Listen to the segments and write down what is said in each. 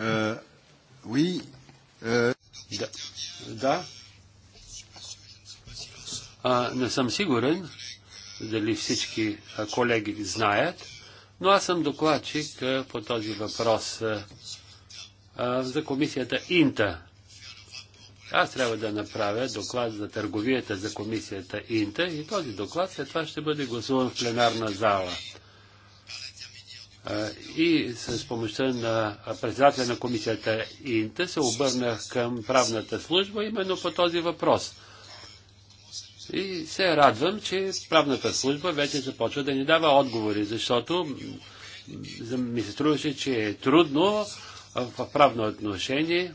Euh, oui. Euh, да. А, не съм сигурен дали всички колеги знаят, но аз съм докладчик по този въпрос а, за комисията Инта. Аз трябва да направя доклад за търговията за комисията Инта и този доклад след това ще бъде гласуван в пленарна зала и с помощта на председателя на комисията Инта се обърнах към правната служба именно по този въпрос. И се радвам, че правната служба вече започва да ни дава отговори, защото ми се струваше, че е трудно в правно отношение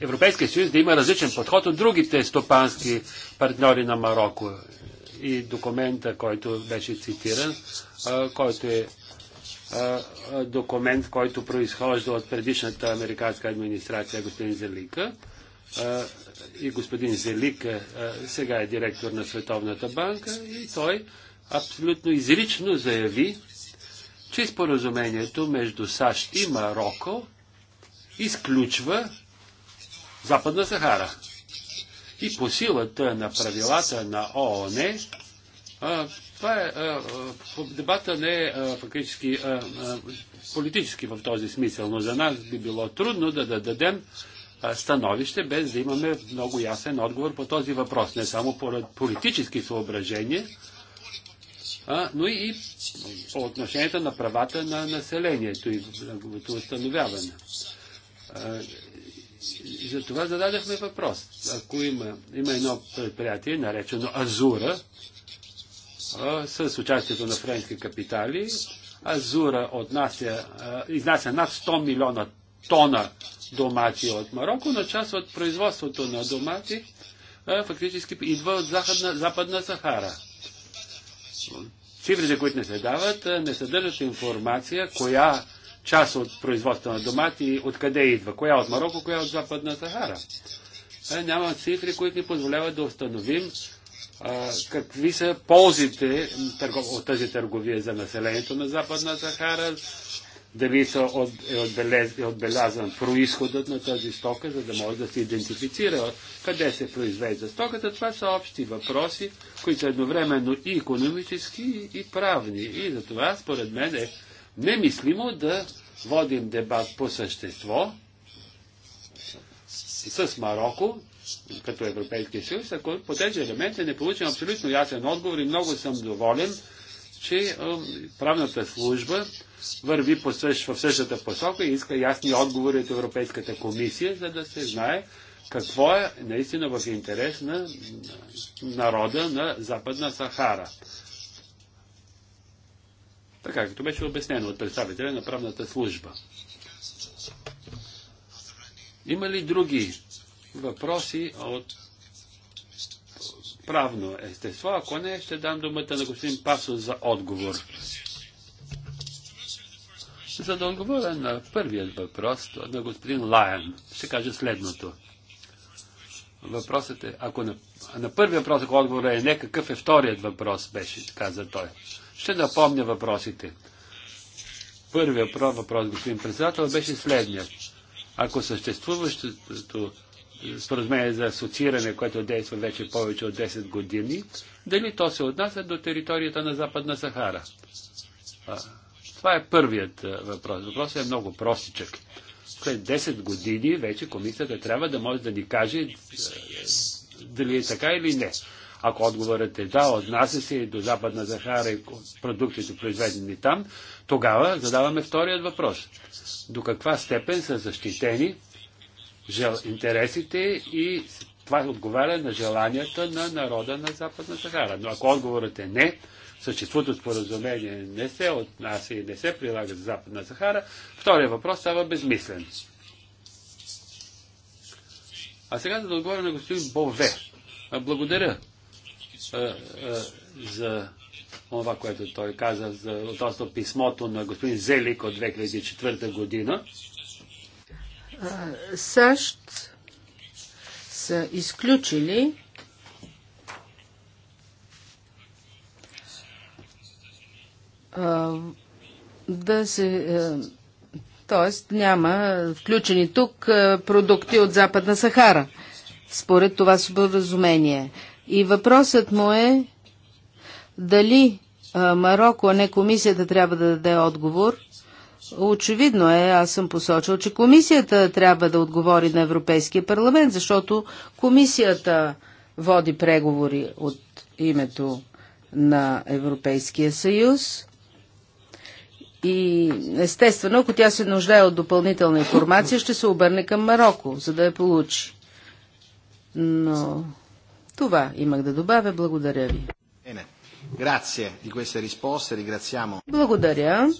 Европейския съюз да има различен подход от другите стопански партньори на Марокко. И документа, който беше цитиран, който е документ, който произхожда от предишната американска администрация, господин Зелика. И господин Зелика сега е директор на Световната банка и той абсолютно изрично заяви, че споразумението между САЩ и Марокко изключва Западна Сахара. И по силата на правилата на ООН, това е, а, дебата не е а, фактически а, а, политически в този смисъл, но за нас би било трудно да, да дадем а, становище, без да имаме много ясен отговор по този въпрос. Не само по политически съображения, а, но и по отношението на правата на населението и неговото установяване. и за това зададахме въпрос. Ако има, има едно предприятие, наречено Азура, с участието на френски капитали. Азура отнася, изнася над 100 милиона тона домати от Марокко, но част от производството на домати фактически идва от Западна, Западна Сахара. Цифрите, които не се дават, не съдържат информация коя част от производството на домати откъде идва, коя от Марокко, коя от Западна Сахара. Няма цифри, които ни позволяват да установим какви са ползите от тази търговия за населението на Западна Сахара, дали са е, е, отбелязан происходът на тази стока, за да може да се идентифицира къде се произвежда стоката. Това са общи въпроси, които са едновременно и економически, и правни. И за това, според мен, е немислимо да водим дебат по същество с Марокко, като Европейския съюз, ако по тези елементи не получим абсолютно ясен отговор и много съм доволен, че правната служба върви по същ, в същата посока и иска ясни отговори от Европейската комисия, за да се знае какво е наистина в интерес на народа на Западна Сахара. Така като беше обяснено от представителя на правната служба. Има ли други въпроси от правно естество. Ако не, ще дам думата на господин Пасо за отговор. За да отговоря на първият въпрос на господин Лайан, ще кажа следното. Въпросът е, ако на, на първия въпрос, ако отговорът е не, какъв е вторият въпрос, беше, каза той. Ще напомня въпросите. Първият въпрос, господин председател, беше следният. Ако съществуващото споразумение за асоцииране, което действа вече повече от 10 години, дали то се отнася до територията на Западна Сахара. А, това е първият въпрос. Въпросът е много простичък. След 10 години вече комисията трябва да може да ни каже дали е така или не. Ако отговорът е да, отнася се и до Западна Захара и продуктите произведени там, тогава задаваме вторият въпрос. До каква степен са защитени интересите и това отговаря на желанията на народа на Западна Сахара. Но ако отговорът е не, съществото споразумение не се отнася и не се прилага за Западна Сахара, втория въпрос става безмислен. А сега да отговоря на господин Бове. Благодаря а, а, за това, което той каза за, относно писмото на господин Зелик от 2004 година. САЩ са изключили да се. Тоест няма включени тук продукти от Западна Сахара, според това споразумение. И въпросът му е дали Марокко, а не комисията трябва да даде отговор – Очевидно е, аз съм посочил, че комисията трябва да отговори на Европейския парламент, защото комисията води преговори от името на Европейския съюз. И естествено, ако тя се нуждае от допълнителна информация, ще се обърне към Марокко, за да я получи. Но това имах да добавя. Благодаря ви. Благодаря.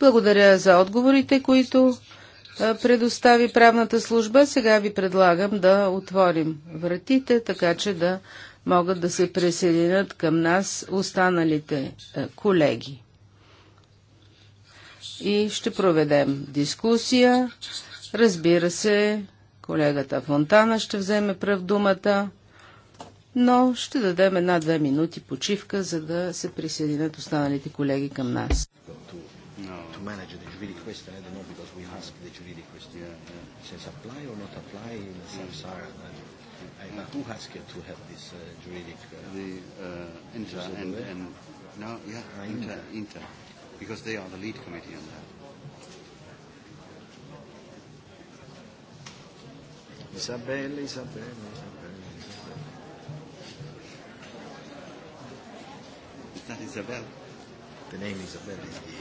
Благодаря за отговорите, които предостави правната служба. Сега ви предлагам да отворим вратите, така че да могат да се присъединят към нас останалите колеги. И ще проведем дискусия. Разбира се, колегата Фонтана ще вземе прав думата, но ще дадем една-две минути почивка, за да се присъединят останалите колеги към нас no. to manage the juridic question. I don't know because we ask the juridic question. Yeah, yeah. It says apply or not apply in samsara. I, I, who asked you to have this uh, juridic? Uh, the uh, Inter and, and no, yeah, uh, Inter, Inter, because they are the lead committee on that. Isabelle, Isabelle, Isabelle. Is that Isabelle. The name Isabelle is the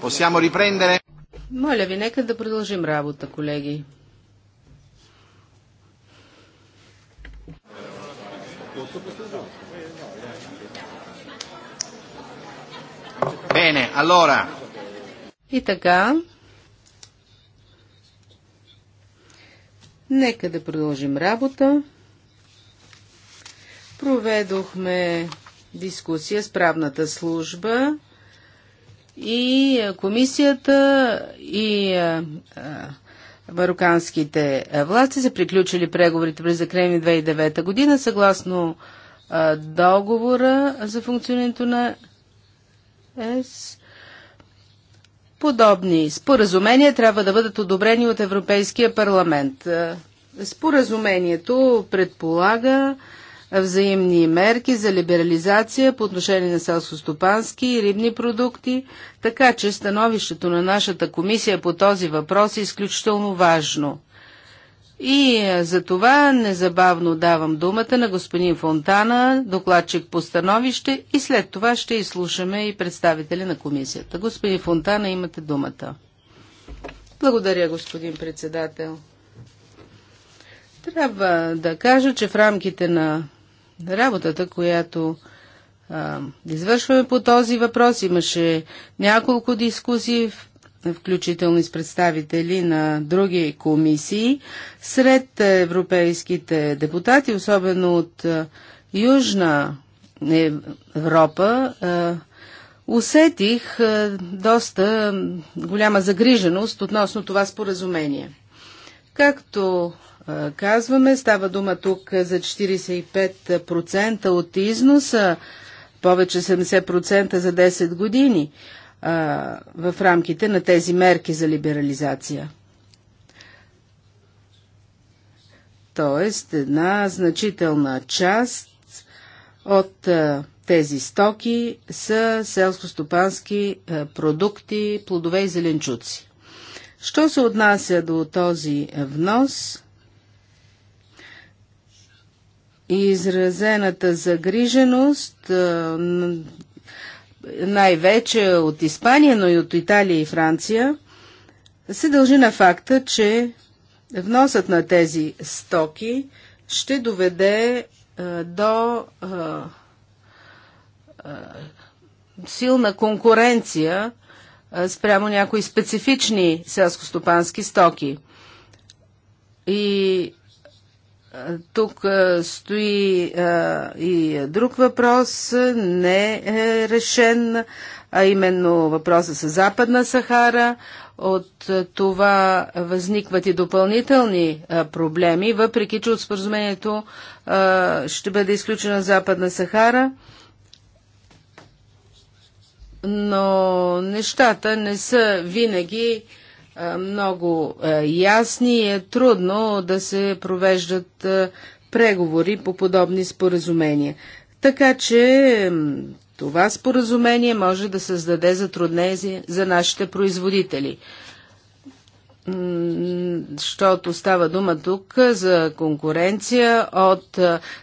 Possiamo riprendere? Моля ви, нека да продължим работа, колеги. Bene, allora. И така. Нека да продължим работа. Проведохме дискусия с правната служба и е, комисията и е, е, мароканските власти са приключили преговорите през закрени 2009 година съгласно договора за функционирането на ЕС. Подобни споразумения трябва да бъдат одобрени от Европейския парламент. Споразумението предполага взаимни мерки за либерализация по отношение на селско-стопански и рибни продукти, така че становището на нашата комисия по този въпрос е изключително важно. И е, за това незабавно давам думата на господин Фонтана, докладчик по становище, и след това ще изслушаме и представители на комисията. Господин Фонтана, имате думата. Благодаря, господин председател. Трябва да кажа, че в рамките на работата, която а, извършваме по този въпрос. Имаше няколко дискусии, включително и с представители на други комисии, сред европейските депутати, особено от а, Южна Европа. А, усетих доста голяма загриженост относно това споразумение. Както казваме. Става дума тук за 45% от износа, повече 70% за 10 години в рамките на тези мерки за либерализация. Тоест една значителна част от тези стоки са стопански продукти, плодове и зеленчуци. Що се отнася до този внос, изразената загриженост най-вече от Испания, но и от Италия и Франция, се дължи на факта, че вносът на тези стоки ще доведе до силна конкуренция спрямо някои специфични селскостопански стоки. И тук стои и друг въпрос, не е решен, а именно въпроса с Западна Сахара. От това възникват и допълнителни проблеми, въпреки че от споразумението ще бъде изключена Западна Сахара. Но нещата не са винаги е, много е, ясни и е трудно да се провеждат е, преговори по подобни споразумения. Така че това споразумение може да създаде затруднение за нашите производители. Защото става дума тук за конкуренция от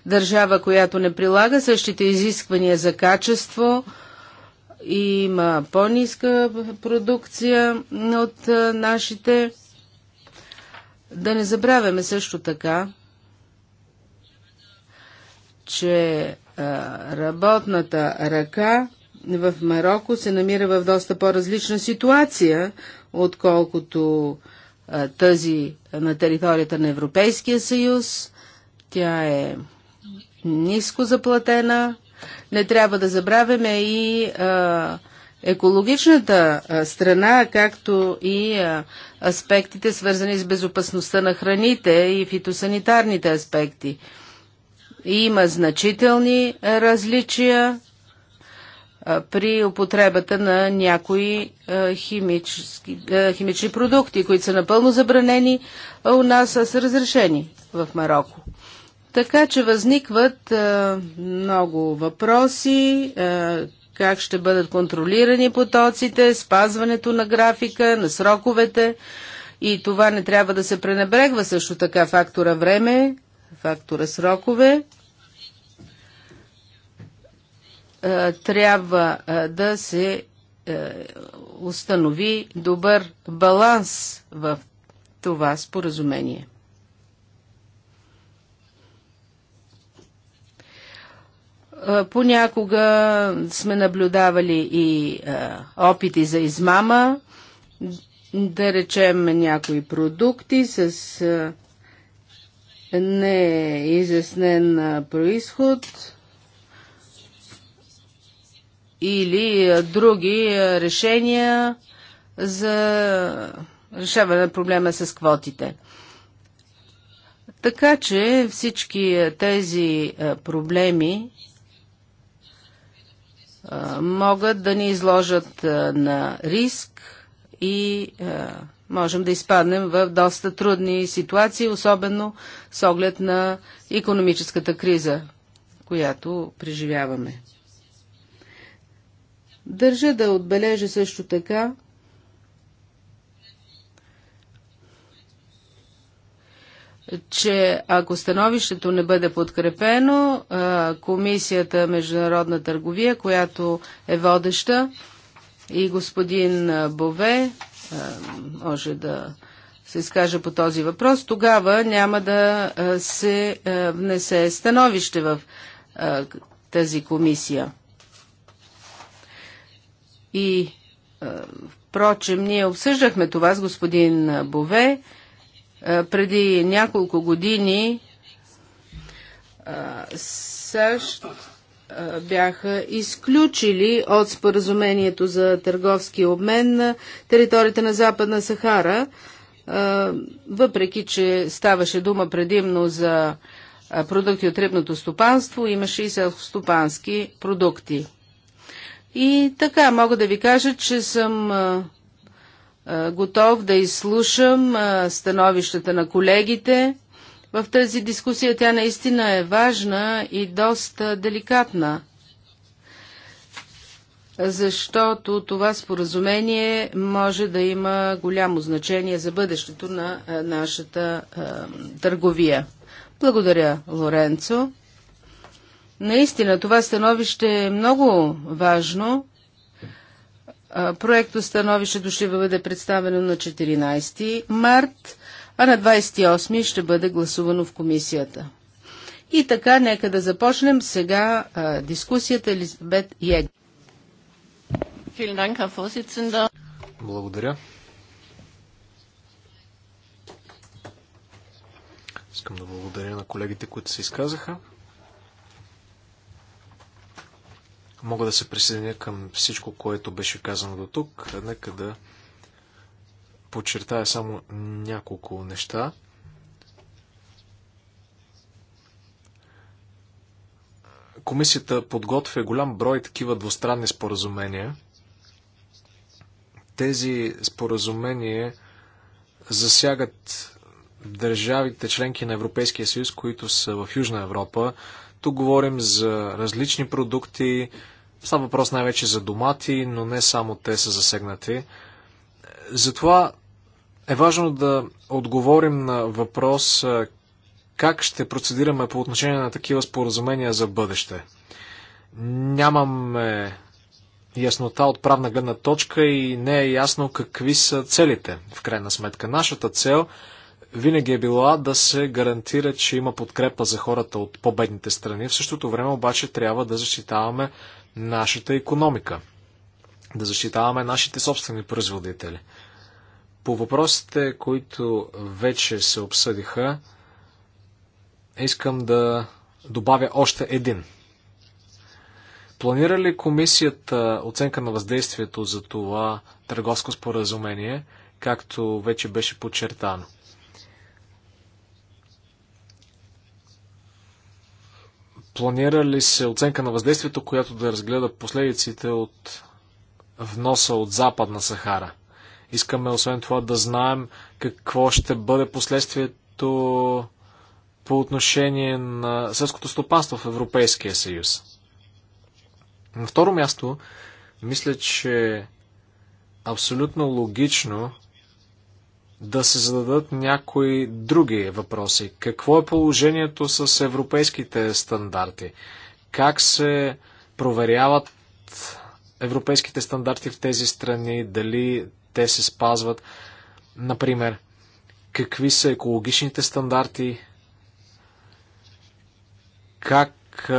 държава, която не прилага същите изисквания за качество, има по-ниска продукция от нашите. Да не забравяме също така, че работната ръка в Марокко се намира в доста по-различна ситуация, отколкото тази на територията на Европейския съюз. Тя е ниско заплатена, не трябва да забравяме и а, екологичната страна, както и аспектите свързани с безопасността на храните и фитосанитарните аспекти. Има значителни различия при употребата на някои химически, химични продукти, които са напълно забранени, а у нас са разрешени в Марокко. Така че възникват а, много въпроси, а, как ще бъдат контролирани потоците, спазването на графика, на сроковете и това не трябва да се пренебрегва също така фактора време, фактора срокове. трябва да се установи добър баланс в това споразумение. Понякога сме наблюдавали и опити за измама, да речем някои продукти с неизяснен происход или други решения за решаване на проблема с квотите. Така че всички тези проблеми могат да ни изложат на риск и можем да изпаднем в доста трудни ситуации, особено с оглед на економическата криза, която преживяваме. Държа да отбележа също така, че ако становището не бъде подкрепено, Комисията Международна търговия, която е водеща, и господин Бове може да се изкаже по този въпрос, тогава няма да се внесе становище в тази комисия. И, впрочем, ние обсъждахме това с господин Бове преди няколко години САЩ бяха изключили от споразумението за търговски обмен на територията на Западна Сахара, въпреки че ставаше дума предимно за продукти от рибното стопанство, имаше и селскостопански продукти. И така, мога да ви кажа, че съм е, готов да изслушам е, становищата на колегите. В тази дискусия тя наистина е важна и доста деликатна, защото това споразумение може да има голямо значение за бъдещето на е, нашата търговия. Благодаря, Лоренцо. Наистина, това становище е много важно. Проекто становището ще бъде представено на 14 март, а на 28 ще бъде гласувано в комисията. И така, нека да започнем сега а, дискусията Елизабет Йег. Благодаря. Искам да благодаря на колегите, които се изказаха. Мога да се присъединя към всичко, което беше казано до тук. Нека да подчертая само няколко неща. Комисията подготвя голям брой такива двустранни споразумения. Тези споразумения засягат държавите членки на Европейския съюз, които са в Южна Европа. Тук говорим за различни продукти. Става въпрос най-вече за домати, но не само те са засегнати. Затова е важно да отговорим на въпрос как ще процедираме по отношение на такива споразумения за бъдеще. Нямаме яснота от правна гледна точка и не е ясно какви са целите. В крайна сметка, нашата цел е винаги е била да се гарантира, че има подкрепа за хората от победните страни. В същото време обаче трябва да защитаваме нашата економика, да защитаваме нашите собствени производители. По въпросите, които вече се обсъдиха, искам да добавя още един. Планира ли комисията оценка на въздействието за това търговско споразумение, както вече беше подчертано? Планира ли се оценка на въздействието, която да разгледа последиците от вноса от Западна Сахара? Искаме освен това да знаем какво ще бъде последствието по отношение на селското стопанство в Европейския съюз. На второ място, мисля, че е абсолютно логично да се зададат някои други въпроси. Какво е положението с европейските стандарти? Как се проверяват европейските стандарти в тези страни? Дали те се спазват? Например, какви са екологичните стандарти? Как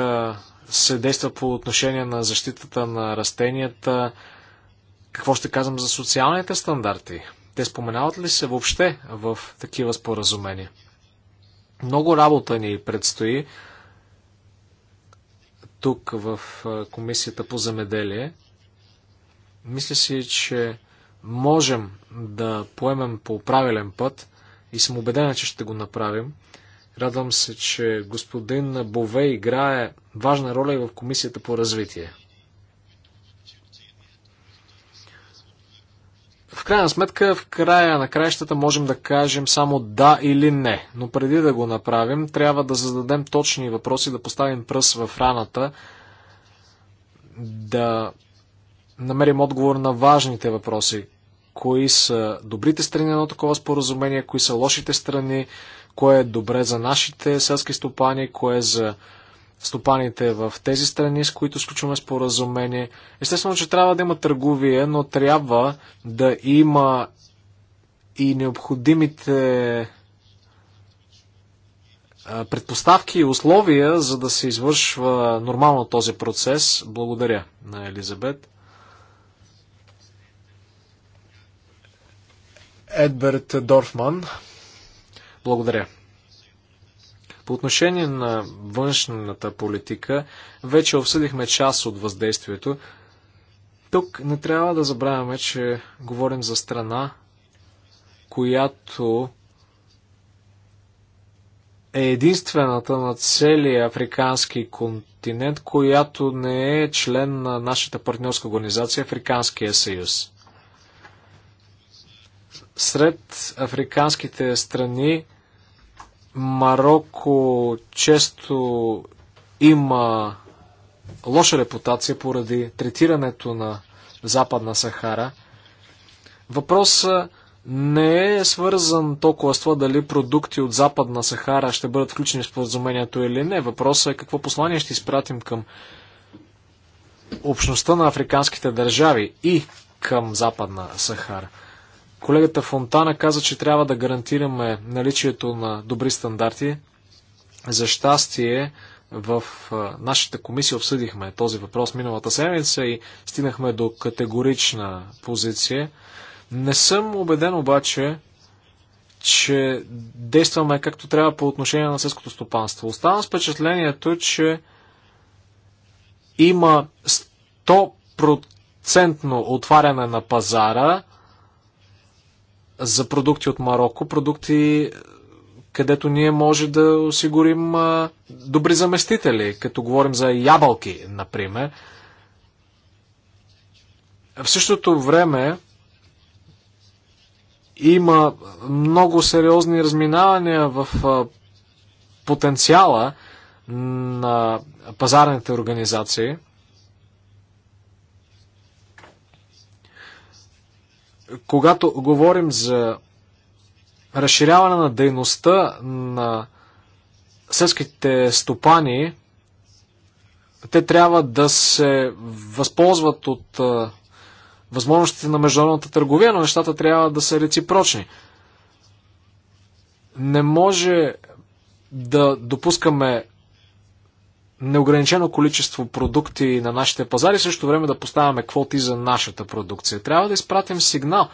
се действа по отношение на защитата на растенията? Какво ще казвам за социалните стандарти? Те споменават ли се въобще в такива споразумения? Много работа ни предстои тук в Комисията по земеделие. Мисля си, че можем да поемем по правилен път и съм убеден, че ще го направим. Радвам се, че господин Бове играе важна роля и в Комисията по развитие. В крайна сметка, в края на краищата можем да кажем само да или не, но преди да го направим, трябва да зададем точни въпроси, да поставим пръс в раната, да намерим отговор на важните въпроси. Кои са добрите страни на едно такова споразумение, кои са лошите страни, кое е добре за нашите селски стопани, кое е за стопаните в тези страни, с които сключваме споразумение. Естествено, че трябва да има търговия, но трябва да има и необходимите предпоставки и условия, за да се извършва нормално този процес. Благодаря на Елизабет. Едберт Дорфман. Благодаря. По отношение на външната политика, вече обсъдихме част от въздействието. Тук не трябва да забравяме, че говорим за страна, която е единствената на целия африкански континент, която не е член на нашата партньорска организация Африканския съюз. Сред африканските страни Марокко често има лоша репутация поради третирането на Западна Сахара. Въпросът не е свързан толкова с това дали продукти от Западна Сахара ще бъдат включени в споразумението или не. Въпросът е какво послание ще изпратим към общността на африканските държави и към Западна Сахара. Колегата Фонтана каза, че трябва да гарантираме наличието на добри стандарти. За щастие, в нашата комисия обсъдихме този въпрос миналата седмица и стигнахме до категорична позиция. Не съм убеден обаче, че действаме както трябва по отношение на сеското стопанство. Оставам с впечатлението, че има 100% отваряне на пазара за продукти от Марокко, продукти, където ние може да осигурим добри заместители, като говорим за ябълки, например. В същото време има много сериозни разминавания в потенциала на пазарните организации – когато говорим за разширяване на дейността на селските стопани, те трябва да се възползват от възможностите на международната търговия, но нещата трябва да са реципрочни. Не може да допускаме неограничено количество продукти на нашите пазари, също време да поставяме квоти за нашата продукция. Трябва да изпратим сигнал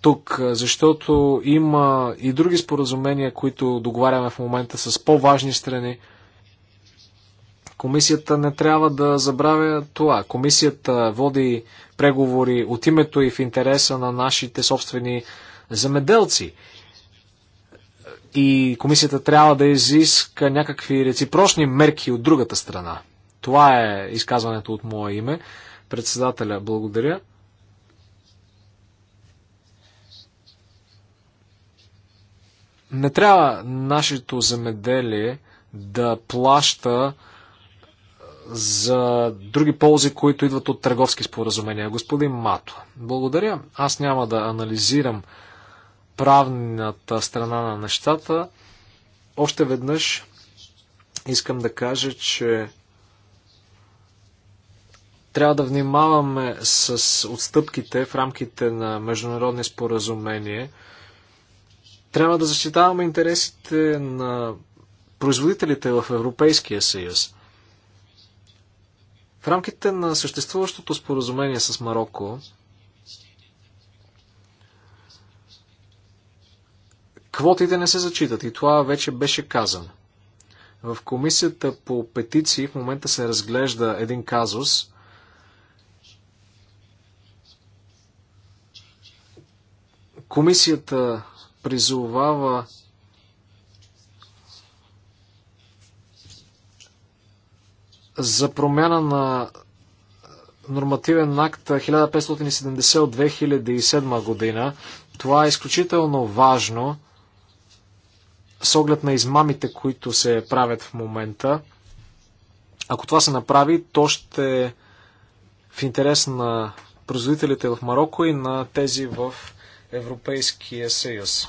тук, защото има и други споразумения, които договаряме в момента с по-важни страни. Комисията не трябва да забравя това. Комисията води преговори от името и в интереса на нашите собствени земеделци и комисията трябва да изиска някакви реципрочни мерки от другата страна. Това е изказването от мое име. Председателя, благодаря. Не трябва нашето земеделие да плаща за други ползи, които идват от търговски споразумения. Господин Мато, благодаря. Аз няма да анализирам правната страна на нещата. Още веднъж искам да кажа, че трябва да внимаваме с отстъпките в рамките на международни споразумения. Трябва да защитаваме интересите на производителите в Европейския съюз. В рамките на съществуващото споразумение с Марокко, Квотите не се зачитат и това вече беше казано. В комисията по петиции в момента се разглежда един казус. Комисията призовава за промяна на нормативен акт 1570 от 2007 година. Това е изключително важно с оглед на измамите, които се правят в момента. Ако това се направи, то ще е в интерес на производителите в Марокко и на тези в Европейския съюз.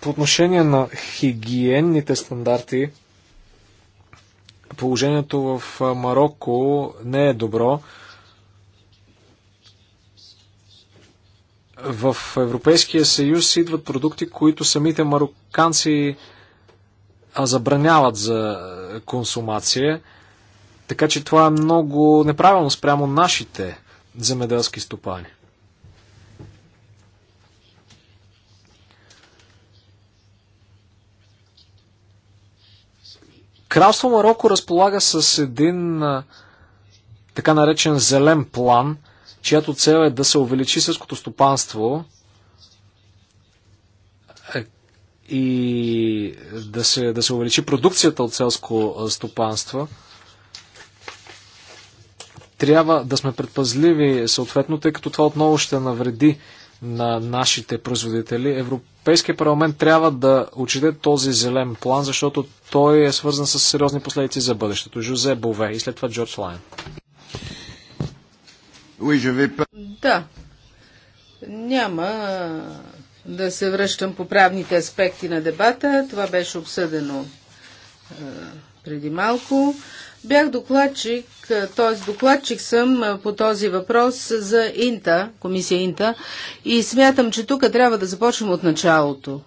По отношение на хигиенните стандарти, положението в Марокко не е добро. В Европейския съюз идват продукти, които самите мароканци забраняват за консумация. Така че това е много неправилно спрямо нашите земеделски стопани. Кралство Марокко разполага с един така наречен зелен план – чиято цел е да се увеличи сърското стопанство е, и да се, да се увеличи продукцията от селско е, стопанство. Трябва да сме предпазливи съответно, тъй като това отново ще навреди на нашите производители. Европейския парламент трябва да учете този зелен план, защото той е свързан с сериозни последици за бъдещето. Жозе Бове и след това Джордж Лайн. Да. Няма да се връщам по правните аспекти на дебата. Това беше обсъдено преди малко. Бях докладчик, т.е. докладчик съм по този въпрос за Инта, комисия Инта, и смятам, че тук трябва да започнем от началото.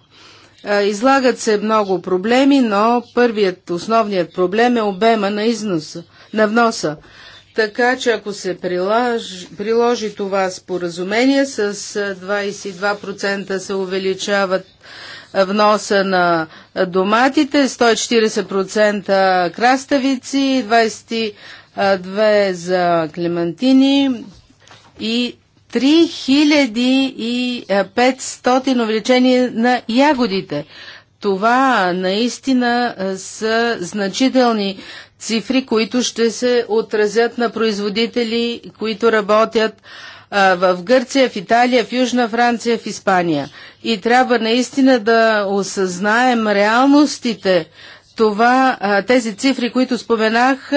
Излагат се много проблеми, но първият, основният проблем е обема на износа, на вноса. Така че ако се приложи, приложи това споразумение, с 22% се увеличават вноса на доматите, 140% краставици, 22% за клемантини и 3500 увеличение на ягодите. Това наистина са значителни цифри, които ще се отразят на производители, които работят а, в Гърция, в Италия, в Южна Франция, в Испания. И трябва наистина да осъзнаем реалностите. Това, тези цифри, които споменах,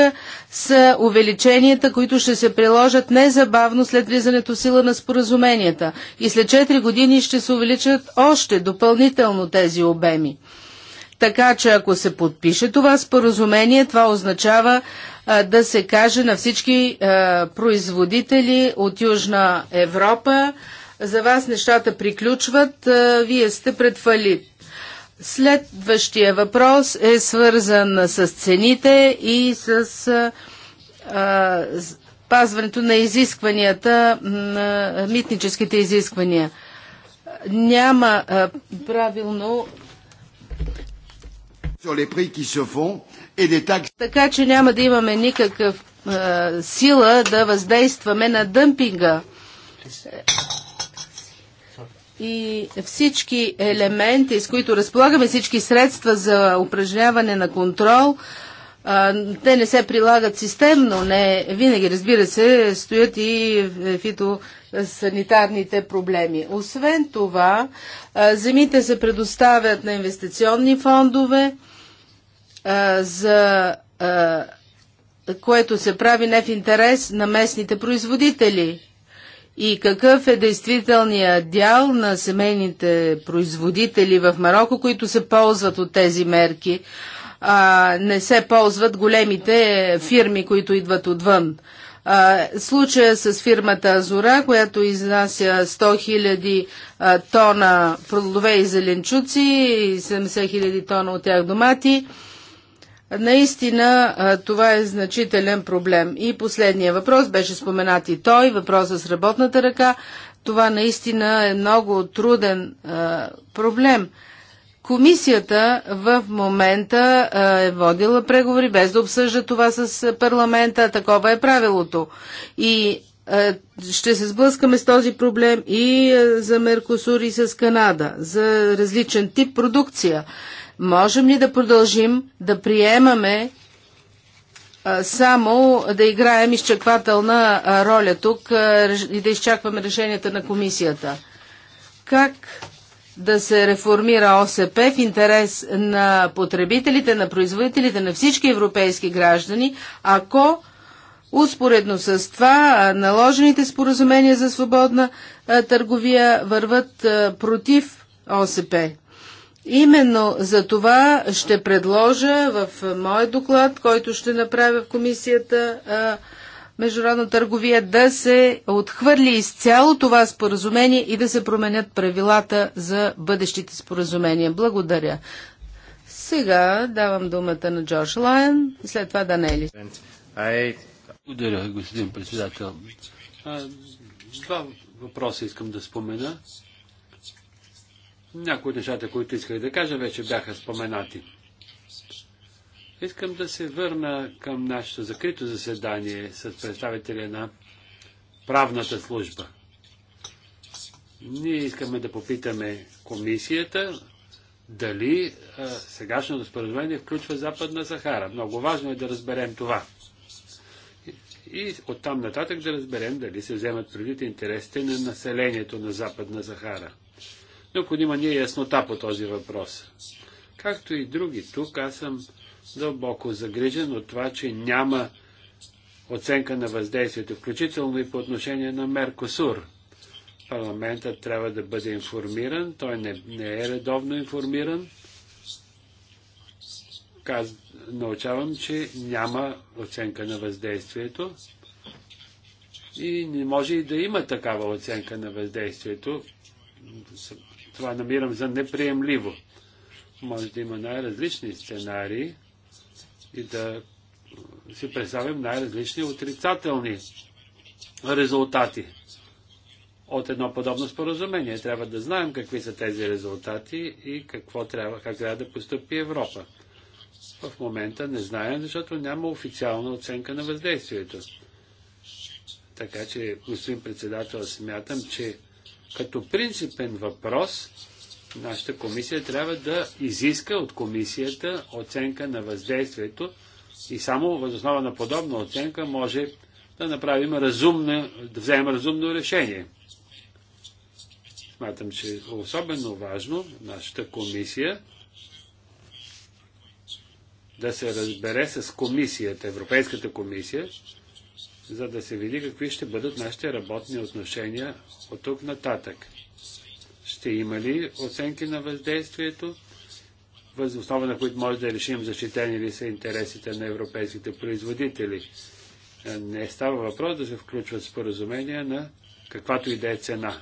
са увеличенията, които ще се приложат незабавно след влизането в сила на споразуменията. И след 4 години ще се увеличат още допълнително тези обеми. Така че ако се подпише това споразумение, това означава а, да се каже на всички а, производители от Южна Европа, за вас нещата приключват, а, вие сте пред фалит. Следващия въпрос е свързан с цените и с пазването на изискванията, на митническите изисквания. Няма правилно така че няма да имаме никакъв сила да въздействаме на дъмпинга. И всички елементи, с които разполагаме, всички средства за упражняване на контрол, те не се прилагат системно, не винаги, разбира се, стоят и е, фитосанитарните проблеми. Освен това, земите се предоставят на инвестиционни фондове, за което се прави не в интерес на местните производители. И какъв е действителният дял на семейните производители в Марокко, които се ползват от тези мерки? а, не се ползват големите фирми, които идват отвън. А, случая с фирмата Азора, която изнася 100 000 тона плодове и зеленчуци и 70 000 тона от тях домати, Наистина това е значителен проблем. И последния въпрос беше споменат и той, въпрос с работната ръка. Това наистина е много труден а, проблем. Комисията в момента е водила преговори без да обсъжда това с парламента. Такова е правилото. И ще се сблъскаме с този проблем и за Меркосур и с Канада, за различен тип продукция. Можем ли да продължим да приемаме само да играем изчаквателна роля тук и да изчакваме решенията на комисията? Как да се реформира ОСП в интерес на потребителите, на производителите, на всички европейски граждани, ако успоредно с това наложените споразумения за свободна търговия върват против ОСП. Именно за това ще предложа в мой доклад, който ще направя в комисията международна търговия да се отхвърли изцяло това споразумение и да се променят правилата за бъдещите споразумения. Благодаря. Сега давам думата на Джордж Лайен и след това Данели. Благодаря, господин председател. Два въпроса искам да спомена. Някои от нещата, които исках да кажа, вече бяха споменати. Искам да се върна към нашето закрито заседание с представителя на правната служба. Ние искаме да попитаме комисията дали а, сегашното споразумение включва Западна Сахара. Много важно е да разберем това. И, и оттам нататък да разберем дали се вземат предвид интересите на населението на Западна Сахара. Необходима ни е яснота по този въпрос. Както и други тук, аз съм дълбоко загрижен от това, че няма оценка на въздействието, включително и по отношение на Меркосур. Парламентът трябва да бъде информиран, той не, не е редовно информиран. Каз, научавам, че няма оценка на въздействието и не може и да има такава оценка на въздействието. Това намирам за неприемливо. Може да има най-различни сценарии и да си представим най-различни отрицателни резултати от едно подобно споразумение. Трябва да знаем какви са тези резултати и какво трябва, как трябва да поступи Европа. В момента не знаем, защото няма официална оценка на въздействието. Така че, господин председател, смятам, че като принципен въпрос Нашата комисия трябва да изиска от комисията оценка на въздействието и само възоснова на подобна оценка може да направим разумно, да вземем разумно решение. Смятам, че е особено важно нашата комисия да се разбере с комисията, Европейската комисия, за да се види какви ще бъдат нашите работни отношения от тук нататък сте има ли оценки на въздействието, въз основа на които може да решим защитени ли са интересите на европейските производители. Е, не става въпрос да се включват споразумения на каквато и да е цена.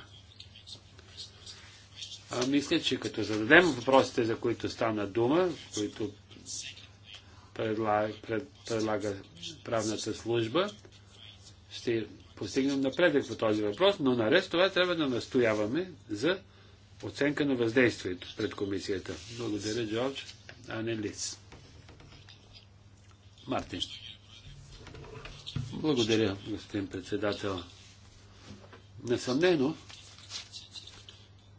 А, мисля, че като зададем въпросите, за които стана дума, които предлага, пред, предлага правната служба, ще постигнем напредък по този въпрос, но наред с това трябва да настояваме за оценка на въздействието пред комисията. Благодаря, Джордж. не Лиц. Мартин. Благодаря, господин председател. Несъмнено,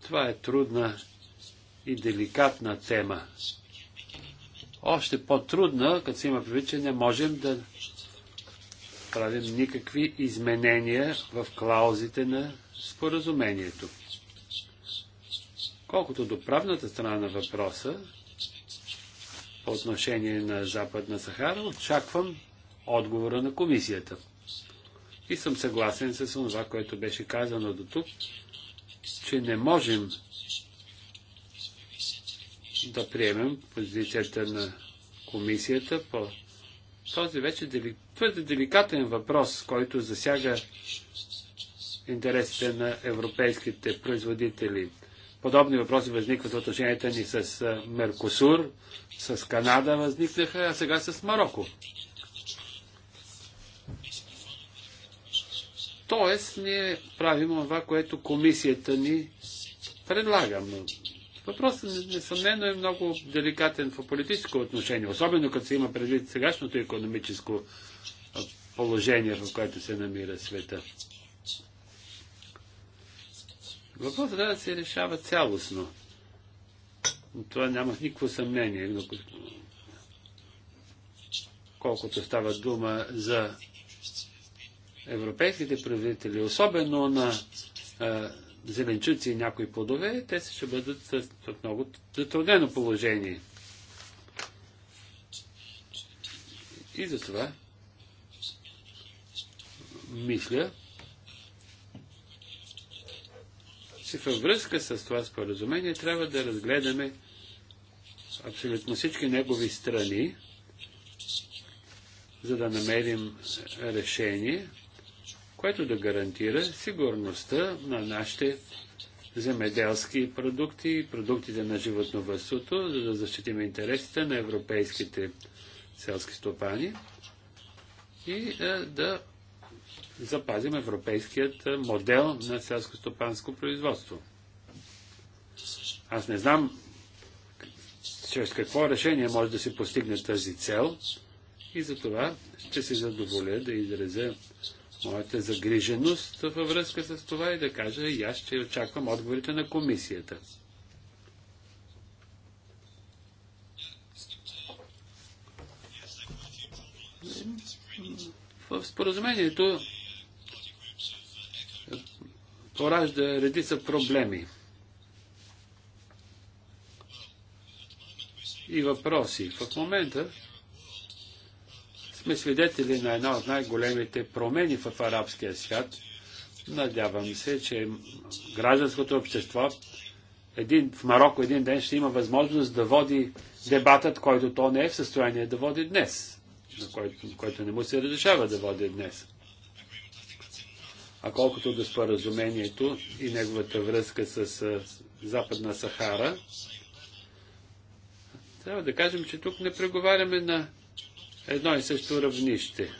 това е трудна и деликатна тема. Още по-трудна, като се има предвид, че не можем да правим никакви изменения в клаузите на споразумението. Колкото до правната страна на въпроса, по отношение на Западна Сахара, очаквам отговора на комисията. И съм съгласен с това, което беше казано до тук, че не можем да приемем позицията на комисията по този вече твърде деликатен въпрос, който засяга интересите на европейските производители. Подобни въпроси възникват в отношенията ни с Меркосур, с Канада възникнаха, а сега с Марокко. Тоест, ние правим това, което комисията ни предлага. Въпросът несъмнено е много деликатен в политическо отношение, особено като се има предвид сегашното економическо положение, в което се намира света. Въпросът трябва е да се решава цялостно. Това няма никакво съмнение. колкото става дума за европейските производители, особено на а, зеленчуци и някои плодове, те ще бъдат в много затруднено положение. И за това мисля, във връзка с това споразумение трябва да разгледаме абсолютно всички негови страни, за да намерим решение, което да гарантира сигурността на нашите земеделски продукти, продуктите на животновътството, за да защитим интересите на европейските селски стопани и е, да запазим европейският модел на селско-стопанско производство. Аз не знам чрез какво решение може да се постигне тази цел и за това ще се задоволя да изразя моята загриженост във връзка с това и да кажа и аз ще очаквам отговорите на комисията. В споразумението поражда редица проблеми и въпроси. В момента сме свидетели на една от най-големите промени в арабския свят. Надявам се, че гражданското общество един, в Марокко един ден ще има възможност да води дебатът, който то не е в състояние да води днес, на който, който не му се разрешава да води днес. А колкото до споразумението и неговата връзка с, Западна Сахара, трябва да кажем, че тук не преговаряме на едно и също равнище.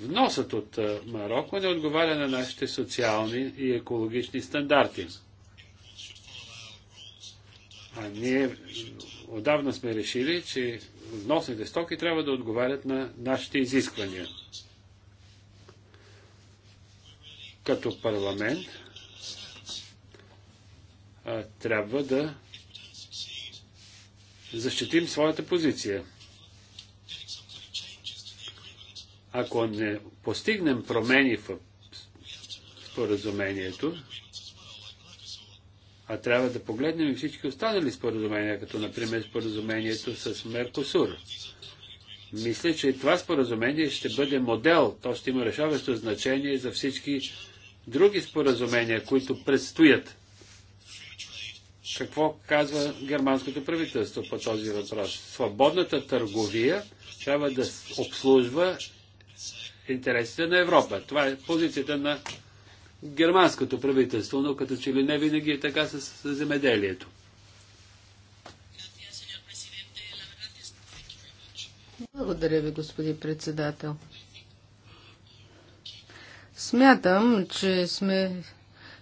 Вносът от Марокко не отговаря на нашите социални и екологични стандарти. А ние отдавна сме решили, че вносните стоки трябва да отговарят на нашите изисквания като парламент а, трябва да защитим своята позиция. Ако не постигнем промени в споразумението, а трябва да погледнем и всички останали споразумения, като например споразумението с Меркосур. Мисля, че това споразумение ще бъде модел. То ще има решаващо значение за всички други споразумения, които предстоят. Какво казва германското правителство по този въпрос? Свободната търговия трябва да обслужва интересите на Европа. Това е позицията на германското правителство, но като че ли не винаги е така с, с земеделието. Благодаря ви, господин председател. Смятам, че сме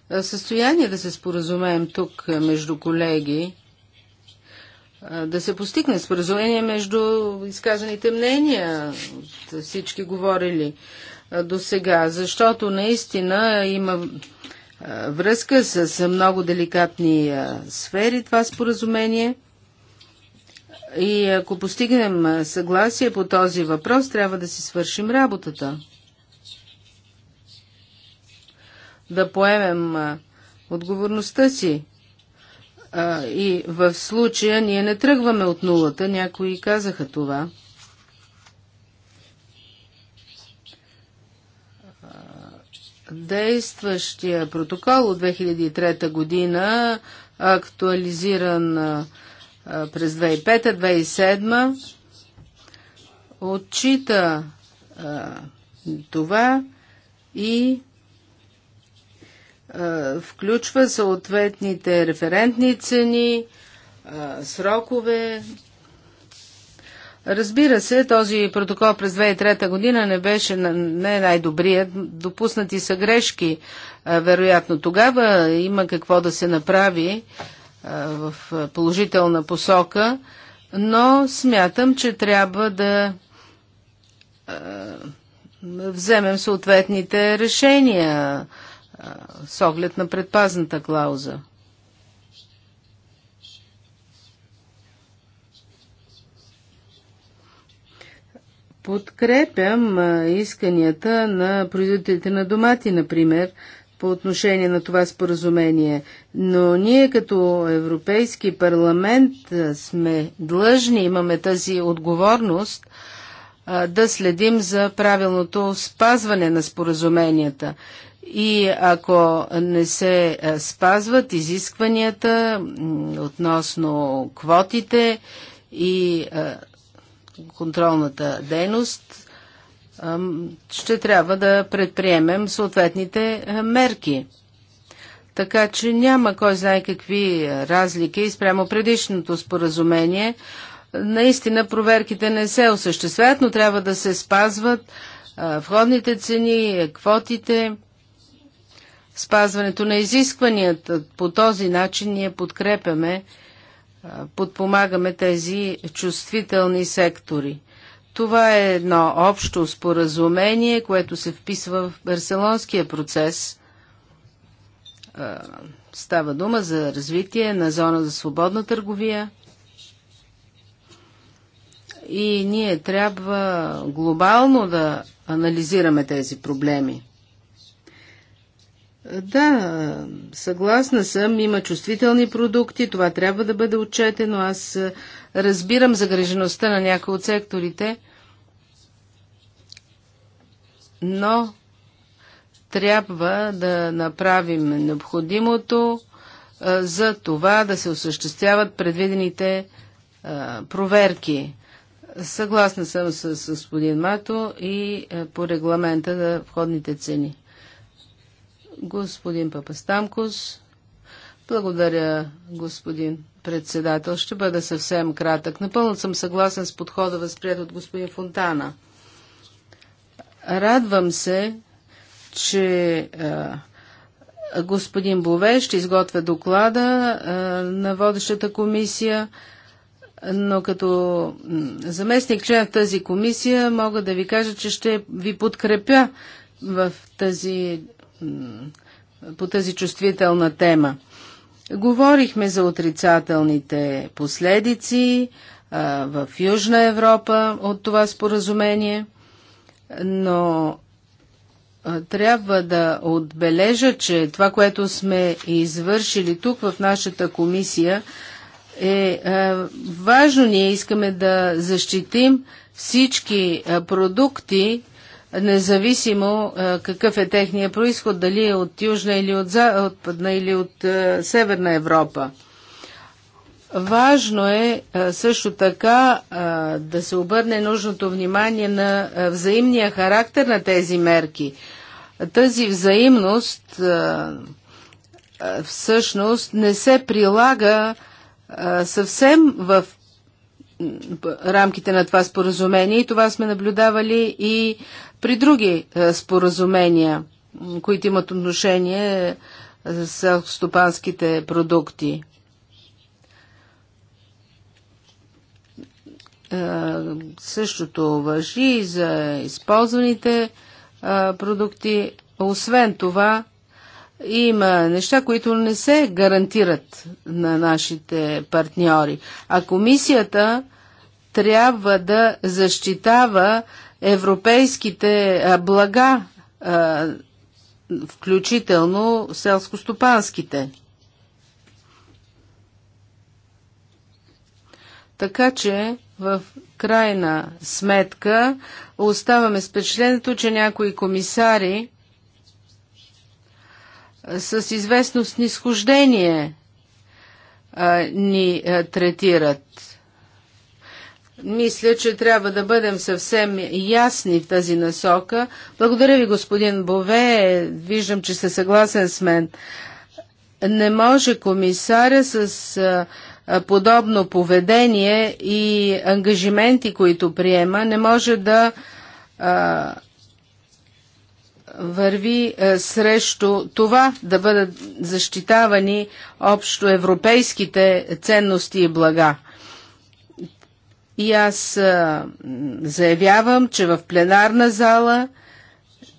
в състояние да се споразумеем тук между колеги, да се постигне споразумение между изказаните мнения от всички говорили до сега, защото наистина има връзка с много деликатни сфери това споразумение. И ако постигнем съгласие по този въпрос, трябва да си свършим работата. да поемем отговорността си. И в случая ние не тръгваме от нулата, някои казаха това. Действащия протокол от 2003 година, актуализиран през 2005-2007, отчита това и включва съответните референтни цени, срокове. Разбира се, този протокол през 2003 година не беше не е най-добрият. Допуснати са грешки, вероятно. Тогава има какво да се направи в положителна посока, но смятам, че трябва да вземем съответните решения с оглед на предпазната клауза. Подкрепям исканията на производителите на домати, например, по отношение на това споразумение, но ние като Европейски парламент сме длъжни, имаме тази отговорност да следим за правилното спазване на споразуменията. И ако не се спазват изискванията относно квотите и контролната дейност, ще трябва да предприемем съответните мерки. Така че няма кой знае какви разлики спрямо предишното споразумение. Наистина проверките не се осъществяват, но трябва да се спазват входните цени, квотите спазването на изискванията. По този начин ние подкрепяме, подпомагаме тези чувствителни сектори. Това е едно общо споразумение, което се вписва в Барселонския процес. Става дума за развитие на зона за свободна търговия. И ние трябва глобално да анализираме тези проблеми. Да, съгласна съм. Има чувствителни продукти, това трябва да бъде отчетено. Аз е, разбирам загрежеността на някои от секторите, но трябва да направим необходимото е, за това да се осъществяват предвидените е, проверки. Съгласна съм с господин Мато и по регламента за входните цени. Господин Папастамкос. Благодаря, господин председател. Ще бъда съвсем кратък. Напълно съм съгласен с подхода, възприят от господин Фонтана. Радвам се, че а, господин Бове ще изготвя доклада а, на водещата комисия, но като заместник член в тази комисия мога да ви кажа, че ще ви подкрепя в тази по тази чувствителна тема. Говорихме за отрицателните последици а, в Южна Европа от това споразумение, но а, трябва да отбележа, че това, което сме извършили тук в нашата комисия, е а, важно. Ние искаме да защитим всички продукти, независимо е, какъв е техния происход, дали е от Южна или от Западна или от е, Северна Европа. Важно е, е също така да се обърне нужното внимание на взаимния характер на тези мерки. Тази взаимност всъщност не се прилага съвсем в рамките на това споразумение и това сме наблюдавали и при други е, споразумения, които имат отношение е, с стопанските продукти. Е, същото въжи и за използваните продукти. Освен това, има неща, които не се гарантират на нашите партньори. А комисията трябва да защитава европейските блага, включително селскостопанските. Така че в крайна сметка оставаме с впечатлението, че някои комисари с известно снисхождение ни третират. Мисля, че трябва да бъдем съвсем ясни в тази насока. Благодаря ви, господин Бове. Виждам, че сте съгласен с мен. Не може комисаря с подобно поведение и ангажименти, които приема, не може да а, върви а, срещу това да бъдат защитавани общо европейските ценности и блага. И аз заявявам, че в пленарна зала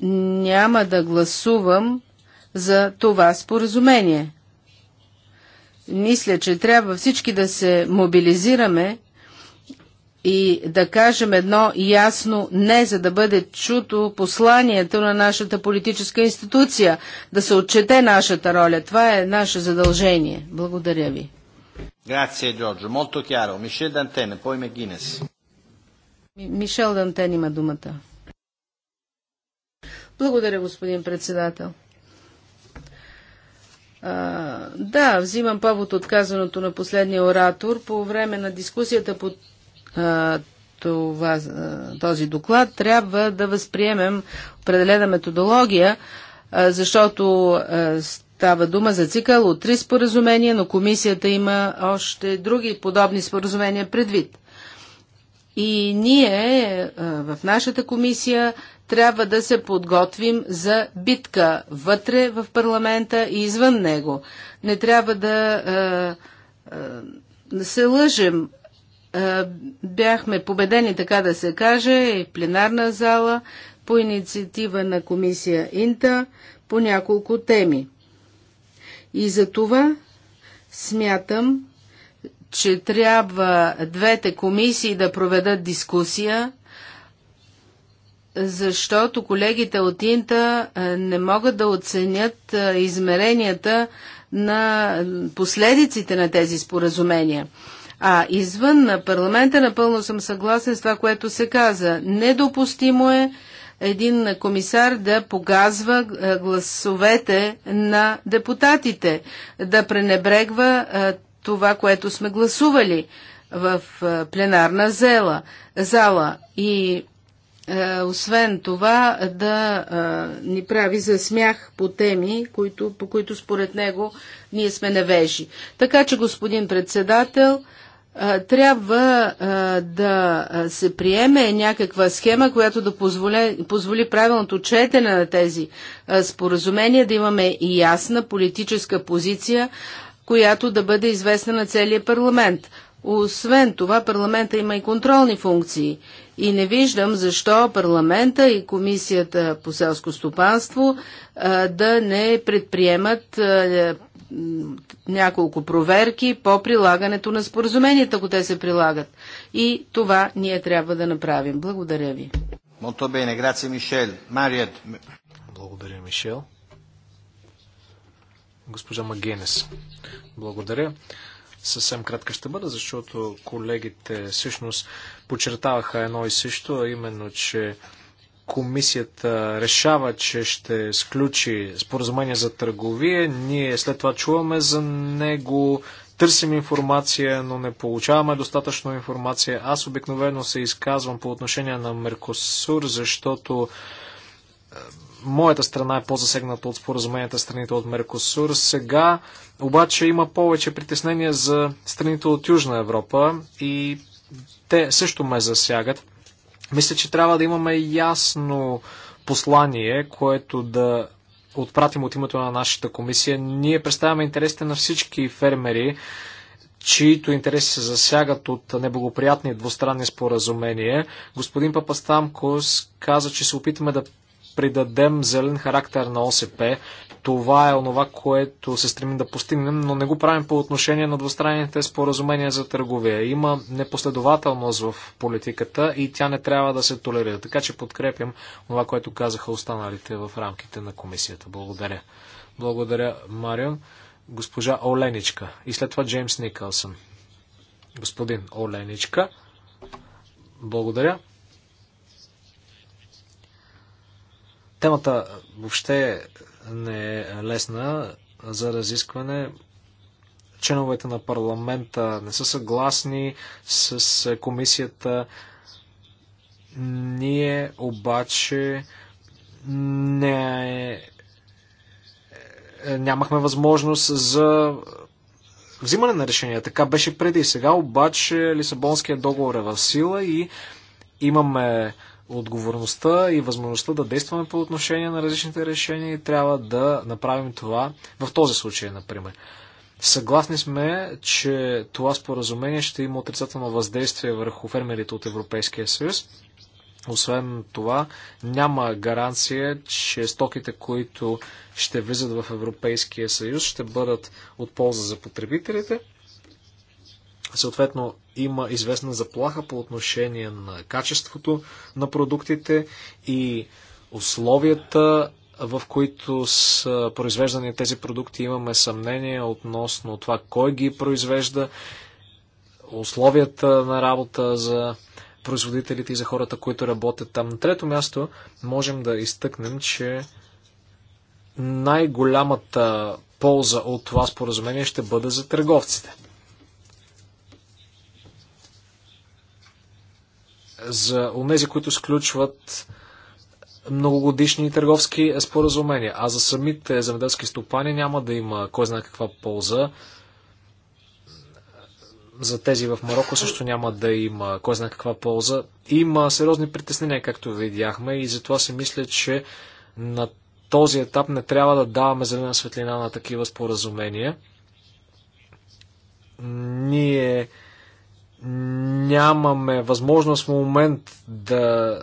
няма да гласувам за това споразумение. Мисля, че трябва всички да се мобилизираме и да кажем едно ясно не, за да бъде чуто посланието на нашата политическа институция, да се отчете нашата роля. Това е наше задължение. Благодаря ви. Мишел Дантен, пой Мишел Дантен има думата. Благодаря, господин председател. А, да, взимам повод от казаното на последния оратор. По време на дискусията по а, това, този доклад, трябва да възприемем определена методология, защото Става дума за цикъл от три споразумения, но комисията има още други подобни споразумения предвид. И ние е, в нашата комисия трябва да се подготвим за битка вътре в парламента и извън него. Не трябва да е, е, се лъжем. Бяхме победени, така да се каже, и в пленарна зала по инициатива на комисия Инта по няколко теми. И за това смятам, че трябва двете комисии да проведат дискусия, защото колегите от Инта не могат да оценят измеренията на последиците на тези споразумения. А извън на парламента напълно съм съгласен с това, което се каза. Недопустимо е един комисар да погазва е, гласовете на депутатите, да пренебрегва е, това, което сме гласували в е, пленарна зала, зала и е, освен това да е, ни прави за смях по теми, които, по които според него ние сме невежи. Така че, господин председател, трябва да се приеме някаква схема, която да позволи, позволи правилното четене на тези споразумения, да имаме и ясна политическа позиция, която да бъде известна на целия парламент. Освен това, парламента има и контролни функции. И не виждам защо парламента и комисията по селско стопанство да не предприемат няколко проверки по прилагането на споразуменията, ако те се прилагат. И това ние трябва да направим. Благодаря ви. Molto bene, grazie Мишел. Марият. Благодаря, Мишел. Госпожа Магенес. Благодаря. Съвсем кратка ще бъда, защото колегите всъщност подчертаваха едно и също, а именно, че комисията решава, че ще сключи споразумение за търговие, ние след това чуваме за него, търсим информация, но не получаваме достатъчно информация. Аз обикновено се изказвам по отношение на Меркосур, защото е, моята страна е по-засегната от споразуменията страните от Меркосур. Сега обаче има повече притеснения за страните от Южна Европа и те също ме засягат. Мисля, че трябва да имаме ясно послание, което да отпратим от името на нашата комисия. Ние представяме интересите на всички фермери, чието интереси се засягат от неблагоприятни двустранни споразумения. Господин Папастамкос каза, че се опитаме да придадем зелен характер на ОСП. Това е онова, което се стремим да постигнем, но не го правим по отношение на двустранните споразумения за търговия. Има непоследователност в политиката и тя не трябва да се толерира. Така че подкрепям това, което казаха останалите в рамките на комисията. Благодаря. Благодаря, Марион. Госпожа Оленичка и след това Джеймс Никълсън. Господин Оленичка. Благодаря. Темата въобще е не е лесна за разискване. Членовете на парламента не са съгласни с комисията. Ние обаче не е- нямахме възможност за взимане на решения. Така беше преди. Сега обаче Лисабонският договор е в сила и имаме отговорността и възможността да действаме по отношение на различните решения и трябва да направим това в този случай, например. Съгласни сме, че това споразумение ще има отрицателно въздействие върху фермерите от Европейския съюз. Освен това, няма гаранция, че стоките, които ще влизат в Европейския съюз, ще бъдат от полза за потребителите. Съответно, има известна заплаха по отношение на качеството на продуктите и условията, в които са произвеждани тези продукти. Имаме съмнение относно това кой ги произвежда, условията на работа за производителите и за хората, които работят там. На трето място можем да изтъкнем, че най-голямата полза от това споразумение ще бъде за търговците. за онези, които сключват многогодишни търговски споразумения, а за самите земеделски стопани няма да има кой знае каква полза. За тези в Марокко също няма да има кой знае каква полза. Има сериозни притеснения, както видяхме, и затова си мисля, че на този етап не трябва да даваме зелена светлина на такива споразумения. Ние нямаме възможност в, момент да,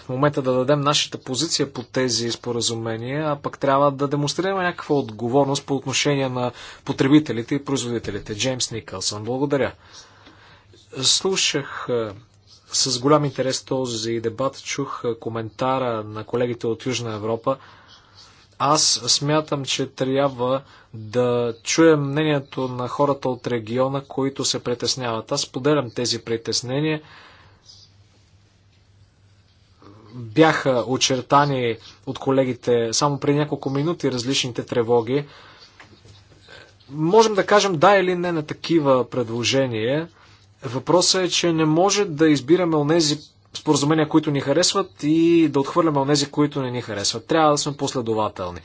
в момента да дадем нашата позиция по тези споразумения, а пък трябва да демонстрираме някаква отговорност по отношение на потребителите и производителите. Джеймс Никълсън, благодаря. Слушах с голям интерес този дебат, чух коментара на колегите от Южна Европа. Аз смятам, че трябва да чуем мнението на хората от региона, които се притесняват. Аз поделям тези притеснения. Бяха очертани от колегите само при няколко минути различните тревоги. Можем да кажем да или не на такива предложения. Въпросът е, че не може да избираме онези споразумения, които ни харесват и да отхвърляме от тези, които не ни харесват. Трябва да сме последователни.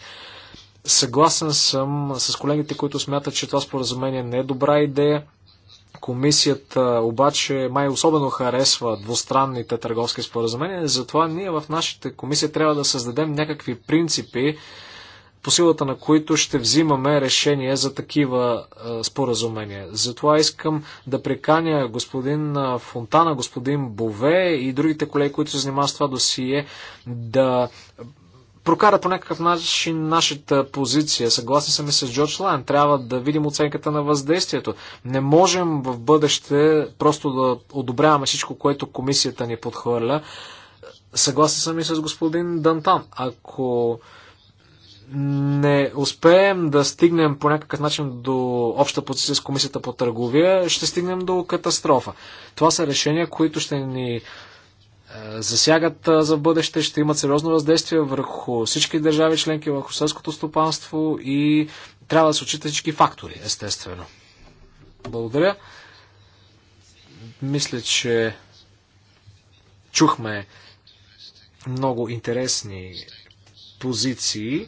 Съгласен съм с колегите, които смятат, че това споразумение не е добра идея. Комисията обаче май особено харесва двустранните търговски споразумения, затова ние в нашите комисия трябва да създадем някакви принципи, по силата на които ще взимаме решение за такива а, споразумения. Затова искам да приканя господин Фонтана, господин Бове и другите колеги, които се занимават с това досие, да прокара по някакъв начин нашата позиция. Съгласни съм и с Джордж Лайн. Трябва да видим оценката на въздействието. Не можем в бъдеще просто да одобряваме всичко, което комисията ни подхвърля. Съгласен съм и с господин Дантан. Ако не успеем да стигнем по някакъв начин до обща позиция с Комисията по търговия, ще стигнем до катастрофа. Това са решения, които ще ни е, засягат е, за бъдеще, ще имат сериозно въздействие върху всички държави членки, върху селското стопанство и трябва да се отчита всички фактори, естествено. Благодаря. Мисля, че чухме много интересни позиции.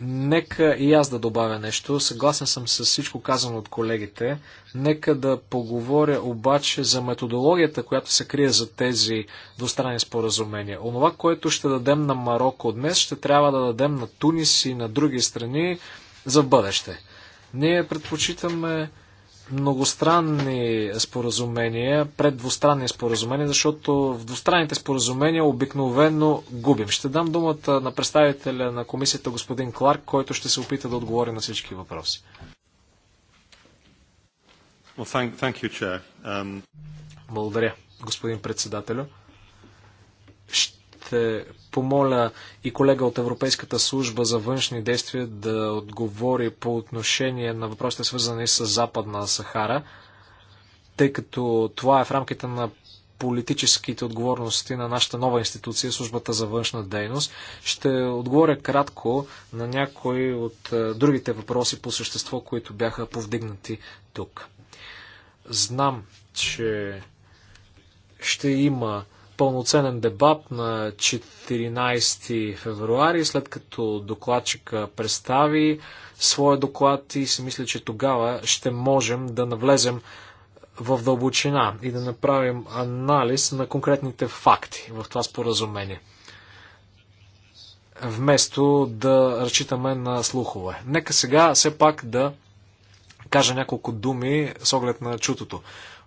Нека и аз да добавя нещо. Съгласен съм с всичко казано от колегите. Нека да поговоря обаче за методологията, която се крие за тези двустранни споразумения. Онова, което ще дадем на Марокко днес, ще трябва да дадем на Тунис и на други страни за бъдеще. Ние предпочитаме многостранни споразумения, пред двустранни споразумения, защото в двустранните споразумения обикновено губим. Ще дам думата на представителя на комисията господин Кларк, който ще се опита да отговори на всички въпроси. Well, thank, thank you, um... Благодаря, господин председателю. Ще помоля и колега от Европейската служба за външни действия да отговори по отношение на въпросите свързани с Западна Сахара, тъй като това е в рамките на политическите отговорности на нашата нова институция, службата за външна дейност. Ще отговоря кратко на някои от е, другите въпроси по същество, които бяха повдигнати тук. Знам, че ще има пълноценен дебат на 14 февруари, след като докладчика представи своя доклад и се мисля, че тогава ще можем да навлезем в дълбочина и да направим анализ на конкретните факти в това споразумение. Вместо да разчитаме на слухове. Нека сега все пак да кажа няколко думи с оглед на чутото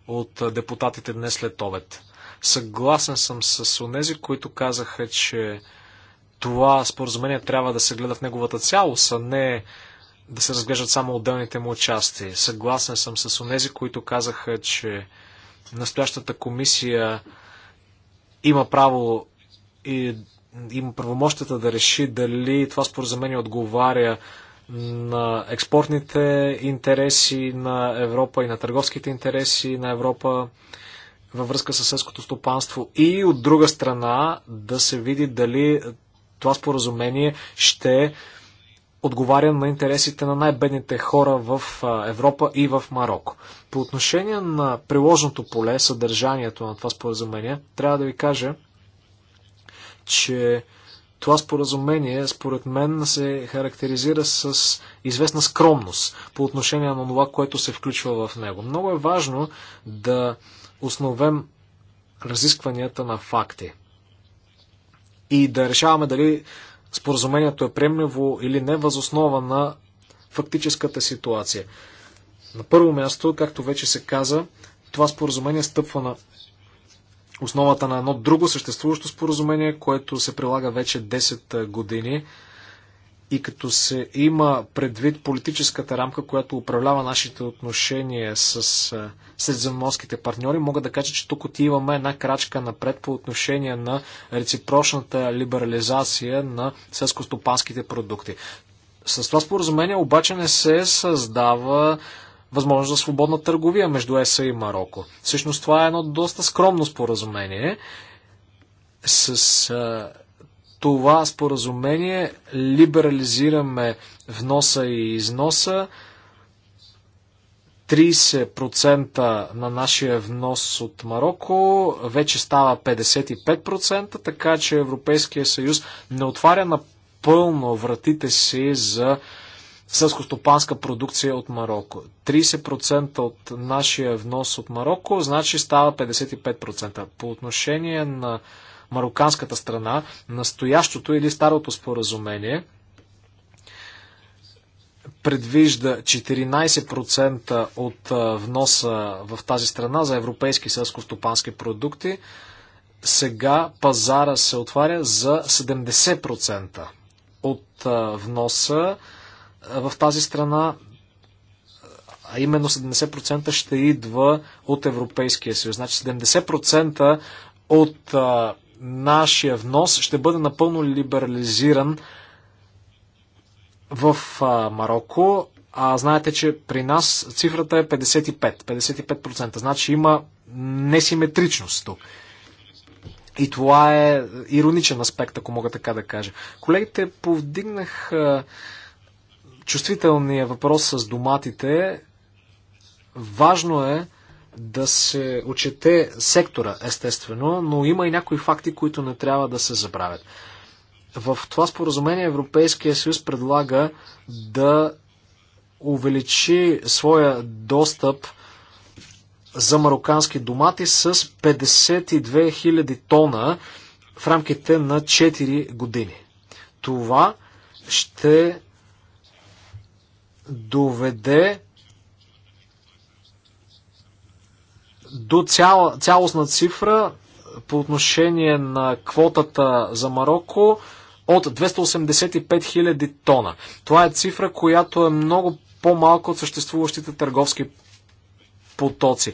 от депутатите днес след обед. Съгласен съм с онези, които казаха, че това споразумение трябва да се гледа в неговата цялост, а не да се разглеждат само отделните му части. Съгласен съм с онези, които казаха, че настоящата комисия има право и има правомощата да реши дали това споразумение отговаря на експортните интереси на Европа и на търговските интереси на Европа във връзка с селското стопанство и от друга страна да се види дали това споразумение ще отговаря на интересите на най-бедните хора в Европа и в Марокко. По отношение на приложното поле, съдържанието на това споразумение, трябва да ви кажа, че това споразумение, според мен, се характеризира с известна скромност по отношение на това, което се включва в него. Много е важно да основем разискванията на факти и да решаваме дали споразумението е приемливо или не възоснова на фактическата ситуация. На първо място, както вече се каза, това споразумение стъпва на основата на едно друго съществуващо споразумение, което се прилага вече 10 години – и като се има предвид политическата рамка, която управлява нашите отношения с средземноморските партньори, мога да кажа, че тук отиваме една крачка напред по отношение на реципрочната либерализация на селскостопанските продукти. С това споразумение обаче не се създава възможност за свободна търговия между ЕСА и Марокко. Всъщност това е едно доста скромно споразумение с това споразумение либерализираме вноса и износа. 30% на нашия внос от Марокко вече става 55%, така че Европейския съюз не отваря напълно вратите си за сълскостопанска продукция от Марокко. 30% от нашия внос от Марокко, значи става 55%. По отношение на мароканската страна, настоящото или старото споразумение предвижда 14% от вноса в тази страна за европейски селско-стопански продукти. Сега пазара се отваря за 70% от вноса в тази страна, а именно 70% ще идва от Европейския съюз. Значи 70% от нашия внос ще бъде напълно либерализиран в Марокко. А знаете, че при нас цифрата е 55. 55%. Значи има несиметричност тук. И това е ироничен аспект, ако мога така да кажа. Колегите повдигнах чувствителния въпрос с доматите. Важно е да се отчете сектора, естествено, но има и някои факти, които не трябва да се забравят. В това споразумение Европейския съюз предлага да увеличи своя достъп за марокански домати с 52 000 тона в рамките на 4 години. Това ще доведе до цяло, цялостна цифра по отношение на квотата за Марокко от 285 000 тона. Това е цифра, която е много по-малко от съществуващите търговски потоци.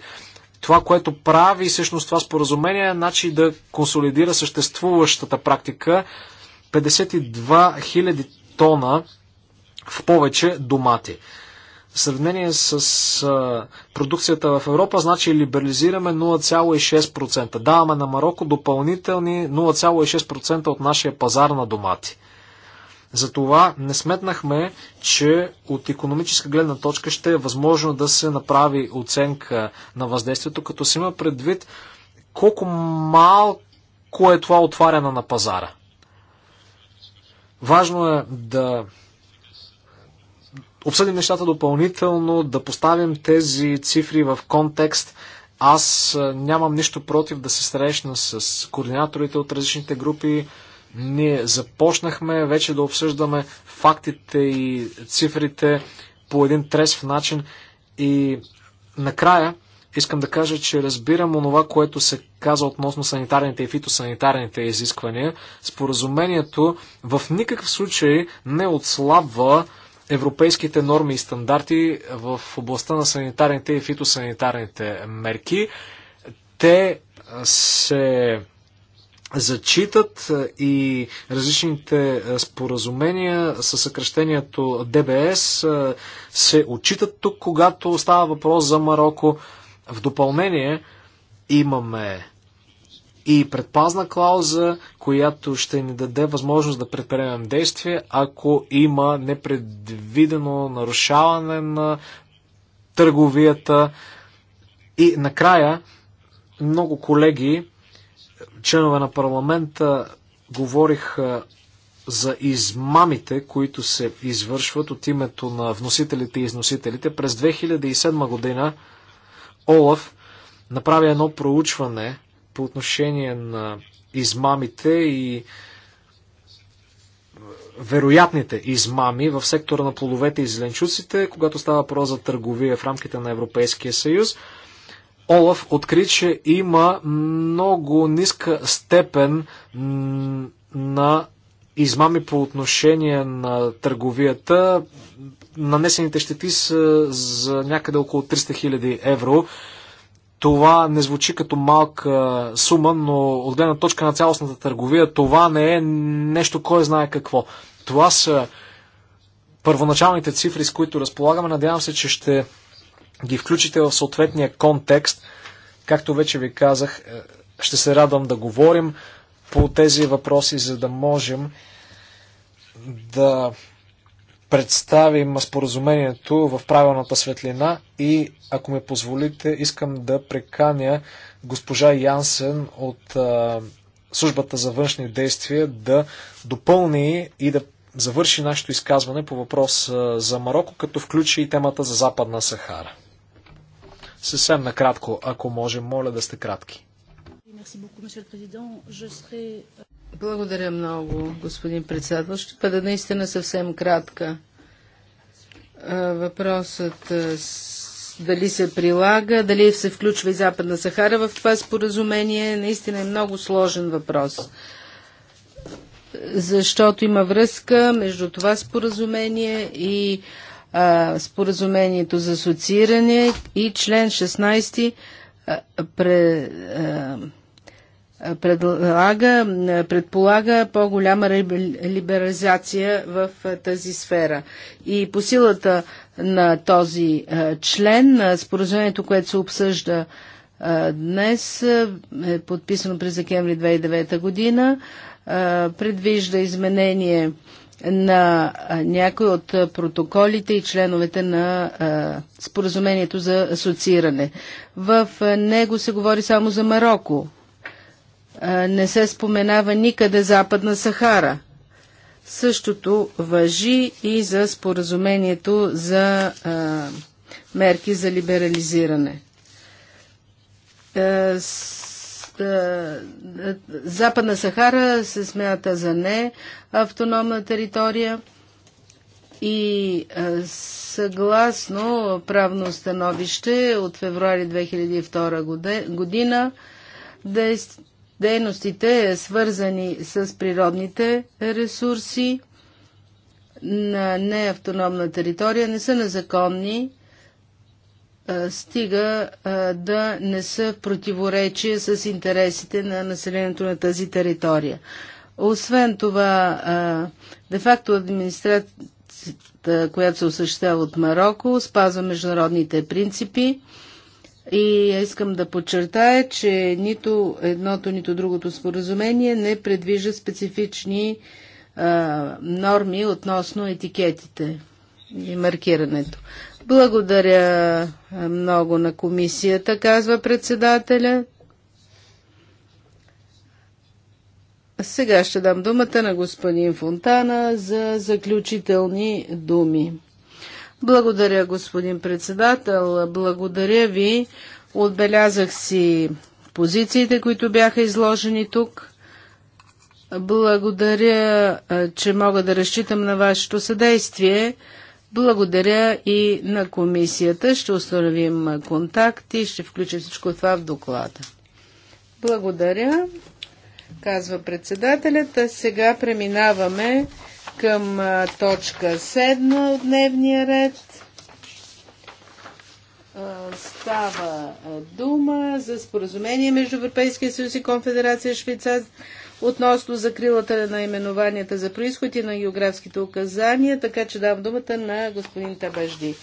Това, което прави всъщност това споразумение е начин да консолидира съществуващата практика 52 000 тона в повече домати в сравнение с а, продукцията в Европа, значи либерализираме 0,6%. Даваме на Марокко допълнителни 0,6% от нашия пазар на домати. Затова не сметнахме, че от економическа гледна точка ще е възможно да се направи оценка на въздействието, като се има предвид колко малко е това отваряне на пазара. Важно е да обсъдим нещата допълнително, да поставим тези цифри в контекст. Аз нямам нищо против да се срещна с координаторите от различните групи. Ние започнахме вече да обсъждаме фактите и цифрите по един тресв начин. И накрая искам да кажа, че разбирам онова, което се каза относно санитарните и фитосанитарните изисквания. Споразумението в никакъв случай не отслабва европейските норми и стандарти в областта на санитарните и фитосанитарните мерки. Те се зачитат и различните споразумения с съкръщението ДБС се отчитат тук, когато става въпрос за Марокко. В допълнение имаме и предпазна клауза, която ще ни даде възможност да предприемем действие, ако има непредвидено нарушаване на търговията. И накрая, много колеги, членове на парламента, говориха за измамите, които се извършват от името на вносителите и износителите. През 2007 година Олаф направи едно проучване по отношение на измамите и вероятните измами в сектора на плодовете и зеленчуците, когато става въпрос за търговия в рамките на Европейския съюз. Олаф откри, че има много ниска степен на измами по отношение на търговията. Нанесените щети са за някъде около 300 000 евро. Това не звучи като малка сума, но от гледна точка на цялостната търговия това не е нещо кой знае какво. Това са първоначалните цифри, с които разполагаме. Надявам се, че ще ги включите в съответния контекст. Както вече ви казах, е, ще се радвам да говорим по тези въпроси, за да можем да представим споразумението в правилната светлина и, ако ми позволите, искам да преканя госпожа Янсен от а, службата за външни действия да допълни и да завърши нашето изказване по въпрос за Марокко, като включи и темата за Западна Сахара. Съвсем накратко, ако може, моля да сте кратки. Благодаря много, господин председател. Ще бъда наистина съвсем кратка. Въпросът дали се прилага, дали се включва и Западна Сахара в това споразумение, наистина е много сложен въпрос. Защото има връзка между това споразумение и а, споразумението за асоцииране и член 16 а, пре, а, предлага, предполага по-голяма либерализация в тази сфера. И по силата на този член, споразумението, което се обсъжда днес, е подписано през декември 2009 година, предвижда изменение на някои от протоколите и членовете на споразумението за асоцииране. В него се говори само за Марокко не се споменава никъде Западна Сахара. Същото въжи и за споразумението за а, мерки за либерализиране. Западна Сахара се смята за не автономна територия и съгласно правно становище от февруари 2002 година, дейностите, свързани с природните ресурси на неавтономна територия, не са незаконни, стига да не са в противоречие с интересите на населението на тази територия. Освен това, де-факто администрацията, която се осъществява от Марокко, спазва международните принципи и искам да подчертая, че нито едното, нито другото споразумение не предвижда специфични а, норми относно етикетите и маркирането. Благодаря много на комисията, казва председателя. Сега ще дам думата на господин Фонтана за заключителни думи. Благодаря, господин председател. Благодаря ви. Отбелязах си позициите, които бяха изложени тук. Благодаря, че мога да разчитам на вашето съдействие. Благодаря и на комисията. Ще установим контакт и ще включим всичко това в доклада. Благодаря, казва председателят. сега преминаваме към точка 7 от дневния ред. Става дума за споразумение между Европейския съюз и Конфедерация Швейцар относно закрилата на именованията за происход и на географските указания, така че давам думата на господин Табажди.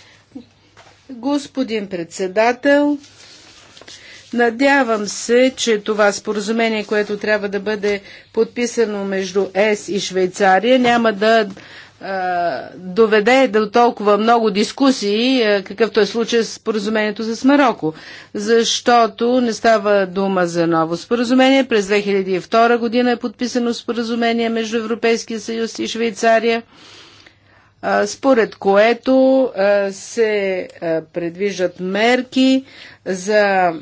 Господин председател, Надявам се, че това споразумение, което трябва да бъде подписано между ЕС и Швейцария, няма да а, доведе до толкова много дискусии, а, какъвто е случай с споразумението с Марокко. Защото не става дума за ново споразумение. През 2002 година е подписано споразумение между Европейския съюз и Швейцария според което се предвиждат мерки за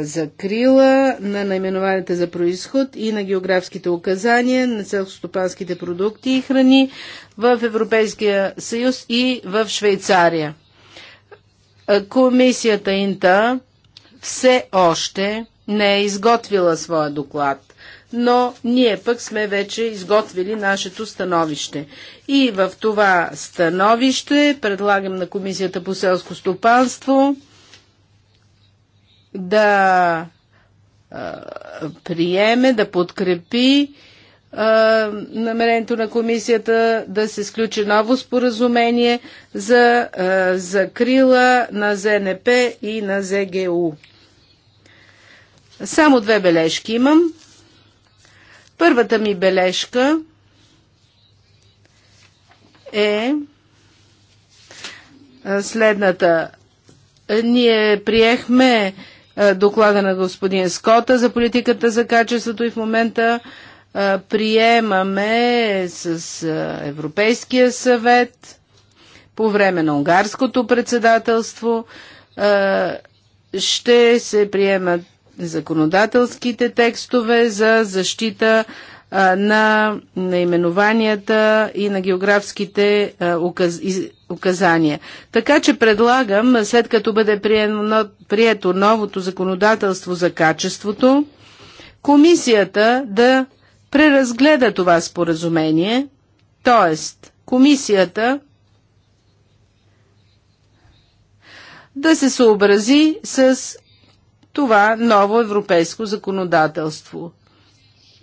закрила на наименованите за происход и на географските указания на селскостопанските продукти и храни в Европейския съюз и в Швейцария. Комисията Инта все още не е изготвила своя доклад но ние пък сме вече изготвили нашето становище. И в това становище предлагам на Комисията по селско стопанство да а, приеме, да подкрепи а, намерението на комисията да се сключи ново споразумение за закрила на ЗНП и на ЗГУ. Само две бележки имам. Първата ми бележка е следната. Ние приехме доклада на господин Скота за политиката за качеството и в момента приемаме с Европейския съвет по време на унгарското председателство ще се приемат законодателските текстове за защита на наименованията и на географските указания. Така че предлагам, след като бъде прието новото законодателство за качеството, комисията да преразгледа това споразумение, т.е. комисията да се съобрази с това ново европейско законодателство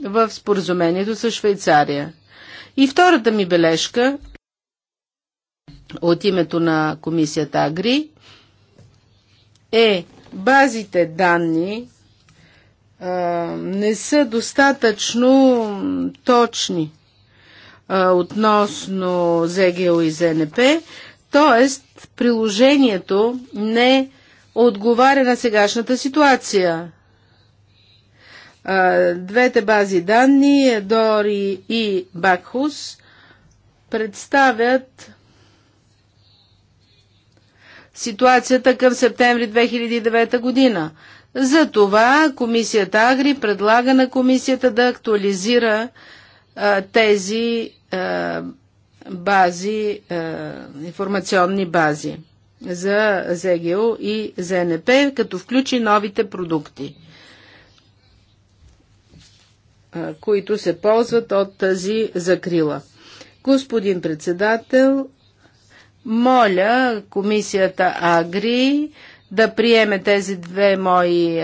в споразумението с Швейцария. И втората ми бележка от името на комисията Агри е базите данни а, не са достатъчно точни а, относно ЗГО и ЗНП, т.е. приложението не е отговаря на сегашната ситуация. Двете бази данни, Дори и Бакхус, представят ситуацията към септември 2009 година. Затова комисията Агри предлага на комисията да актуализира а, тези а, бази, а, информационни бази за ЗГО и ЗНП, като включи новите продукти, които се ползват от тази закрила. Господин председател, моля комисията Агри да приеме тези две мои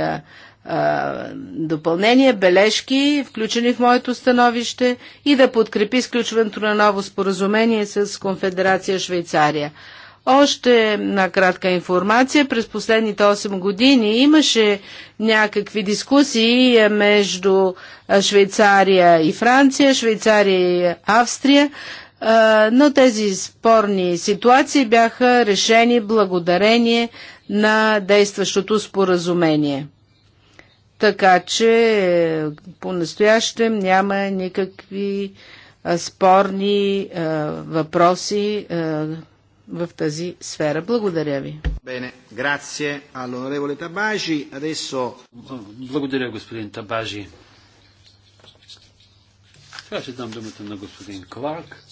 допълнения, бележки, включени в моето становище и да подкрепи сключването на ново споразумение с Конфедерация Швейцария. Още на кратка информация. През последните 8 години имаше някакви дискусии между Швейцария и Франция, Швейцария и Австрия, но тези спорни ситуации бяха решени благодарение на действащото споразумение. Така че по-настоящем няма никакви спорни въпроси в тази сфера. Благодаря ви. Бене, грация, алонореволе Табажи. Адесо... Благодаря, господин Табажи. Сега ще дам думата на господин Кларк.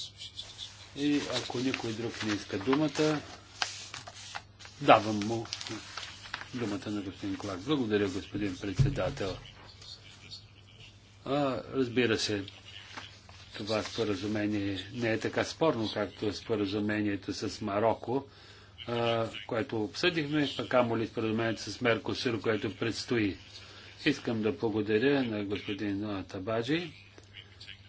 И ако никой друг не иска думата, давам му думата на господин Кларк. Благодаря, господин председател. А, разбира се, това споразумение не е така спорно, както споразумението с Марокко, което обсъдихме, пък моли споразумението с Меркосир, което предстои. Искам да благодаря на господин Табаджи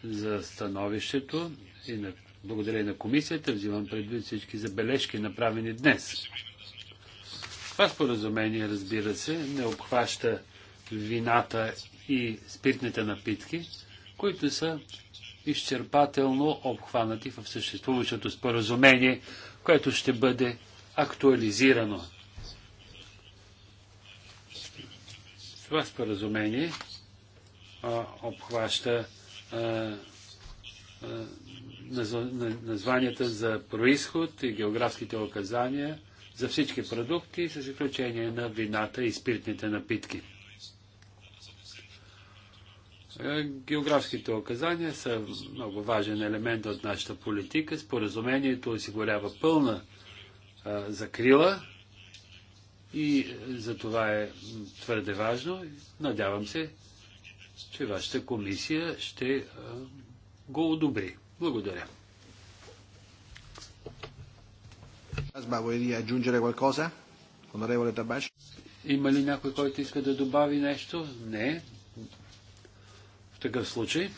за становището и на, благодаря и на комисията. Взимам предвид всички забележки, направени днес. Това споразумение, разбира се, не обхваща вината и спиртните напитки, които са изчерпателно обхванати в съществуващото споразумение, което ще бъде актуализирано. Това споразумение а, обхваща а, а, названията за происход и географските оказания за всички продукти, с изключение на вината и спиртните напитки. Е, географските оказания са много важен елемент от нашата политика. Споразумението осигурява пълна а, е, закрила и е, за това е твърде важно. Надявам се, че вашата комисия ще а, го одобри. Благодаря. Има ли някой, който иска да добави нещо? Не. В такъв случай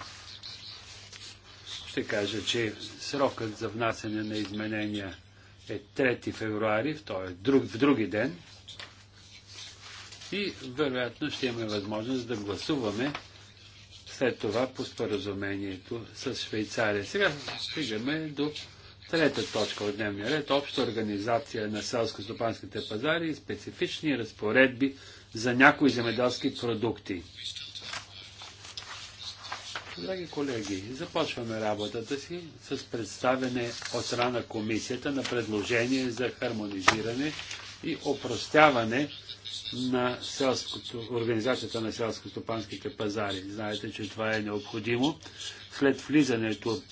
ще кажа, че срокът за внасяне на изменения е 3 февруари, той е друг, в други ден. И вероятно ще имаме възможност да гласуваме след това по споразумението с Швейцария. Сега стигаме до трета точка от дневния ред – обща организация на селско-стопанските пазари и специфични разпоредби за някои земеделски продукти. Драги колеги, започваме работата си с представяне от страна на комисията на предложение за хармонизиране и опростяване на селското, организацията на селско-стопанските пазари. Знаете, че това е необходимо след влизането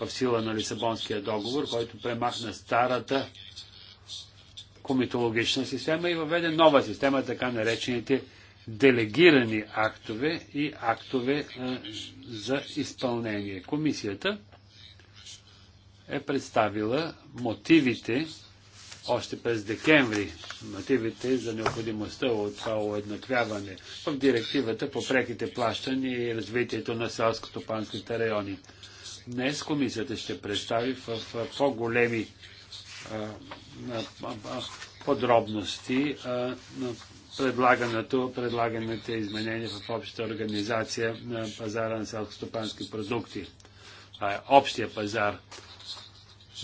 в сила на Лисабонския договор, който премахна старата комитологична система и въведе нова система, така наречените делегирани актове и актове е, за изпълнение. Комисията е представила мотивите още през декември, мотивите за необходимостта от това уеднаквяване в директивата по преките плащания и развитието на селско-топанските райони. Днес комисията ще представи в, по-големи подробности на предлаганото, предлаганите изменения в общата организация на пазара на селскостопански продукти. Това е общия пазар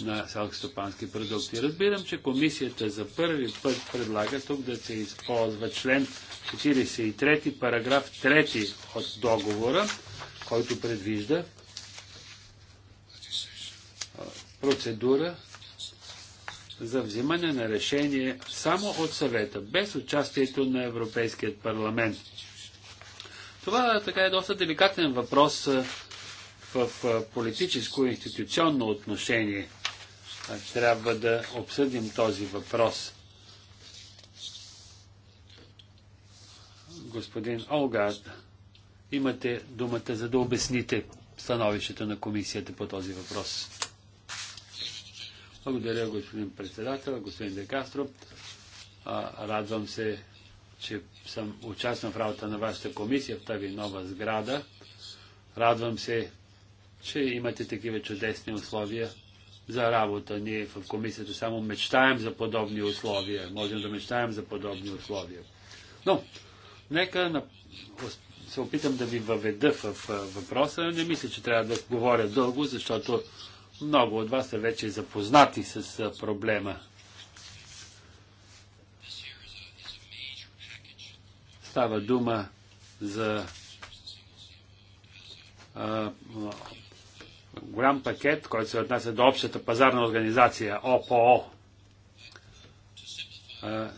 на селскостопански продукти. Разбирам, че комисията за първи път предлага тук да се използва член 43, параграф 3 от договора, който предвижда процедура за взимане на решение само от съвета, без участието на Европейският парламент. Това така е доста деликатен въпрос в политическо и институционно отношение. Трябва да обсъдим този въпрос. Господин Олгард, имате думата за да обясните становището на комисията по този въпрос. Благодаря, господин председател, господин Декастро. Радвам се, че съм участвал в работа на вашата комисия в тази нова сграда. Радвам се, че имате такива чудесни условия за работа. Ние в комисията само мечтаем за подобни условия. Можем да мечтаем за подобни условия. Но, нека на... се опитам да ви въведа в въпроса. Не мисля, че трябва да говоря дълго, защото много от вас са вече запознати с проблема. Става дума за а, голям пакет, който се отнася до общата пазарна организация ОПО. А,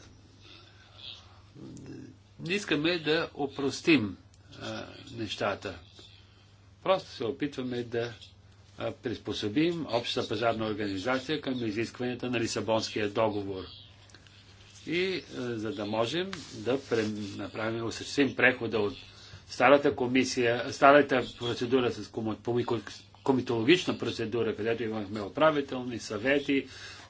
искаме да опростим а, нещата. Просто се опитваме да приспособим общата пазарна организация към изискванията на Лисабонския договор. И е, за да можем да направим, осъществим прехода от старата комисия, старата процедура с комитологична процедура, където имахме управителни съвети,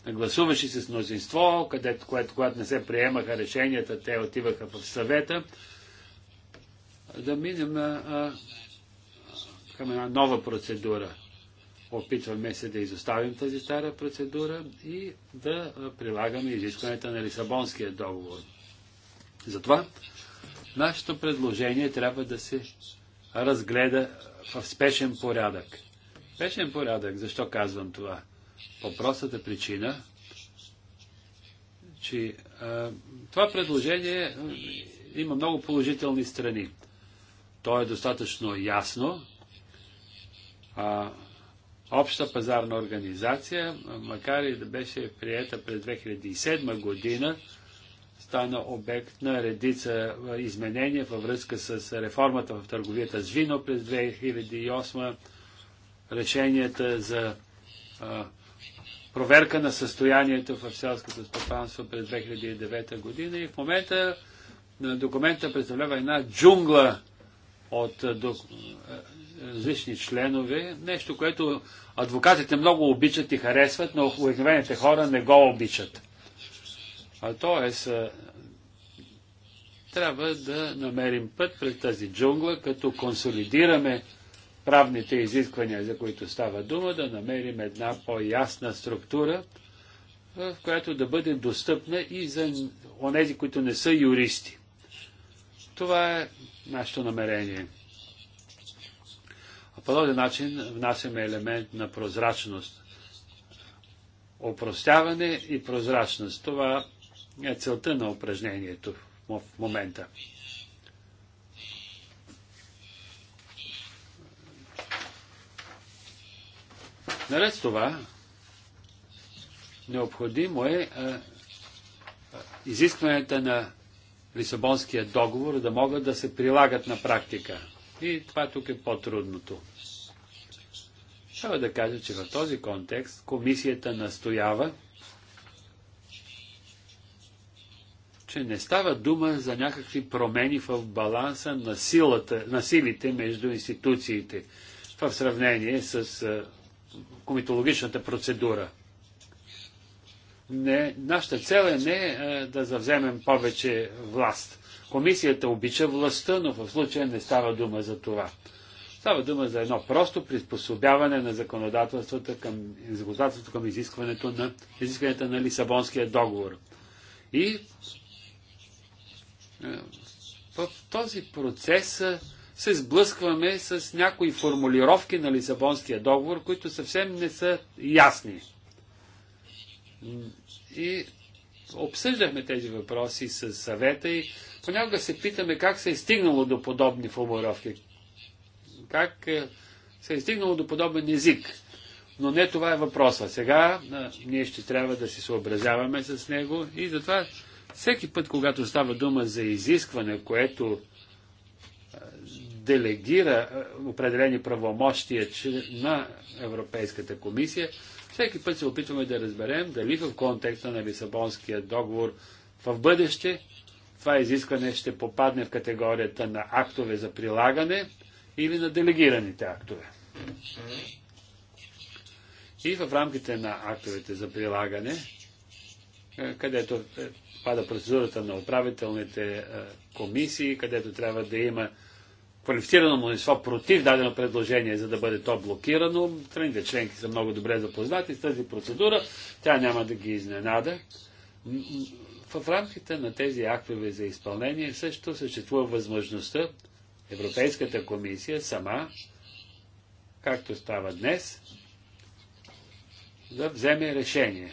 гласуваше с мнозинство, където, което, когато не се приемаха решенията, те отиваха в съвета, да минем а, към една нова процедура – опитваме се да изоставим тази стара процедура и да прилагаме изискването на Лисабонския договор. Затова нашето предложение трябва да се разгледа в спешен порядък. Спешен порядък, защо казвам това? По простата причина, че а, това предложение има много положителни страни. То е достатъчно ясно, а, обща пазарна организация, макар и да беше приета през 2007 година, стана обект на редица изменения във връзка с реформата в търговията с вино през 2008, решенията за а, проверка на състоянието в селското стопанство през 2009 година и в момента документа представлява една джунгла от различни членове, нещо, което адвокатите много обичат и харесват, но обикновените хора не го обичат. А т.е. трябва да намерим път през тази джунгла, като консолидираме правните изисквания, за които става дума, да намерим една по-ясна структура, в която да бъде достъпна и за онези, които не са юристи. Това е нашето намерение. По този начин внасяме елемент на прозрачност. Опростяване и прозрачност. Това е целта на упражнението в момента. Наред с това, необходимо е изискването е, изискванията на Лисабонския договор да могат да се прилагат на практика. И това тук е по-трудното. Трябва да кажа, че в този контекст комисията настоява, че не става дума за някакви промени в баланса на, силата, на силите между институциите в сравнение с комитологичната процедура. Не, нашата цел е не да завземем повече власт. Комисията обича властта, но в случая не става дума за това. Става дума за едно просто приспособяване на законодателството към, законодателството към изискването на, изискването на Лисабонския договор. И е, в този процес е, се сблъскваме с някои формулировки на Лисабонския договор, които съвсем не са ясни. И обсъждахме тези въпроси с съвета и понякога се питаме как се е стигнало до подобни формулировки как е, се е стигнало до подобен език. Но не това е въпроса. Сега а, ние ще трябва да се съобразяваме с него и затова всеки път, когато става дума за изискване, което а, делегира а, определени правомощия на Европейската комисия, всеки път се опитваме да разберем дали в контекста на Лисабонския договор в бъдеще това изискване ще попадне в категорията на актове за прилагане или на делегираните актове. И в рамките на актовете за прилагане, е, където е, пада процедурата на управителните е, комисии, където трябва да има квалифицирано мнозинство против дадено предложение, за да бъде то блокирано. Трените членки са много добре запознати с тази процедура. Тя няма да ги изненада. В рамките на тези актове за изпълнение също съществува възможността Европейската комисия сама, както става днес, да вземе решение.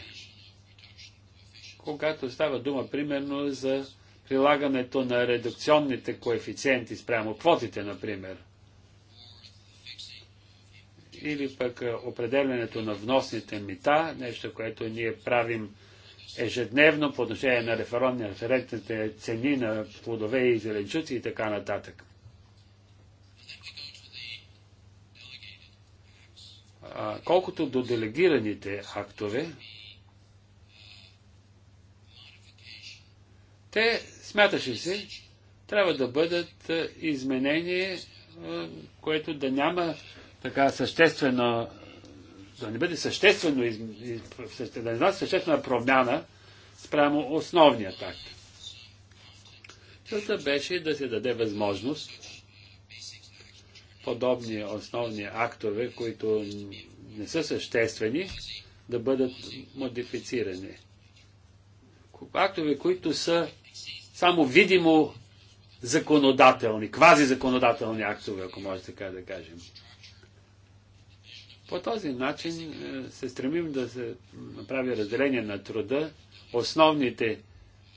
Когато става дума, примерно, за прилагането на редукционните коефициенти спрямо квотите, например, или пък определенето на вносните мита, нещо, което ние правим ежедневно по отношение на референтните цени на плодове и зеленчуци и така нататък. колкото до делегираните актове, те, смяташе се, трябва да бъдат изменени, което да няма така съществено, да не бъде съществено, да не значи съществена промяна спрямо основния акт. Целта беше да се даде възможност подобни основни актове, които не са съществени, да бъдат модифицирани. Актове, които са само видимо законодателни, квази законодателни актове, ако може така да кажем. По този начин е, се стремим да се направи разделение на труда, основните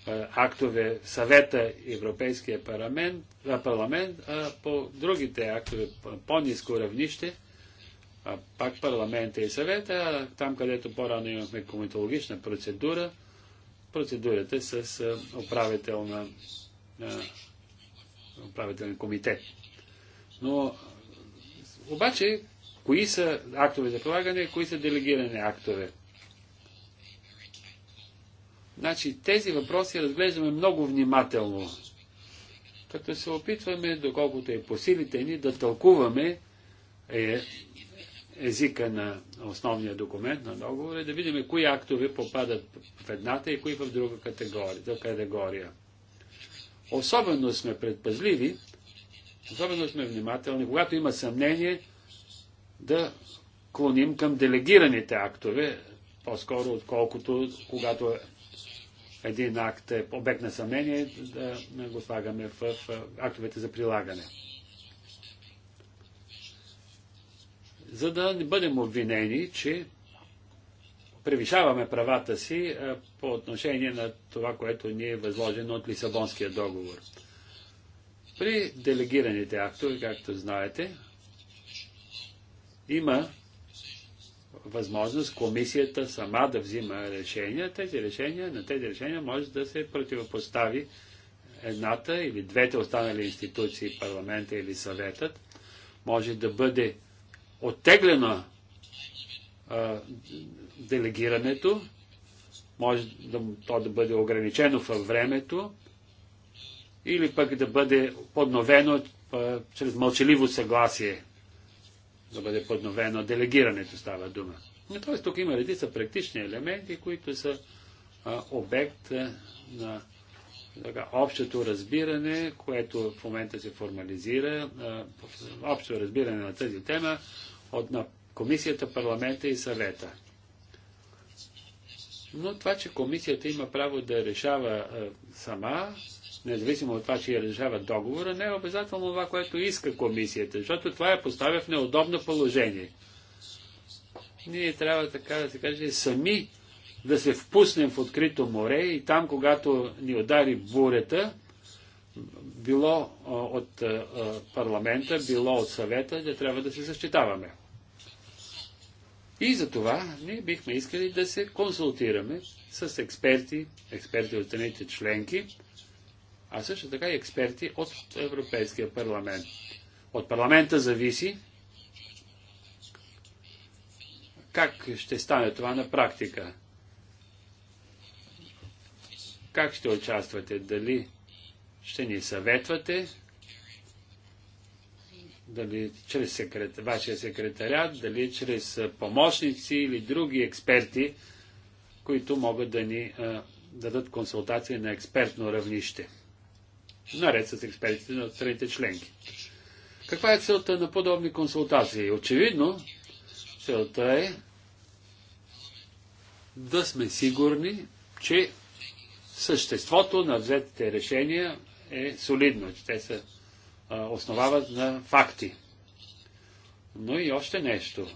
е, актове съвета Европейския парламент, парламент а по другите актове по-низко равнище, а пак парламента и съвета, там където по-рано имахме комитологична процедура, процедурата с управител на комитет. Но обаче, кои са актове за прилагане, кои са делегирани актове? Значи тези въпроси разглеждаме много внимателно, като се опитваме, доколкото е по силите ни, да тълкуваме е, езика на основния документ на договора и да видим кои актове попадат в едната и кои в друга категория. Друга категория. Особено сме предпазливи, особено сме внимателни, когато има съмнение, да клоним към делегираните актове, по-скоро отколкото когато един акт е обект на съмнение, да го слагаме в актовете за прилагане. За да не бъдем обвинени, че превишаваме правата си по отношение на това, което ни е възложено от Лисабонския договор. При делегираните актове, както знаете, има възможност комисията сама да взима решения. Тези решения, на тези решения може да се противопостави едната или двете останали институции, парламента или съветът, може да бъде оттеглено а, делегирането, може да, то да бъде ограничено във времето или пък да бъде подновено а, чрез мълчаливо съгласие да бъде подновено делегирането става дума. Тоест тук има редица практични елементи, които са а, обект а, на така, общото разбиране, което в момента се формализира, а, общо разбиране на тази тема от на комисията, парламента и съвета. Но това, че комисията има право да решава а, сама, независимо от това, че я решава договора, не е обязателно това, което иска комисията, защото това я поставя в неудобно положение. Ние трябва, така да се каже, сами да се впуснем в открито море и там, когато ни удари бурята, било от парламента, било от съвета, да трябва да се защитаваме. И за това ние бихме искали да се консултираме с експерти, експерти от страните членки, а също така и експерти от Европейския парламент. От парламента зависи как ще стане това на практика. Как ще участвате? Дали ще ни съветвате? Дали чрез секрет, вашия секретарят, дали чрез помощници или други експерти, които могат да ни а, дадат консултации на експертно равнище наред с експертите на страните членки. Каква е целта на подобни консултации? Очевидно, целта е да сме сигурни, че съществото на взетите решения е солидно, че те се основават на факти. Но и още нещо,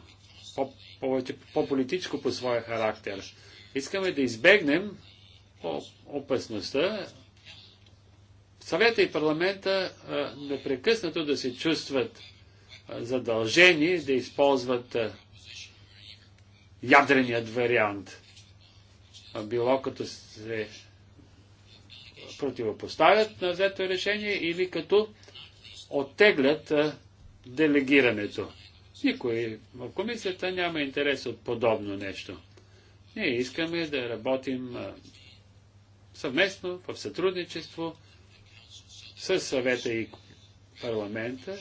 по-политическо по, по, по своя характер. Искаме да избегнем опасността съвета и парламента а, непрекъснато да се чувстват а, задължени да използват а, ядреният вариант. А, било като се противопоставят на взето решение или като оттеглят а, делегирането. Никой в комисията няма интерес от подобно нещо. Ние искаме да работим съвместно, в сътрудничество, с съвета и парламента,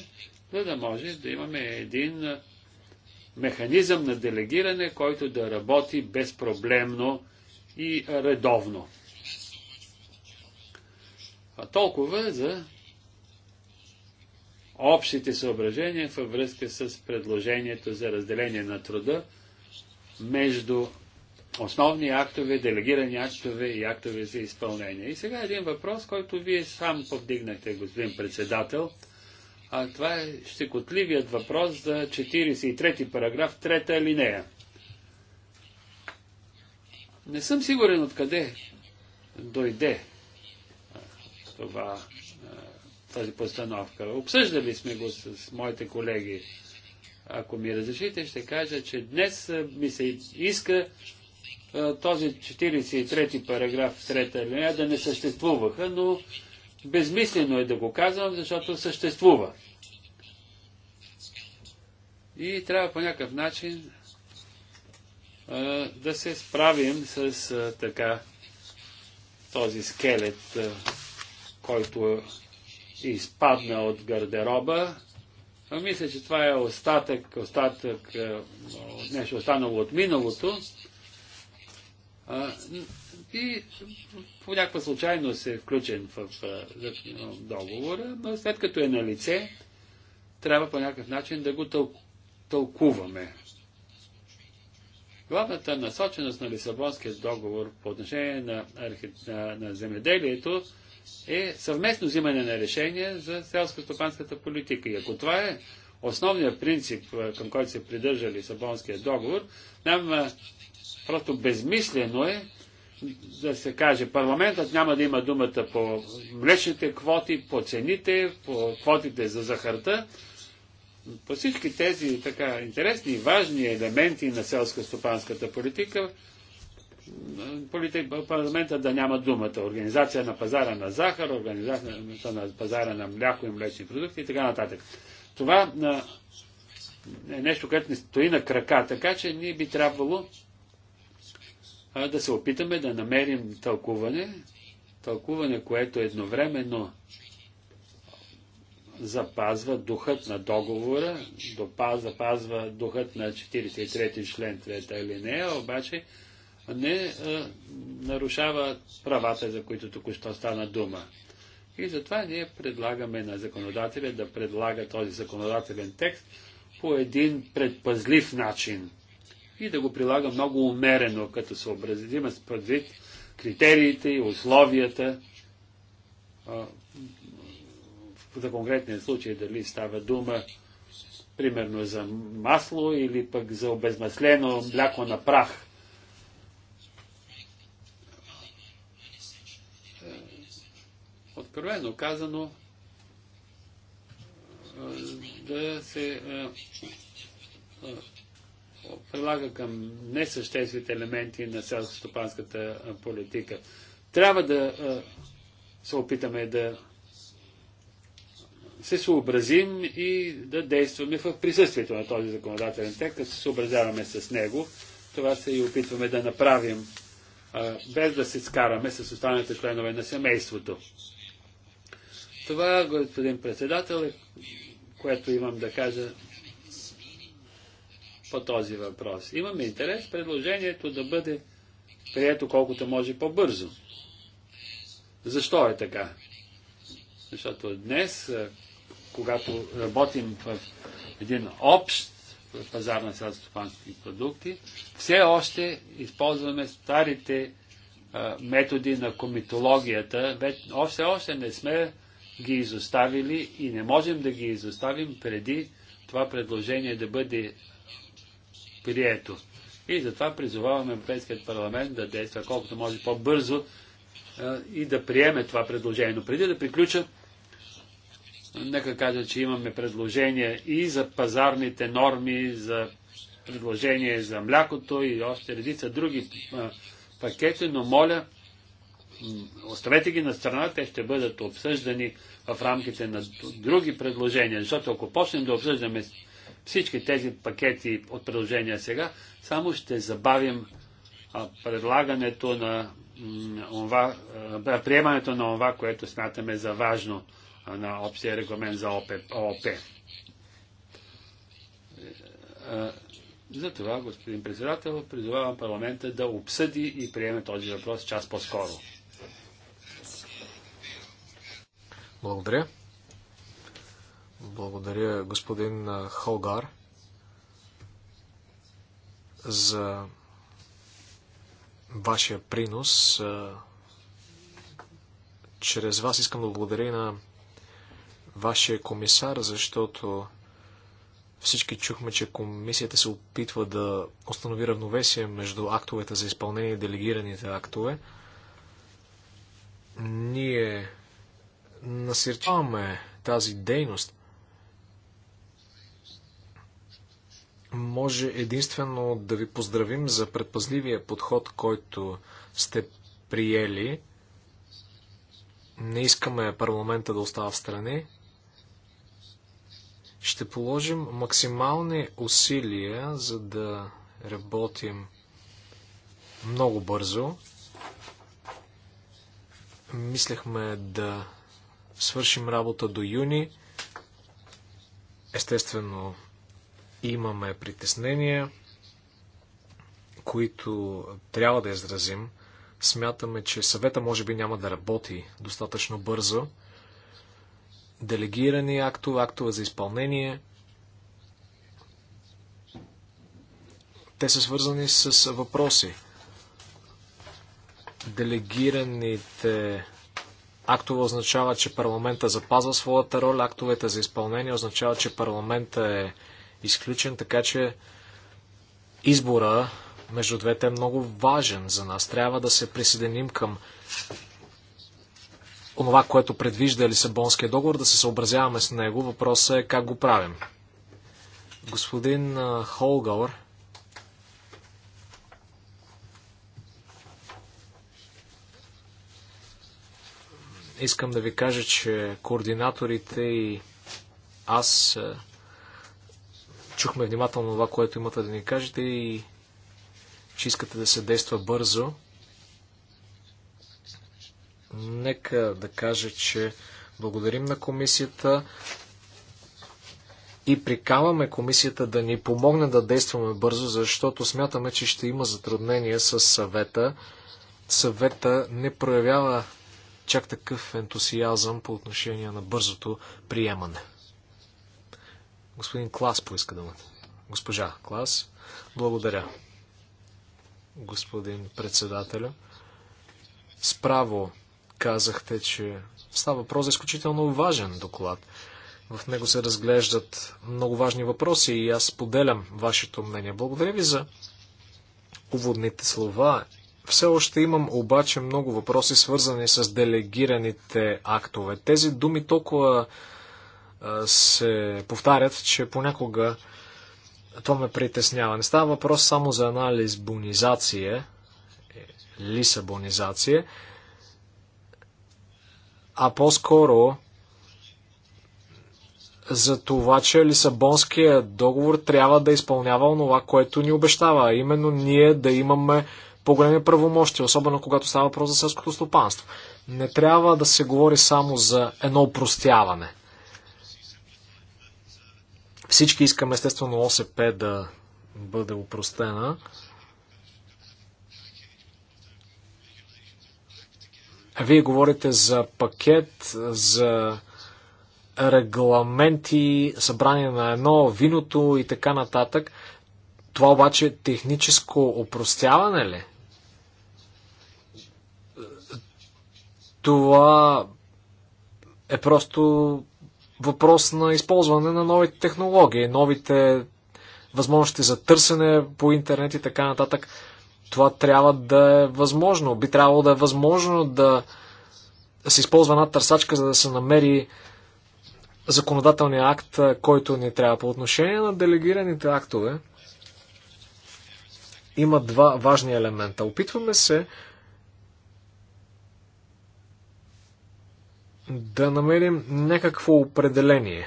за да може да имаме един механизъм на делегиране, който да работи безпроблемно и редовно. А толкова за общите съображения във връзка с предложението за разделение на труда между основни актове, делегирани актове и актове за изпълнение. И сега един въпрос, който вие сам повдигнахте, господин председател. А това е щекотливият въпрос за 43 ти параграф, трета линея. Не съм сигурен откъде дойде това, тази постановка. Обсъждали сме го с моите колеги. Ако ми разрешите, ще кажа, че днес ми се иска е, този 43 ти параграф, 3 линия да не съществуваха, но безмислено е да го казвам, защото съществува. И трябва по някакъв начин а, е, да се справим с а, е, така този скелет, а, който е изпадна от гардероба. А мисля, че това е остатък, остатък, нещо останало от миналото. И по някаква случайност е включен в, в, в договора, но след като е на лице, трябва по някакъв начин да го тъл, тълкуваме. Главната насоченост на Лисабонския договор по отношение на, архи... на, на земеделието е съвместно взимане на решения за селско-стопанската политика. И ако това е основният принцип, към който се придържа Лисабонския договор, нам Просто безмислено е да се каже, парламентът няма да има думата по млечните квоти, по цените, по квотите за захарта. По всички тези така интересни и важни елементи на селско-стопанската политика, политика, парламента да няма думата. Организация на пазара на захар, организация на пазара на мляко и млечни продукти и така нататък. Това е нещо, което не стои на крака, така че ние би трябвало а да се опитаме да намерим тълкуване, тълкуване, което едновременно запазва духът на договора, запазва духът на 43 член 3 алинея, обаче не а, е, нарушава правата, за които току-що стана дума. И затова ние предлагаме на законодателя да предлага този законодателен текст по един предпазлив начин и да го прилага много умерено, като се образим с предвид критериите и условията за конкретния случай, дали става дума примерно за масло или пък за обезмаслено мляко на прах. Откровено казано, да се прилага към несъществените елементи на селско-стопанската политика. Трябва да се опитаме да се съобразим и да действаме в присъствието на този законодателен текст, като се съобразяваме с него. Това се и опитваме да направим, без да се скараме с останалите членове на семейството. Това, господин председател, е което имам да кажа по този въпрос. Имаме интерес предложението да бъде прието колкото може по-бързо. Защо е така? Защото днес, е, когато работим в един общ пазар на селскостопански продукти, все още използваме старите е, методи на комитологията. Все още не сме ги изоставили и не можем да ги изоставим преди това предложение да бъде е, прието. И затова призоваваме Европейският парламент да действа колкото може по-бързо и да приеме това предложение. Но преди да приключа, нека кажа, че имаме предложения и за пазарните норми, за предложение за млякото и още редица други пакети, но моля, оставете ги на страна, те ще бъдат обсъждани в рамките на други предложения, защото ако почнем да обсъждаме всички тези пакети от предложения сега, само ще забавим предлагането на това, приемането на това, което смятаме за важно на общия регламент за ООП. Е, Затова, господин председател, призовавам парламента да обсъди и приеме този въпрос час по-скоро. Благодаря. Благодаря, господин Холгар, за вашия принос. Чрез вас искам да благодаря на вашия комисар, защото всички чухме, че комисията се опитва да установи равновесие между актовете за изпълнение и делегираните актове. Ние насърчаваме тази дейност. може единствено да ви поздравим за предпазливия подход, който сте приели. Не искаме парламента да остава в страни. Ще положим максимални усилия, за да работим много бързо. Мислехме да свършим работа до юни. Естествено, Имаме притеснения, които трябва да изразим. Смятаме, че съвета може би няма да работи достатъчно бързо. Делегирани актове, актове за изпълнение, те са свързани с въпроси. Делегираните актове означава, че парламента запазва своята роля, актовете за изпълнение означава, че парламента е изключен, така че избора между двете е много важен за нас. Трябва да се присъединим към онова, което предвижда Лисабонския договор, да се съобразяваме с него. Въпросът е как го правим. Господин Холгауър, искам да ви кажа, че координаторите и аз чухме внимателно това, което имате да ни кажете и че искате да се действа бързо. Нека да кажа, че благодарим на комисията и прикаваме комисията да ни помогне да действаме бързо, защото смятаме, че ще има затруднения с съвета. Съвета не проявява чак такъв ентусиазъм по отношение на бързото приемане. Господин Клас поиска думата. Госпожа Клас, благодаря. Господин председателя, справо казахте, че става въпрос за изключително важен доклад. В него се разглеждат много важни въпроси и аз поделям вашето мнение. Благодаря ви за уводните слова. Все още имам обаче много въпроси, свързани с делегираните актове. Тези думи толкова се повтарят, че понякога това ме притеснява. Не става въпрос само за една лисбонизация, е, лисабонизация, а по-скоро за това, че Лисабонския договор трябва да изпълнява онова, което ни обещава, а именно ние да имаме по-големи правомощи, особено когато става въпрос за селското стопанство. Не трябва да се говори само за едно упростяване. Всички искаме естествено ОСП да бъде упростена. Вие говорите за пакет, за регламенти, събрание на едно, виното и така нататък. Това обаче е техническо упростяване ли? Това е просто въпрос на използване на новите технологии, новите възможности за търсене по интернет и така нататък. Това трябва да е възможно. Би трябвало да е възможно да се използва една търсачка, за да се намери законодателния акт, който ни трябва. По отношение на делегираните актове, има два важни елемента. Опитваме се да намерим някакво определение.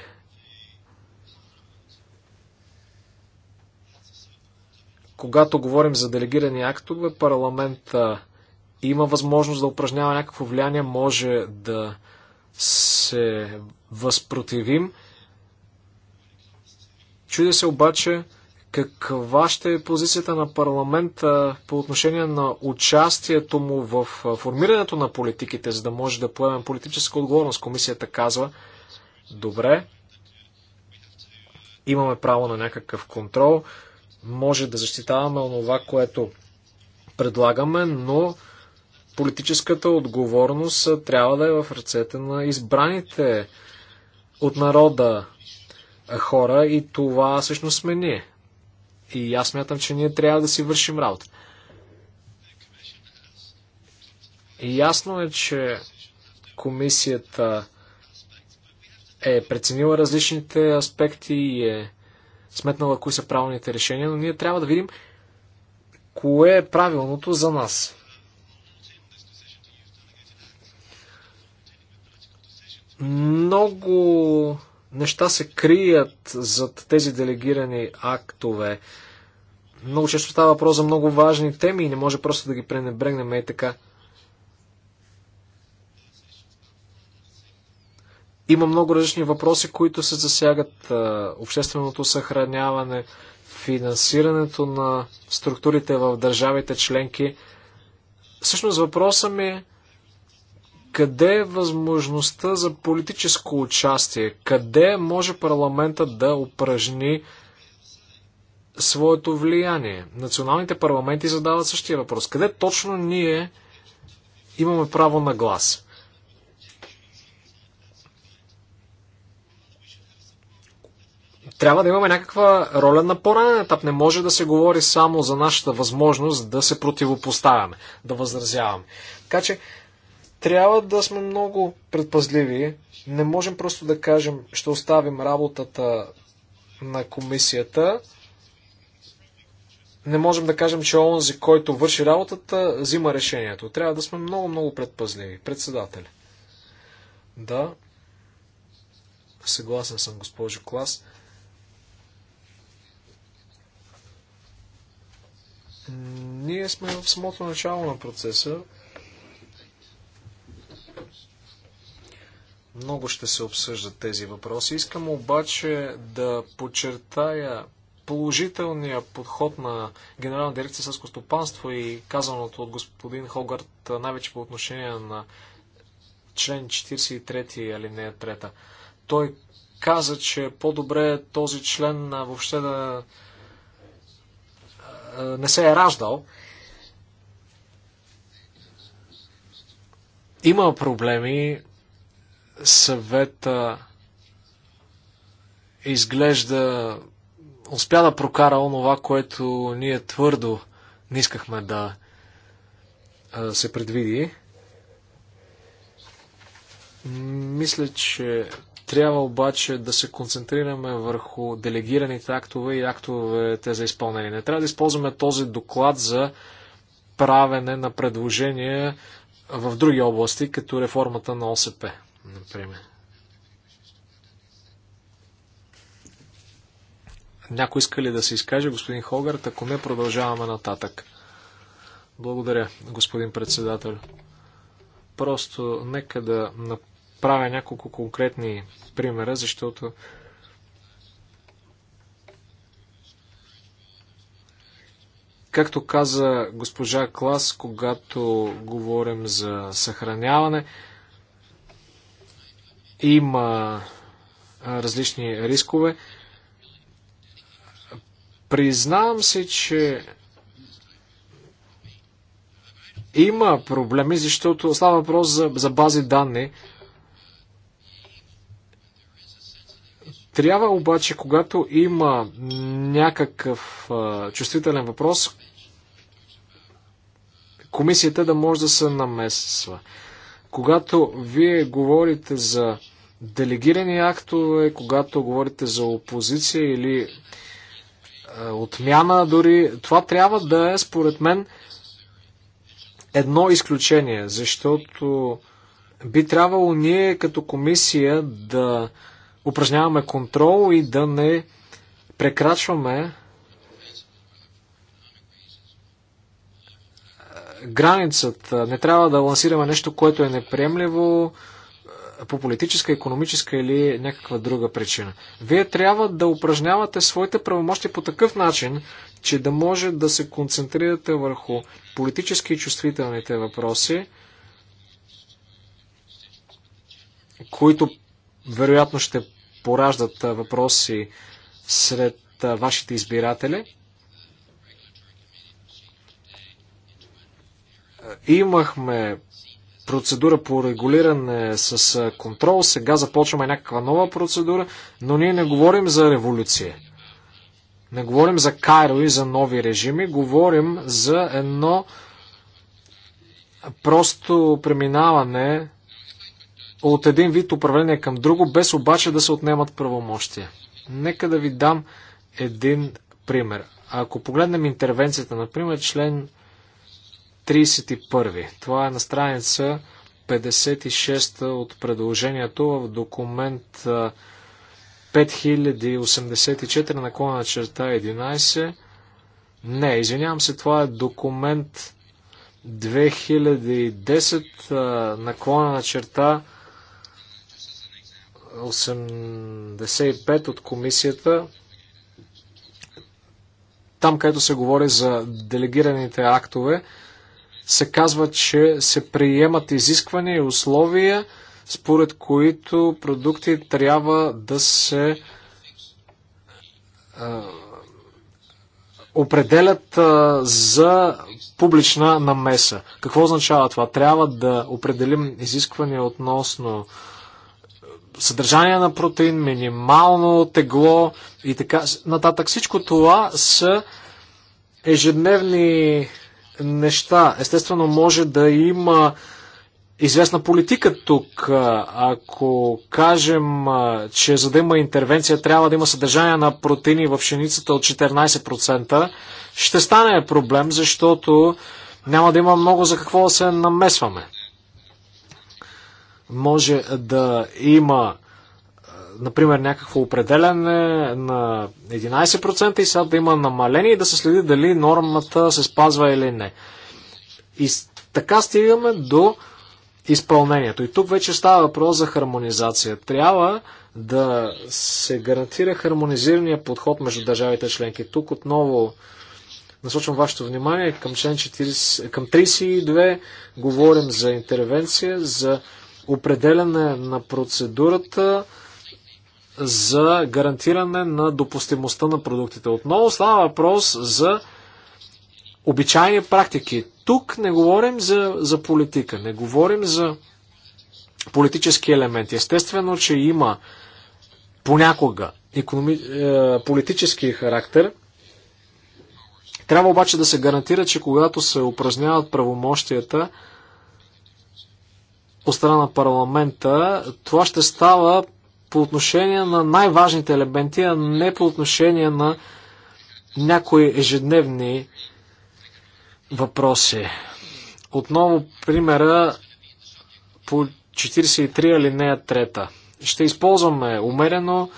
Когато говорим за делегирани актове, парламента има възможност да упражнява някакво влияние, може да се възпротивим. Чудя се обаче каква ще е позицията на парламента по отношение на участието му в формирането на политиките, за да може да поемем политическа отговорност? Комисията казва, добре, имаме право на някакъв контрол, може да защитаваме онова, което предлагаме, но политическата отговорност трябва да е в ръцете на избраните от народа хора и това всъщност сме ние. И аз мятам, че ние трябва да си вършим работа. И ясно е, че комисията е преценила различните аспекти и е сметнала кои са правилните решения, но ние трябва да видим кое е правилното за нас. Много неща се крият зад тези делегирани актове. Много често става въпрос за много важни теми и не може просто да ги пренебрегнем и е така. Има много различни въпроси, които се засягат. Общественото съхраняване, финансирането на структурите в държавите членки. Всъщност въпросът ми е къде е възможността за политическо участие? Къде може парламента да упражни своето влияние? Националните парламенти задават същия въпрос. Къде точно ние имаме право на глас? трябва да имаме някаква роля на по-ранен етап. Не може да се говори само за нашата възможност да се противопоставяме, да възразяваме. Така че трябва да сме много предпазливи. Не можем просто да кажем, ще оставим работата на комисията. Не можем да кажем, че онзи, който върши работата, взима решението. Трябва да сме много, много предпазливи. Председатели. Да. Съгласен съм, госпожо Клас. Ние сме в самото начало на процеса. Много ще се обсъждат тези въпроси. Искам обаче да подчертая положителния подход на Генерална дирекция Съско стопанство и казаното от господин Хогарт, най-вече по отношение на член 43 алинея 3. Той каза, че е по-добре този член въобще да не се е раждал. Има проблеми, съвета изглежда успя да прокара онова, което ние твърдо не искахме да се предвиди. Мисля, че трябва обаче да се концентрираме върху делегираните актове и актовете за изпълнение. Не трябва да използваме този доклад за правене на предложения в други области, като реформата на ОСП например. Някой иска ли да се изкаже, господин Хогарт? Ако не, продължаваме нататък. Благодаря, господин председател. Просто нека да направя няколко конкретни примера, защото Както каза госпожа Клас, когато говорим за съхраняване, има различни рискове. Признавам се, че има проблеми, защото става въпрос за, за бази данни. Трябва обаче, когато има някакъв а, чувствителен въпрос, комисията да може да се намесва. Когато вие говорите за делегирани актове, когато говорите за опозиция или е, отмяна дори, това трябва да е според мен едно изключение, защото би трябвало ние като комисия да упражняваме контрол и да не прекрачваме е, границата. Не трябва да лансираме нещо, което е неприемливо, по политическа, економическа или някаква друга причина. Вие трябва да упражнявате своите правомощи по такъв начин, че да може да се концентрирате върху политически и чувствителните въпроси, които вероятно ще пораждат въпроси сред вашите избиратели. Имахме процедура по регулиране с контрол, сега започваме някаква нова процедура, но ние не говорим за революция. Не говорим за Кайро и за нови режими, говорим за едно просто преминаване от един вид управление към друго, без обаче да се отнемат правомощия. Нека да ви дам един пример. Ако погледнем интервенцията, например, член 31. Това е на страница 56 от предложението в документ 5084 наклона на черта 11. Не, извинявам се, това е документ 2010 наклона на черта 85 от комисията. Там, където се говори за делегираните актове, се казва, че се приемат изисквания и условия, според които продукти трябва да се определят а, за публична намеса. Какво означава това? Трябва да определим изисквания относно съдържание на протеин, минимално тегло и така нататък. Всичко това са ежедневни неща. Естествено, може да има известна политика тук. Ако кажем, че за да има интервенция, трябва да има съдържание на протеини в пшеницата от 14%, ще стане проблем, защото няма да има много за какво да се намесваме. Може да има например, някакво определяне на 11% и сега да има намаление и да се следи дали нормата се спазва или не. И така стигаме до изпълнението. И тук вече става въпрос за хармонизация. Трябва да се гарантира хармонизирания подход между държавите членки. Тук отново насочвам вашето внимание към член 40, към 32. Говорим за интервенция, за определяне на процедурата, за гарантиране на допустимостта на продуктите. Отново става въпрос за обичайни практики. Тук не говорим за, за политика, не говорим за политически елементи. Естествено, че има понякога економи... е, политически характер. Трябва обаче да се гарантира, че когато се упражняват правомощията от страна на парламента, това ще става по отношение на най-важните елементи, а не по отношение на някои ежедневни въпроси. Отново примера по 43 алинея 3. Ще използваме умерено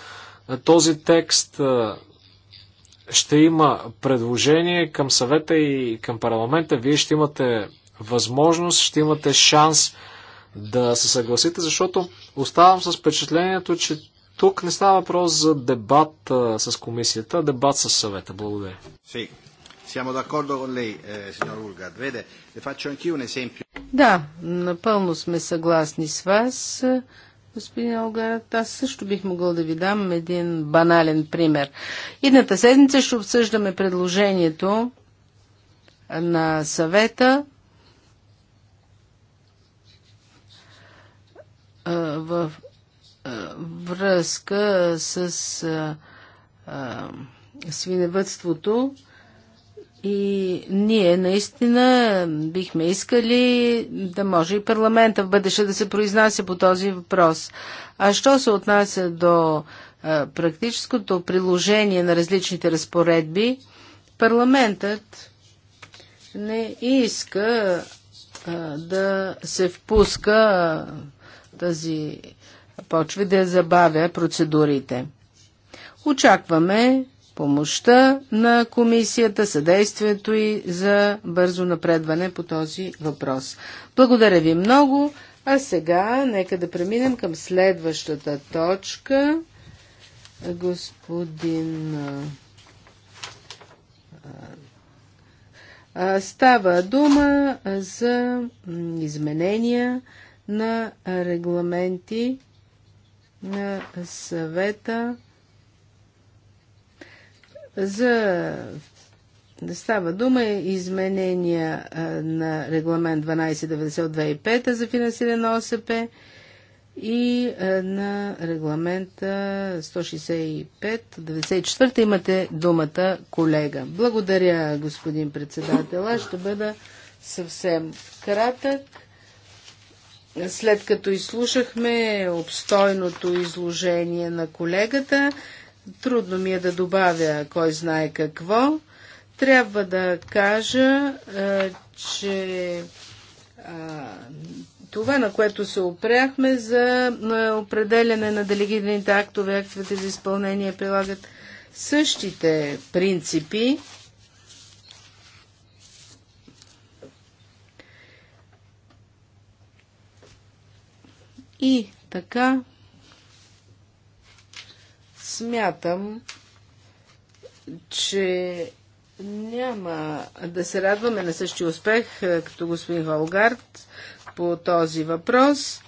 този текст. Ще има предложение към съвета и към парламента. Вие ще имате възможност, ще имате шанс да се съгласите, защото оставам с впечатлението, че тук не става въпрос за дебат с комисията, а дебат с съвета. Благодаря. Да, напълно сме съгласни с вас. Е, господин Алгарат, аз също бих могъл да ви дам един банален пример. Идната седмица ще обсъждаме предложението на съвета в връзка с свиневътството и ние наистина бихме искали да може и парламента в бъдеще да се произнася по този въпрос. А що се отнася до практическото приложение на различните разпоредби, парламентът не иска да се впуска тази почва да забавя процедурите. Очакваме помощта на комисията, съдействието и за бързо напредване по този въпрос. Благодаря ви много, а сега нека да преминем към следващата точка. Господин Става дума за изменения на регламенти на съвета за да става дума е изменения на регламент 1290-2005 за финансиране на ОСП и на регламента 165-94. Имате думата, колега. Благодаря, господин председател. Аз ще бъда съвсем кратък след като изслушахме обстойното изложение на колегата, трудно ми е да добавя кой знае какво. Трябва да кажа, че това, на което се опряхме за определяне на делегираните актове, актовете за изпълнение прилагат същите принципи И така смятам, че няма да се радваме на същия успех е, като господин Холгард по този въпрос,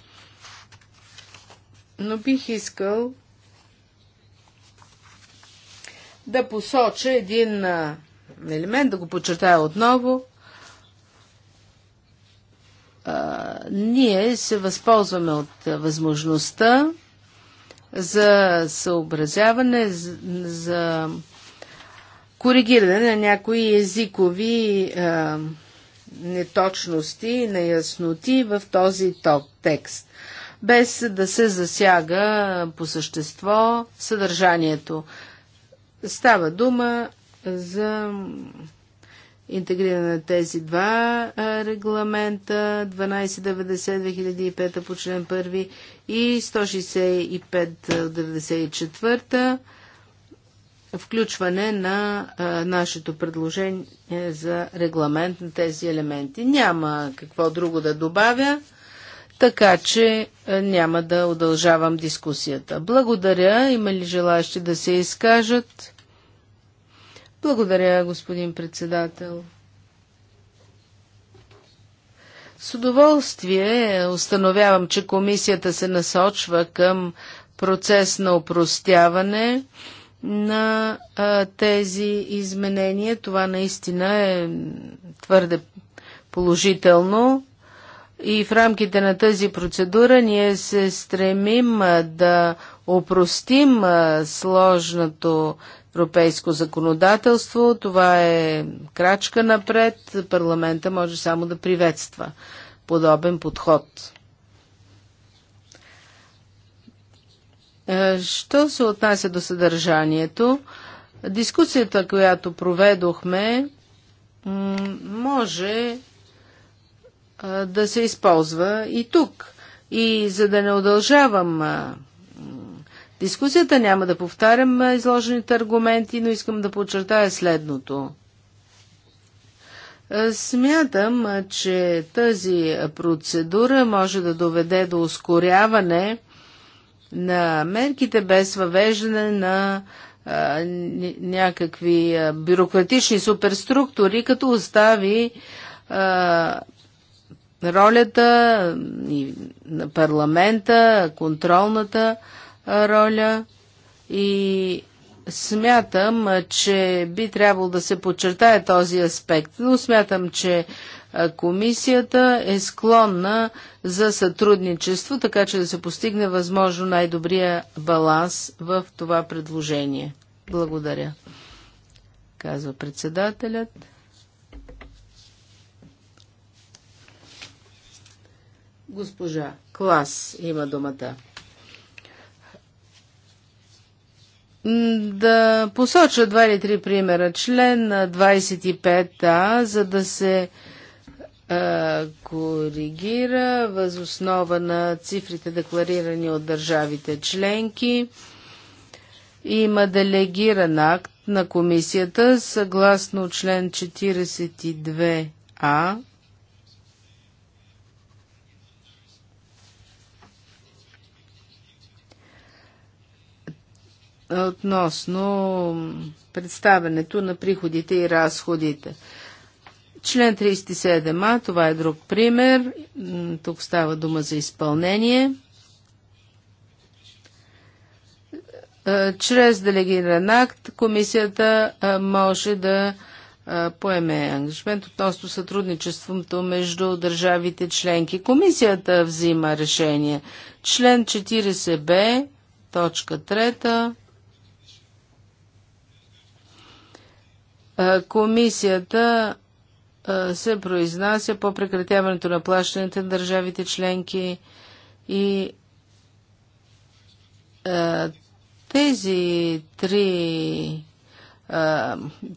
но бих искал да посоча един е, елемент, да го подчертая отново – ние се възползваме от възможността за съобразяване, за коригиране на някои езикови неточности, неясноти в този топ текст, без да се засяга по същество съдържанието. Става дума за интегриране на тези два регламента 1290-2005 по член 1 и 165-94 включване на а, нашето предложение за регламент на тези елементи. Няма какво друго да добавя, така че а, няма да удължавам дискусията. Благодаря. Има ли желащи да се изкажат? Благодаря, господин председател. С удоволствие установявам, че комисията се насочва към процес на опростяване на а, тези изменения. Това наистина е твърде положително. И в рамките на тази процедура ние се стремим да опростим сложното европейско законодателство. Това е крачка напред. Парламента може само да приветства подобен подход. Е, що се отнася до съдържанието? Дискусията, която проведохме, може е, да се използва и тук. И за да не удължавам е, дискусията. Няма да повтарям изложените аргументи, но искам да подчертая следното. Смятам, че тази процедура може да доведе до ускоряване на мерките без въвеждане на а, някакви а, бюрократични суперструктури, като остави а, ролята и на парламента, контролната роля и смятам, че би трябвало да се подчертае този аспект, но смятам, че комисията е склонна за сътрудничество, така че да се постигне възможно най-добрия баланс в това предложение. Благодаря, казва председателят. Госпожа Клас има думата. да посоча два или три примера. Член 25а, за да се а, коригира възоснова на цифрите декларирани от държавите членки. Има делегиран акт на комисията съгласно член 42а относно представенето на приходите и разходите. Член 37а, това е друг пример. Тук става дума за изпълнение. Е, чрез делегиран акт комисията е, може да е, поеме ангажмент относно сътрудничеството между държавите членки. Комисията взима решение. Член 40б, точка 3 Комисията се произнася по прекратяването на плащането на държавите членки и тези три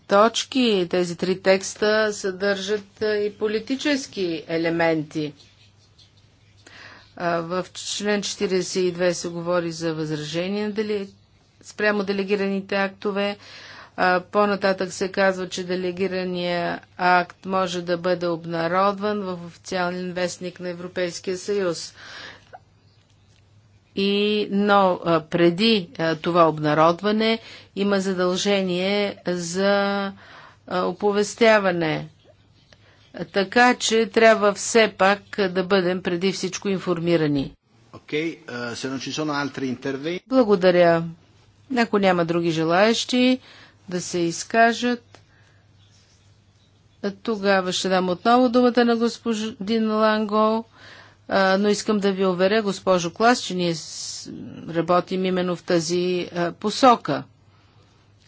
точки, тези три текста съдържат и политически елементи. В член 42 се говори за възражение спрямо делегираните актове. По-нататък се казва, че делегирания акт може да бъде обнародван в официален вестник на Европейския съюз. И, но преди това обнародване има задължение за оповестяване. Така че трябва все пак да бъдем преди всичко информирани. Okay, uh, Благодаря. Ако няма други желаящи, да се изкажат. Тогава ще дам отново думата на господин Ланго, но искам да ви уверя, госпожо Клас, че ние работим именно в тази посока.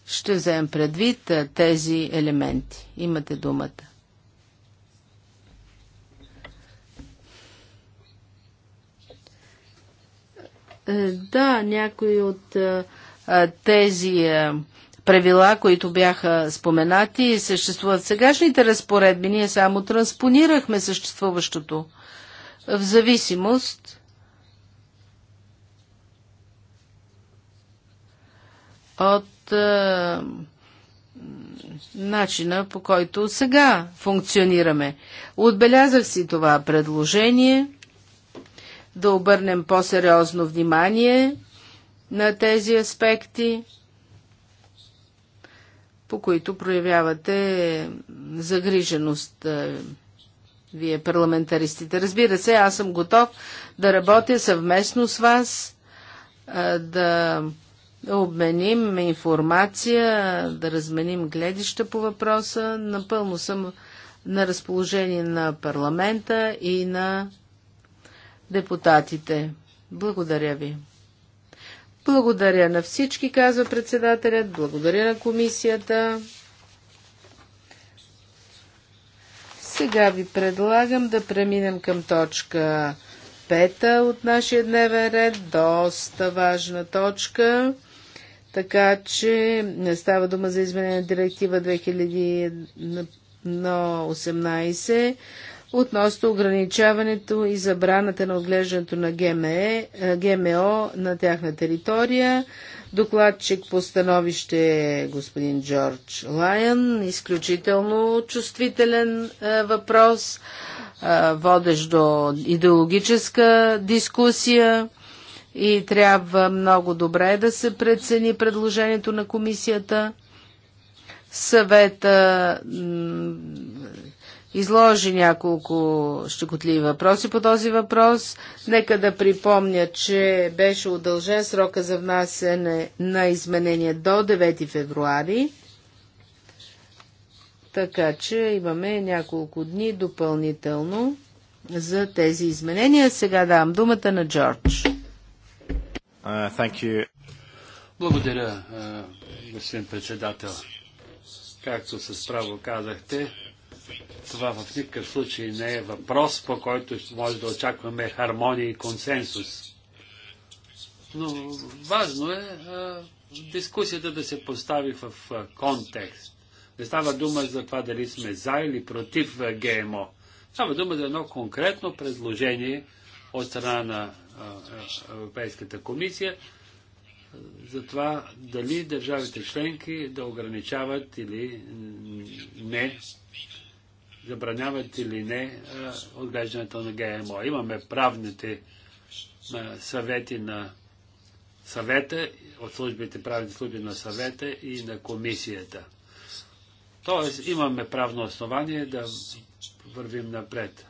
Ще вземем предвид тези елементи. Имате думата. Е, да, някои от тези правила, които бяха споменати съществуват сегашните разпоредби. Ние само транспонирахме съществуващото в зависимост от е, начина по който сега функционираме. Отбелязах си това предложение да обърнем по-сериозно внимание на тези аспекти по които проявявате загриженост е, вие парламентаристите. Разбира се, аз съм готов да работя съвместно с вас, е, да обменим информация, да разменим гледища по въпроса. Напълно съм на разположение на парламента и на депутатите. Благодаря ви. Благодаря на всички, казва председателят. Благодаря на комисията. Сега ви предлагам да преминем към точка пета от нашия дневен ред. Доста важна точка. Така че не става дума за изменение на директива 2018 относно ограничаването и забраната на отглеждането на ГМЕ, ГМО на тяхна територия. Докладчик по становище е господин Джордж Лайън. Изключително чувствителен въпрос, водещ до идеологическа дискусия и трябва много добре да се прецени предложението на комисията. Съвета изложи няколко щекотливи въпроси по този въпрос. Нека да припомня, че беше удължен срока за внасяне на изменения до 9 февруари. Така че имаме няколко дни допълнително за тези изменения. Сега давам думата на Джордж. Uh, Благодаря, uh, господин председател. Както с право казахте, това в никакъв случай не е въпрос, по който може да очакваме хармония и консенсус. Но важно е а, дискусията да се постави в а, контекст. Не става дума за това дали сме за или против а, ГМО. Става дума за едно конкретно предложение от страна на Европейската комисия за това дали държавите членки да ограничават или не забраняват или не отглеждането на ГМО. Имаме правните съвети на съвета, от службите, правните служби на съвета и на комисията. Тоест имаме правно основание да вървим напред.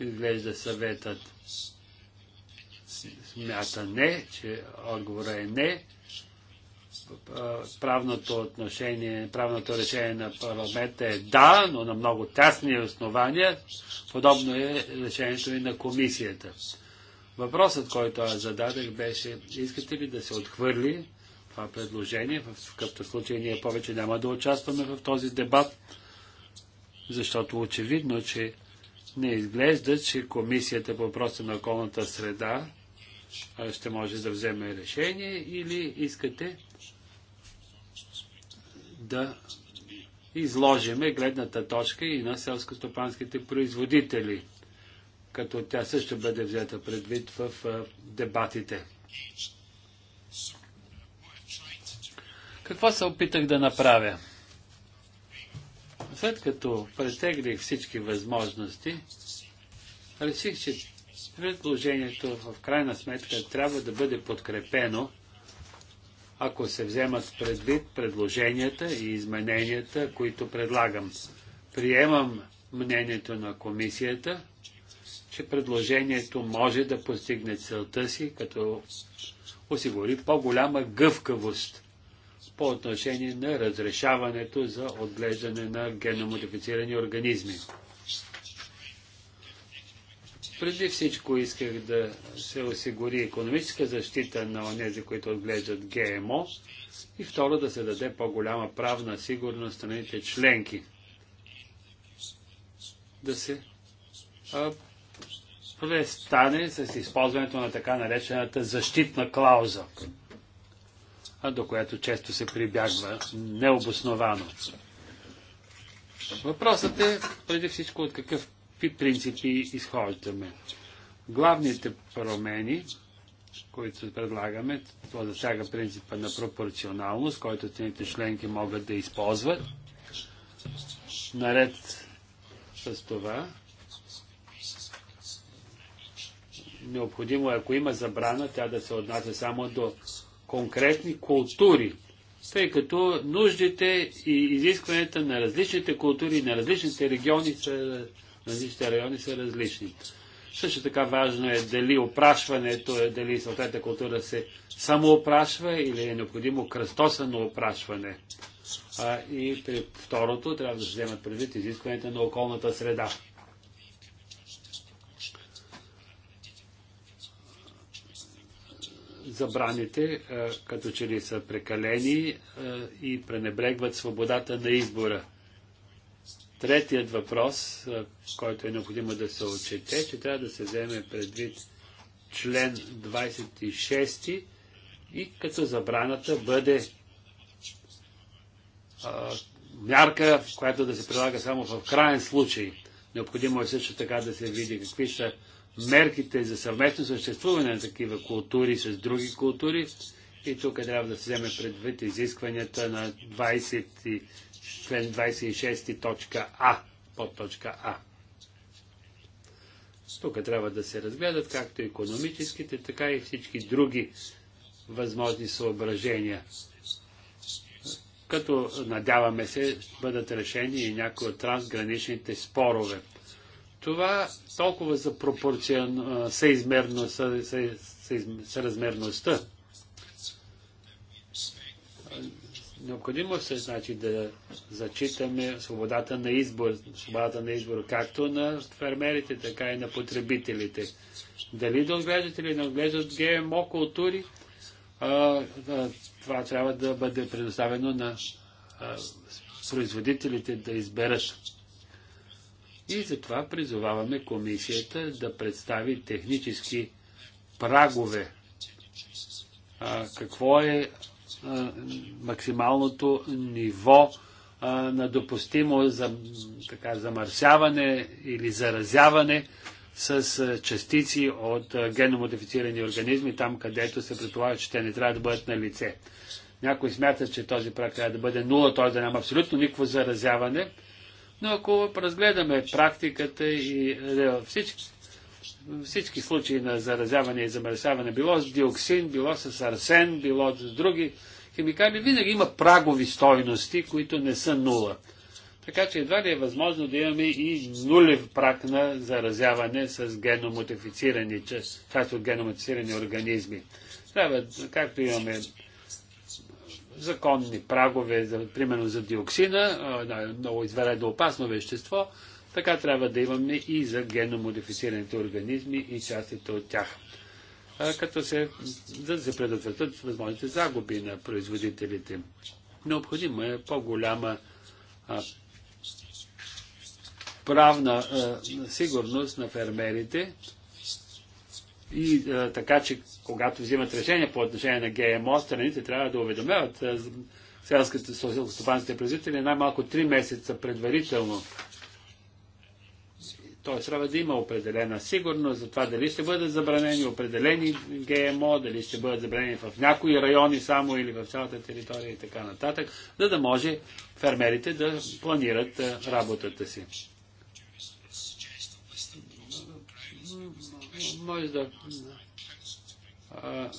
Изглежда съветът смята не, че отговора е не, правното отношение, правното решение на парламента е да, но на много тясни основания. Подобно е решението и на комисията. Въпросът, който аз зададах беше, искате ли да се отхвърли това предложение, в какъвто случай ние повече няма да участваме в този дебат, защото очевидно, че не изглежда, че комисията по въпроса на околната среда ще може да вземе решение или искате да изложиме гледната точка и на селскостопанските производители, като тя също бъде взета предвид в дебатите. Какво се опитах да направя? След като претеглих всички възможности, реших, че предложението в крайна сметка трябва да бъде подкрепено ако се вземат предвид предложенията и измененията, които предлагам. Приемам мнението на комисията, че предложението може да постигне целта си, като осигури по-голяма гъвкавост по отношение на разрешаването за отглеждане на геномодифицирани организми. Преди всичко исках да се осигури економическа защита на онези, които отглеждат ГМО и второ да се даде по-голяма правна сигурност на страните членки. Да се а, престане с използването на така наречената защитна клауза, а до която често се прибягва необосновано. Въпросът е преди всичко от какъв какви принципи изхождаме. Главните промени, които предлагаме, това засяга принципа на пропорционалност, който цените членки могат да използват. Наред с това, необходимо е, ако има забрана, тя да се отнася само до конкретни култури, тъй като нуждите и изискванията на различните култури, на различните региони са различните райони са различни. Също така важно е дали опрашването, е, дали съответната култура се самоопрашва или е необходимо кръстосано опрашване. А, и при второто трябва да се вземат предвид изискванията на околната среда. Забраните като че ли са прекалени и пренебрегват свободата на избора. Третият въпрос, който е необходимо да се отчете, че трябва да се вземе предвид член 26 и като забраната бъде а, мярка, която да се прилага само в крайен случай. Необходимо е също така да се види какви са мерките за съвместно съществуване на такива култури с други култури. И тук трябва да се вземе предвид изискванията на член 26 точка А, под точка А. Тук трябва да се разгледат както економическите, така и всички други възможни съображения. Като надяваме се бъдат решени и някои от трансграничните спорове. Това толкова за пропорцион, съизмерно, съ, съ, съ, съразмерността Необходимо се значи, да зачитаме свободата на избор, свободата на избор както на фермерите, така и на потребителите. Дали да отглеждат или не отглеждат ГМО култури, а, а, това трябва да бъде предоставено на а, производителите да изберат. И затова призоваваме комисията да представи технически прагове. А, какво е максималното ниво на допустимо за, така, замърсяване или заразяване с частици от геномодифицирани организми, там където се предполага, че те не трябва да бъдат на лице. Някои смятат, че този прак трябва да бъде нула, т.е. да няма абсолютно никакво заразяване. Но ако разгледаме практиката и всички всички случаи на заразяване и замърсяване, било с диоксин, било с арсен, било с други химикали, винаги има прагови стойности, които не са нула. Така че едва ли е възможно да имаме и нулев прак на заразяване с геномодифицирани, част от геномодифицирани организми. Трябва, както имаме законни прагове, за, примерно за диоксина, много изваредно опасно вещество, така трябва да имаме и за геномодифицираните организми и частите от тях. Като се, да се предотвратят възможните загуби на производителите. Необходима е по-голяма правна а, сигурност на фермерите и а, така, че когато взимат решение по отношение на ГМО, страните трябва да уведомяват селските стопанските производители най-малко 3 месеца предварително т.е. трябва да има определена сигурност за това дали ще бъдат забранени определени ГМО, дали ще бъдат забранени в някои райони само или в цялата територия и така нататък, за да може фермерите да планират работата си. Може да. А,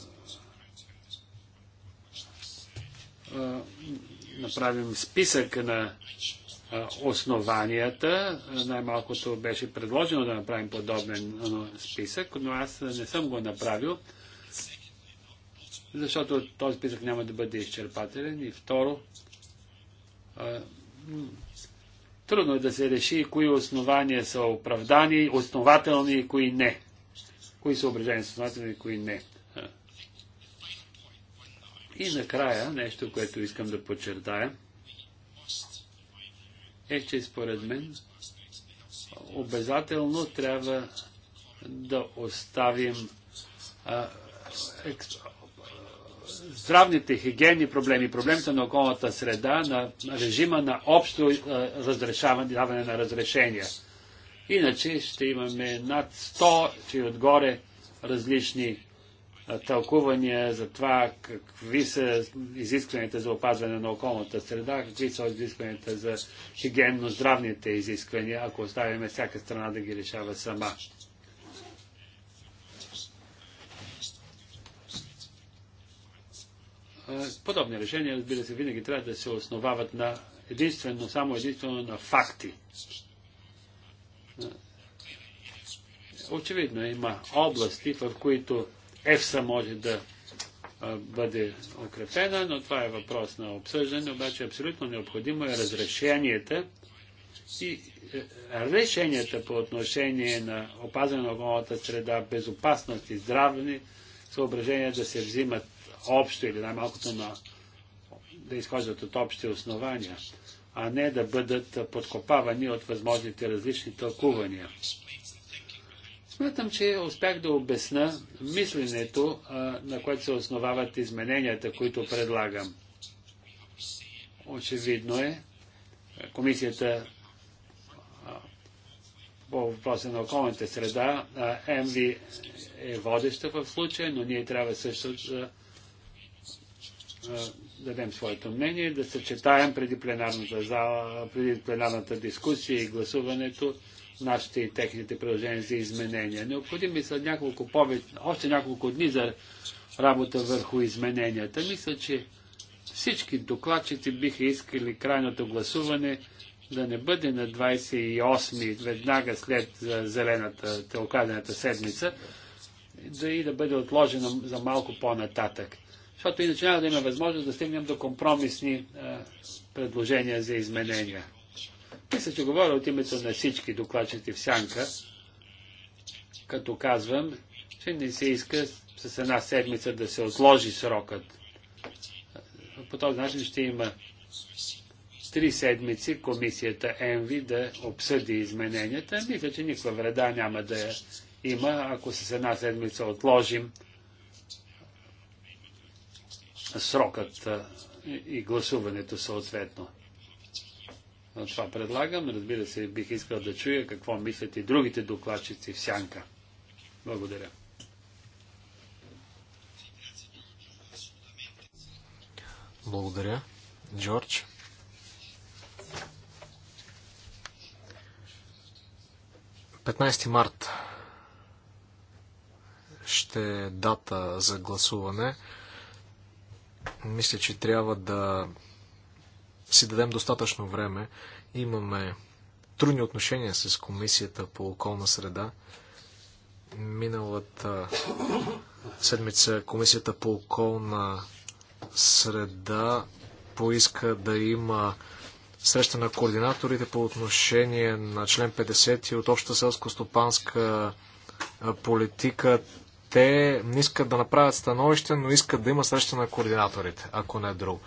а, направим списък на основанията. Най-малкото беше предложено да направим подобен списък, но аз не съм го направил, защото този списък няма да бъде изчерпателен. И второ, трудно е да се реши кои основания са оправдани, основателни и кои не. Кои съображения са основателни и кои не. И накрая, нещо, което искам да подчертая – е, че според мен обязателно трябва да оставим а, екс, здравните хигиени проблеми, проблемите на околната среда, на режима на общо а, разрешаване, даване на разрешения. Иначе ще имаме над 100 и отгоре различни тълкувания за това какви са изискванията за опазване на околната среда, какви са изискванията за хигиенно-здравните изисквания, ако оставяме всяка страна да ги решава сама. Подобни решения, разбира се, винаги трябва да се основават на единствено, само единствено на факти. Очевидно е, има области, в които ЕФСА може да бъде укрепена, но това е въпрос на обсъждане, обаче абсолютно необходимо е разрешенията и е, решенията по отношение на опазване на околната среда, безопасност и здравни съображения да се взимат общо или най-малкото на, да изхождат от общи основания, а не да бъдат подкопавани от възможните различни тълкувания. Смятам, че успях да обясна мисленето, на което се основават измененията, които предлагам. Очевидно е, комисията по въпроса на околната среда, МВ е водеща в случая, но ние трябва също да дадем своето мнение, да съчетаем преди пленарната зала, преди пленарната дискусия и гласуването нашите и техните предложения за изменения. Необходими са няколко повече, още няколко дни за работа върху измененията. Мисля, че всички докладчици биха искали крайното гласуване да не бъде на 28 веднага след зелената, телокадената седмица, да и да бъде отложено за малко по-нататък. Защото иначе няма да има възможност да стигнем до компромисни а, предложения за изменения. Мисля, че говоря от името на всички докладчици в Сянка, като казвам, че не се иска с една седмица да се отложи срокът. По този начин ще има три седмици комисията ЕНВИ да обсъди измененията. Мисля, че никаква вреда няма да има, ако с една седмица отложим срокът и гласуването съответно това предлагам. Разбира се, бих искал да чуя какво мислят и другите докладчици в Сянка. Благодаря. Благодаря. Джордж. Петнайсти март ще е дата за гласуване. Мисля, че трябва да си дадем достатъчно време. Имаме трудни отношения с Комисията по околна среда. Миналата седмица Комисията по околна среда поиска да има среща на координаторите по отношение на член 50 от обща селско-стопанска политика. Те не искат да направят становище, но искат да има среща на координаторите, ако не е друго.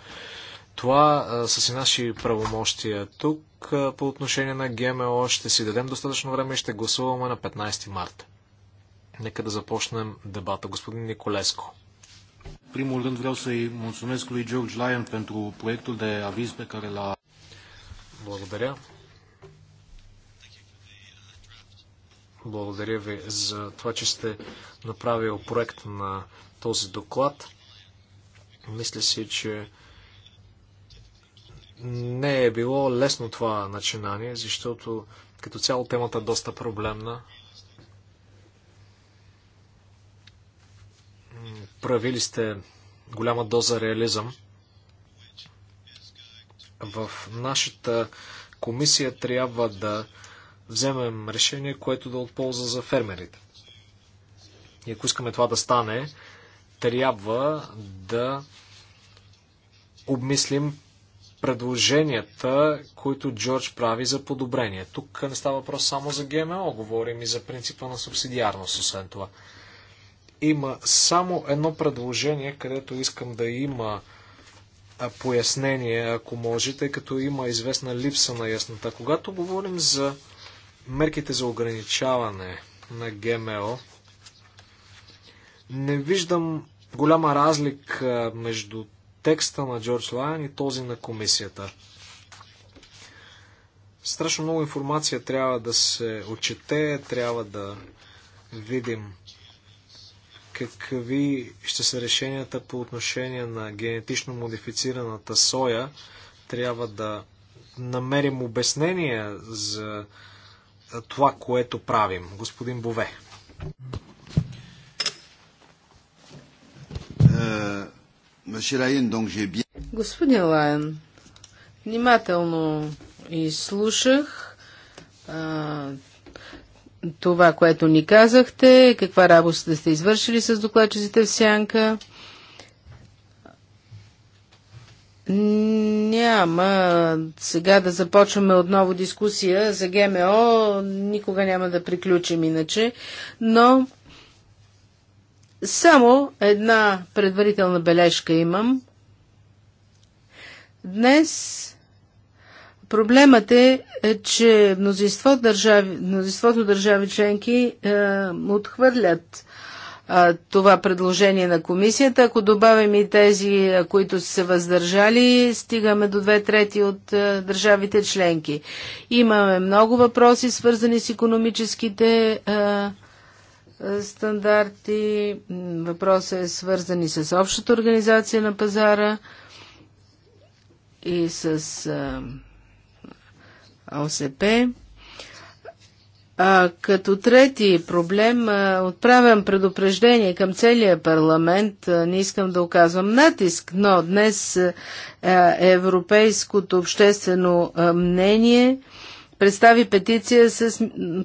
Това а, са си наши правомощия тук. А, по отношение на ГМО ще си дадем достатъчно време и ще гласуваме на 15 марта. Нека да започнем дебата. Господин Николеско. Primul rând vreau să-i mulțumesc lui George Lyon pentru proiectul de aviz pe care l-a... Благодаря. Благодаря ви за това, че сте направил проект на този доклад. Мисля си, че не е било лесно това начинание, защото като цяло темата е доста проблемна. Правили сте голяма доза реализъм. В нашата комисия трябва да вземем решение, което да е отполза за фермерите. И ако искаме това да стане, трябва да обмислим предложенията, които Джордж прави за подобрение. Тук не става въпрос само за ГМО, говорим и за принципа на субсидиарност, освен това. Има само едно предложение, където искам да има пояснение, ако може, тъй като има известна липса на яснота. Когато говорим за мерките за ограничаване на ГМО, не виждам голяма разлика между текста на Джордж Лайан и този на комисията. Страшно много информация трябва да се отчете, трябва да видим какви ще са решенията по отношение на генетично модифицираната соя. Трябва да намерим обяснение за това, което правим. Господин Бове. Е, Господин Лайен, внимателно изслушах това, което ни казахте, каква работа да сте извършили с докладчиците в Сянка. Няма сега да започваме отново дискусия за ГМО. Никога няма да приключим иначе. Но само една предварителна бележка имам. Днес проблемът е, е, че мнозинство държави, мнозинството държави членки е, отхвърлят е, това предложение на комисията. Ако добавим и тези, е, които са се въздържали, стигаме до две трети от е, държавите членки. Имаме много въпроси, свързани с економическите. Е, стандарти. Въпросът е свързан и с общата организация на пазара и с ОСП. А, като трети проблем а, отправям предупреждение към целия парламент. А, не искам да оказвам натиск, но днес а, е европейското обществено а, мнение а, представи петиция с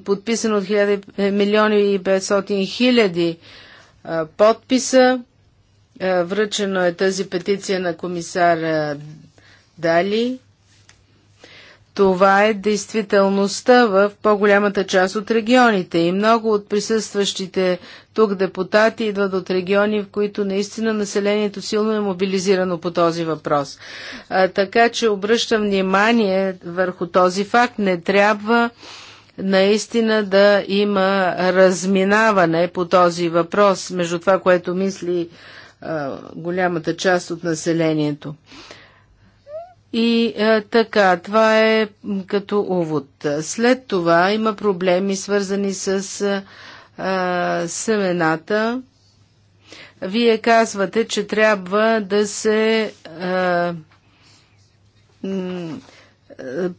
подписано от 1 е, милиони и 500 хиляди подписа. Връчено е тази петиция на комисар Дали това е действителността в по-голямата част от регионите и много от присъстващите тук депутати идват от региони, в които наистина населението силно е мобилизирано по този въпрос. А, така че обръщам внимание върху този факт. Не трябва наистина да има разминаване по този въпрос между това, което мисли а, голямата част от населението. И е, така, това е като увод. След това има проблеми, свързани с е, е семената. Вие казвате, че трябва да се е,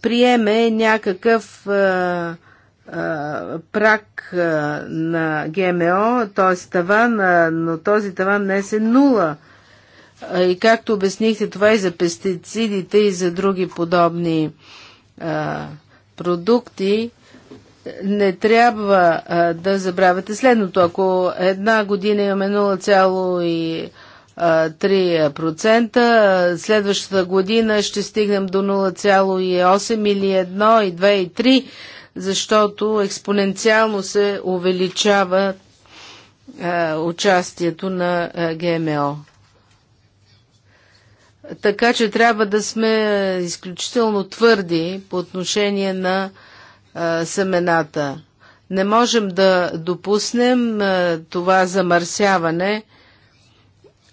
приеме някакъв е, е прак е, на ГМО, т.е. таван, но този таван днес е нула. И както обяснихте, това и за пестицидите, и за други подобни а, продукти, не трябва а, да забравяте следното. Ако една година имаме 0,3%, следващата година ще стигнем до 0,8 или 1, и 2, и 3, защото експоненциално се увеличава а, участието на а, ГМО. Така че трябва да сме изключително твърди по отношение на а, семената. Не можем да допуснем а, това замърсяване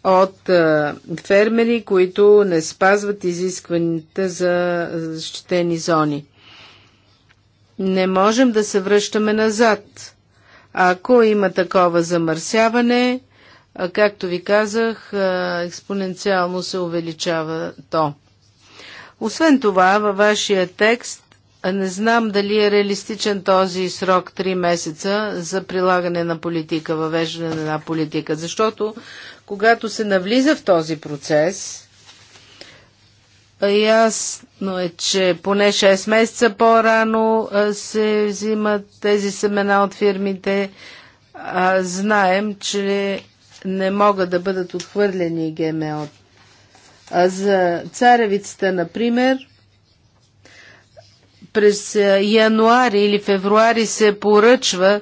от а, фермери, които не спазват изискванията за защитени зони. Не можем да се връщаме назад. Ако има такова замърсяване, Както ви казах, експоненциално се увеличава то. Освен това, във вашия текст не знам дали е реалистичен този срок 3 месеца за прилагане на политика, въвеждане на една политика, защото когато се навлиза в този процес, ясно е, че поне 6 месеца по-рано се взимат тези семена от фирмите. А знаем, че не могат да бъдат отхвърлени ГМО. А за царевицата, например, през януари или февруари се поръчва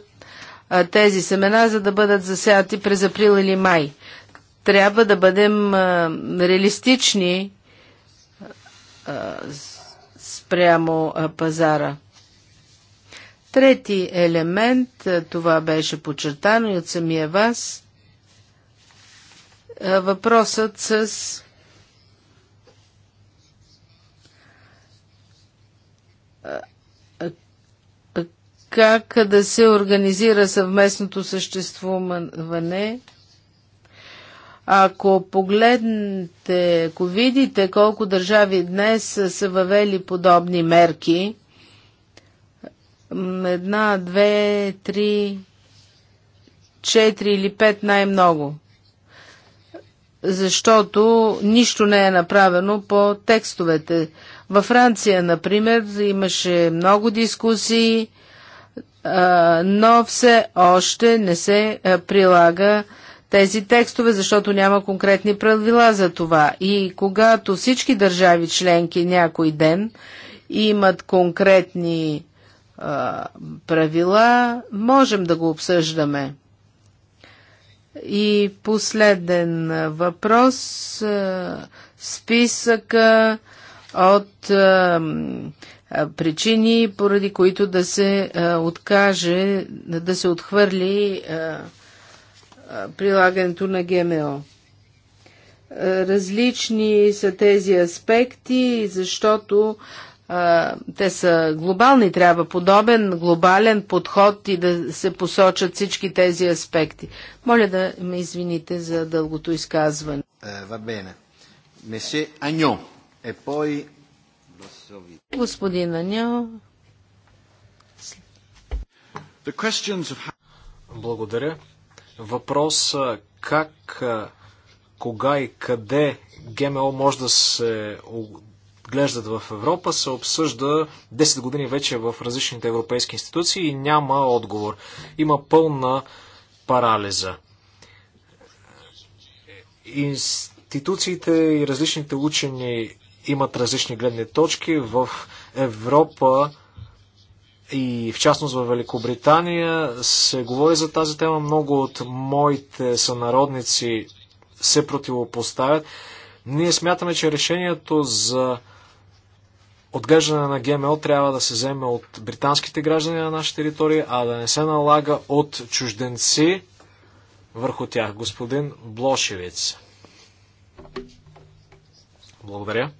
а, тези семена, за да бъдат засяти през април или май. Трябва да бъдем а, реалистични а, спрямо пазара. Трети елемент, това беше подчертано и от самия вас, въпросът с как да се организира съвместното съществуване. Ако погледнете, ако видите колко държави днес са въвели подобни мерки, една, две, три, четири или пет най-много защото нищо не е направено по текстовете. Във Франция, например, имаше много дискусии, но все още не се прилага тези текстове, защото няма конкретни правила за това. И когато всички държави членки някой ден имат конкретни правила, можем да го обсъждаме. И последен въпрос. Списъка от причини, поради които да се откаже, да се отхвърли прилагането на ГМО. Различни са тези аспекти, защото те са глобални, трябва подобен глобален подход и да се посочат всички тези аспекти. Моля да ме извините за дългото изказване. Е, ва бене. Месе Аньо. Е пой... Господин Аньо. Благодаря. Въпрос как, кога и къде ГМО може да се отглеждат в Европа, се обсъжда 10 години вече в различните европейски институции и няма отговор. Има пълна парализа. Институциите и различните учени имат различни гледни точки. В Европа и в частност в Великобритания се говори за тази тема. Много от моите сънародници се противопоставят. Ние смятаме, че решението за отглеждане на ГМО трябва да се вземе от британските граждани на наша територия, а да не се налага от чужденци върху тях. Господин Блошевец. Благодаря.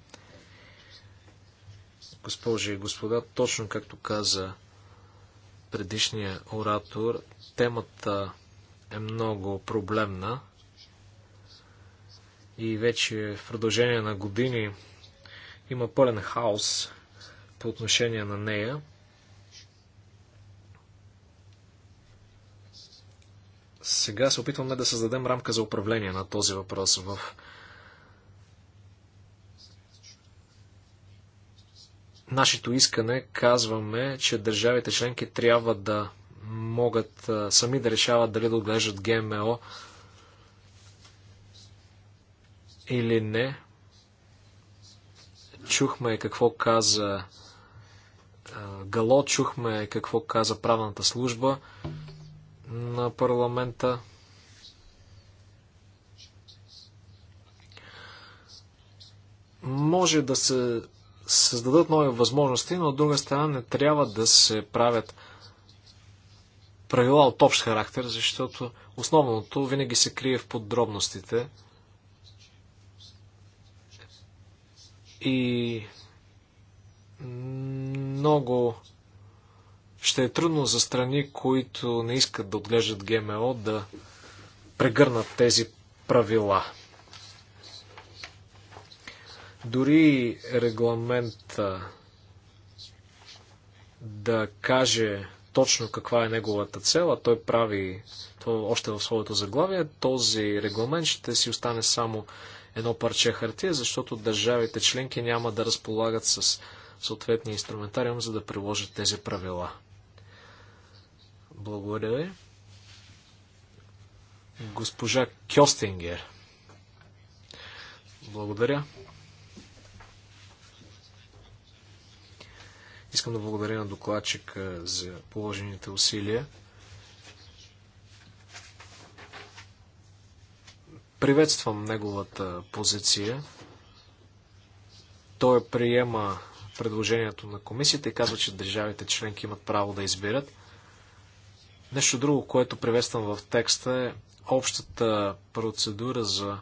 Госпожи и господа, точно както каза предишния оратор, темата е много проблемна и вече в продължение на години има пълен хаос по отношение на нея. Сега се опитваме да създадем рамка за управление на този въпрос в нашето искане казваме, че държавите членки трябва да могат сами да решават дали да отглеждат ГМО или не. Чухме какво каза Гало, чухме какво каза правната служба на парламента. Може да се създадат нови възможности, но от друга страна не трябва да се правят правила от общ характер, защото основното винаги се крие в подробностите – и много ще е трудно за страни, които не искат да отглеждат ГМО, да прегърнат тези правила. Дори регламент да каже точно каква е неговата цел, а той прави то още в своето заглавие, този регламент ще си остане само едно парче хартия, защото държавите членки няма да разполагат с съответния инструментариум, за да приложат тези правила. Благодаря ви. Госпожа Кьостингер. Благодаря. Искам да благодаря на докладчик за положените усилия. Приветствам неговата позиция. Той приема предложението на комисията и казва, че държавите членки имат право да избират. Нещо друго, което приветствам в текста е общата процедура за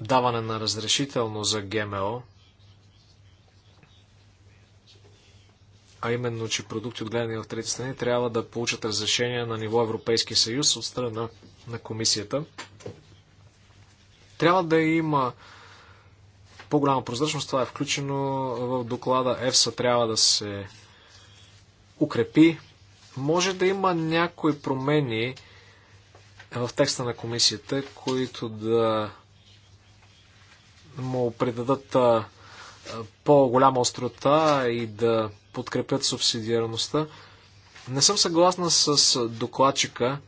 даване на разрешително за ГМО, а именно, че продукти отгледани в трети страни трябва да получат разрешение на ниво Европейски съюз от страна на комисията. Трябва да има по-голяма прозрачност, това е включено в доклада. ЕФСА трябва да се укрепи. Може да има някои промени в текста на комисията, които да му придадат по-голяма острота и да подкрепят субсидиарността. Не съм съгласна с докладчика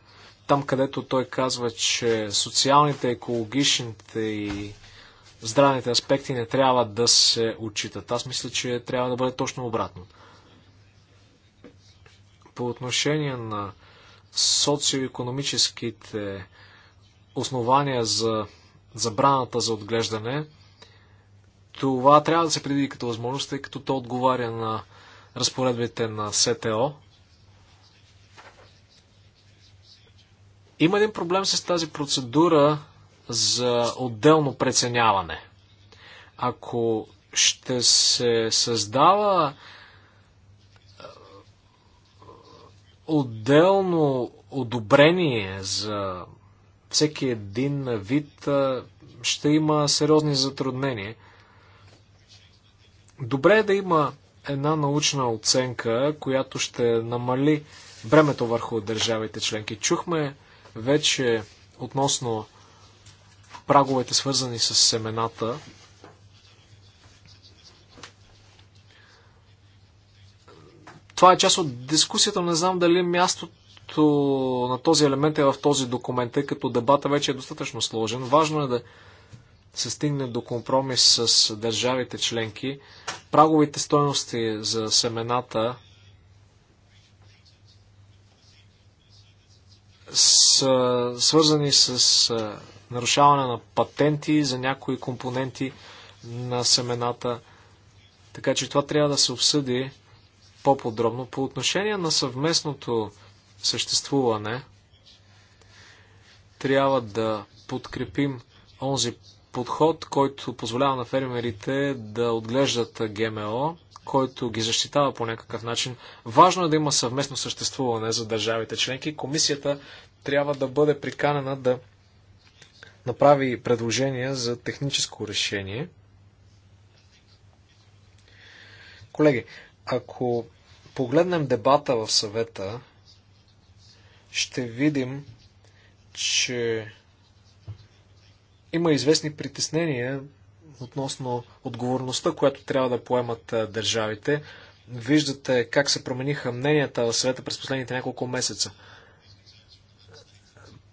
там където той казва, че социалните, екологичните и здравните аспекти не трябва да се отчитат. Аз мисля, че трябва да бъде точно обратно. По отношение на социоекономическите основания за забраната за отглеждане, това трябва да се предвиди като възможност, тъй като то отговаря на разпоредбите на СТО – Има един проблем с тази процедура за отделно преценяване. Ако ще се създава отделно одобрение за всеки един вид, ще има сериозни затруднения. Добре е да има една научна оценка, която ще намали времето върху държавите членки. Чухме вече относно праговете, свързани с семената, това е част от дискусията, не знам дали мястото на този елемент е в този документ, тъй като дебата вече е достатъчно сложен. Важно е да се стигне до компромис с държавите членки. Праговите стоености за семената са свързани с нарушаване на патенти за някои компоненти на семената. Така че това трябва да се обсъди по-подробно. По отношение на съвместното съществуване, трябва да подкрепим онзи подход, който позволява на фермерите да отглеждат ГМО който ги защитава по някакъв начин. Важно е да има съвместно съществуване за държавите членки. Комисията трябва да бъде приканена да направи предложения за техническо решение. Колеги, ако погледнем дебата в съвета, ще видим, че има известни притеснения относно отговорността, която трябва да поемат държавите. Виждате как се промениха мненията в света през последните няколко месеца.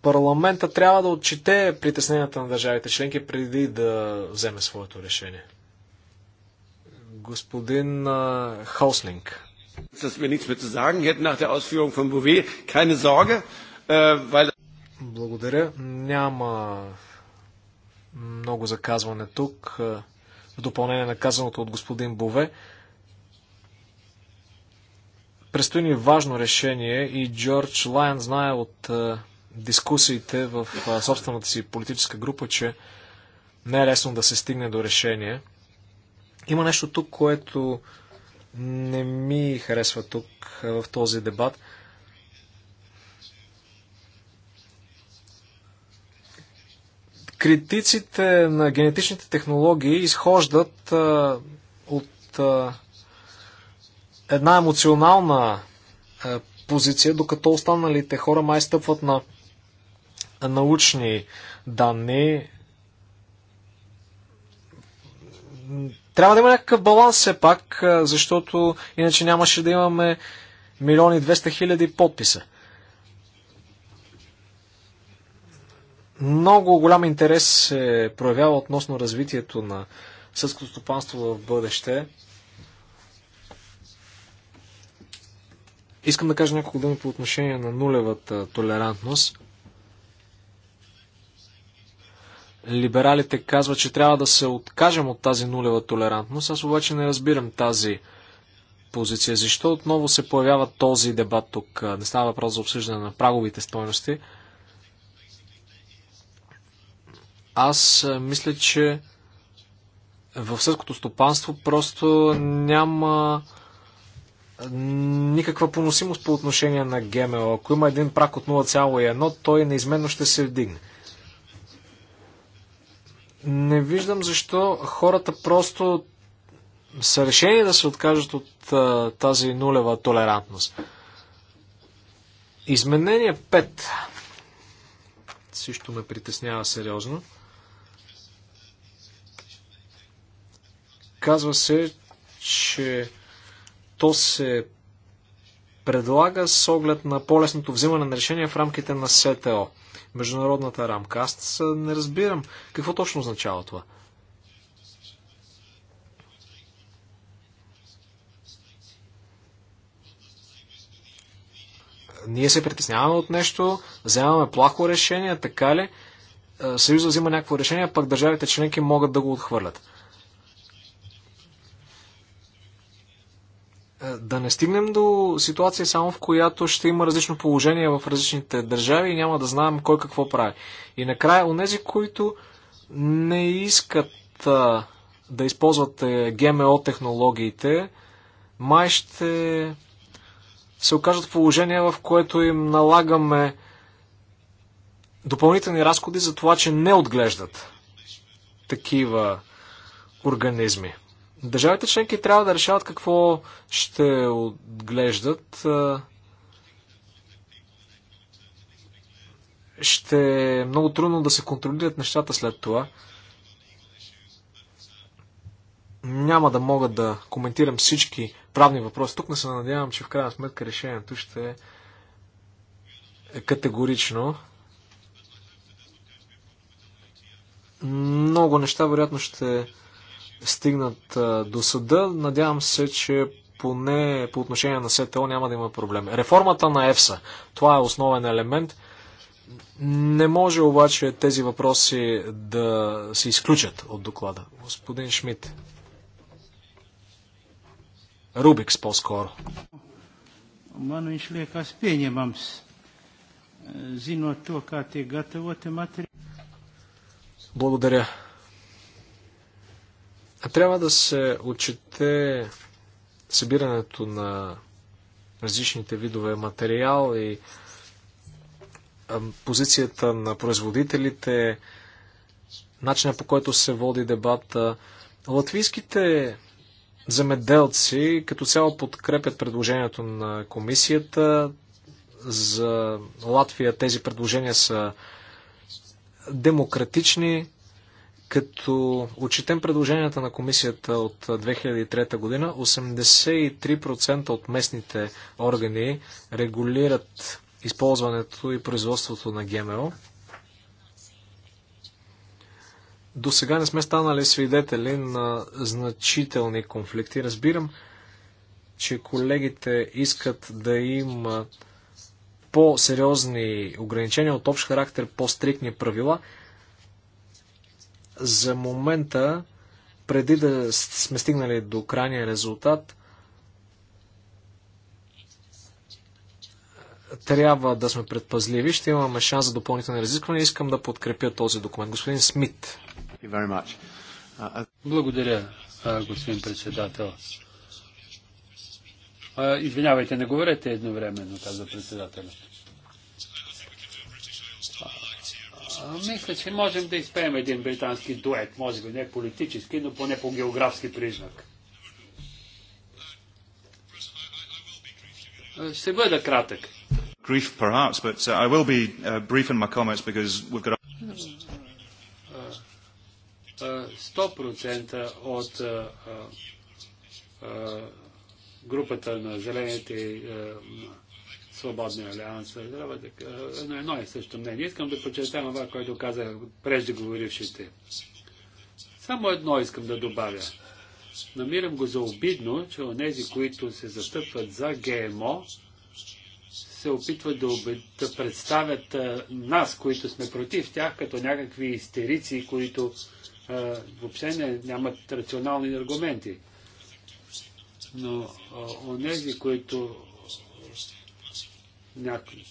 Парламента трябва да отчете притесненията на държавите членки преди да вземе своето решение. Господин Хауслинг. Äh, Благодаря. Няма много за казване тук, в допълнение на казаното от господин Бове. Престои ни важно решение и Джордж Лайн знае от дискусиите в собствената си политическа група, че не е лесно да се стигне до решение. Има нещо тук, което не ми харесва тук в този дебат – Критиците на генетичните технологии изхождат а, от а, една емоционална а, позиция, докато останалите хора май стъпват на научни данни. Трябва да има някакъв баланс все пак, защото иначе нямаше да имаме милиони 200 хиляди подписа. Много голям интерес се проявява относно развитието на сълското стопанство в бъдеще. Искам да кажа няколко думи по отношение на нулевата толерантност. Либералите казват, че трябва да се откажем от тази нулева толерантност. Аз обаче не разбирам тази позиция. Защо отново се появява този дебат тук? Не става въпрос за обсъждане на праговите стойности. Аз мисля, че в сърското стопанство просто няма никаква поносимост по отношение на ГМО. Ако има един прак от 0,1, той неизменно ще се вдигне. Не виждам защо хората просто са решени да се откажат от а, тази нулева толерантност. Изменение 5 също ме притеснява сериозно. Казва се, че то се предлага с оглед на по-лесното взимане на решение в рамките на СТО, международната рамка. Аз не разбирам какво точно означава това. Ние се притесняваме от нещо, вземаме плахо решение, така ли? Е, Съюза взима някакво решение, пък държавите членки могат да го отхвърлят. Е, да не стигнем до ситуация само в която ще има различно положение в различните държави и няма да знаем кой какво прави. И накрая, онези, които не искат а, да използват е, ГМО технологиите, май ще се окажат в положение, в което им налагаме допълнителни разходи за това, че не отглеждат такива организми. Държавите членки трябва да решават какво ще отглеждат. Ще е много трудно да се контролират нещата след това. Няма да мога да коментирам всички правни въпроси. Тук не се надявам, че в крайна сметка решението ще е категорично. Много неща вероятно ще стигнат до съда. Надявам се, че поне по отношение на СТО няма да има проблем. Реформата на ЕФСА. Това е основен елемент. Не може обаче тези въпроси да се изключат от доклада. Господин Шмидт. Рубикс по-скоро. Благодаря. Трябва да се отчете събирането на различните видове материал и позицията на производителите, начина по който се води дебата. Латвийските земеделци като цяло подкрепят предложението на комисията. За Латвия тези предложения са демократични, като отчетем предложенията на комисията от 2003 година, 83% от местните органи регулират използването и производството на ГМО. До сега не сме станали свидетели на значителни конфликти. Разбирам, че колегите искат да има по-сериозни ограничения от общ характер, по-стрикни правила – за момента, преди да сме стигнали до крайния резултат, трябва да сме предпазливи. Ще имаме шанс за допълнителни разисквания. Искам да подкрепя този документ. Господин Смит. Uh, uh, Благодаря, господин председател. Извинявайте, не говорете едновременно, каза председателят. Мисля, че можем да изпеем един британски дует, може би не политически, но поне по географски признак. Ще бъда кратък. Brief perhaps, but uh, I will be uh, brief in my comments because we've got... 100% от групата на зелените а, свободния алианс. Трябва да, на едно и също мнение. Искам да подчертавам това, което казах преждеговорившите. Само едно искам да добавя. Намирам го за обидно, че онези, които се застъпват за ГМО, се опитват да, оби... да представят а, нас, които сме против тях, като някакви истерици, които а, въобще не, нямат рационални аргументи. Но а, онези, които някои.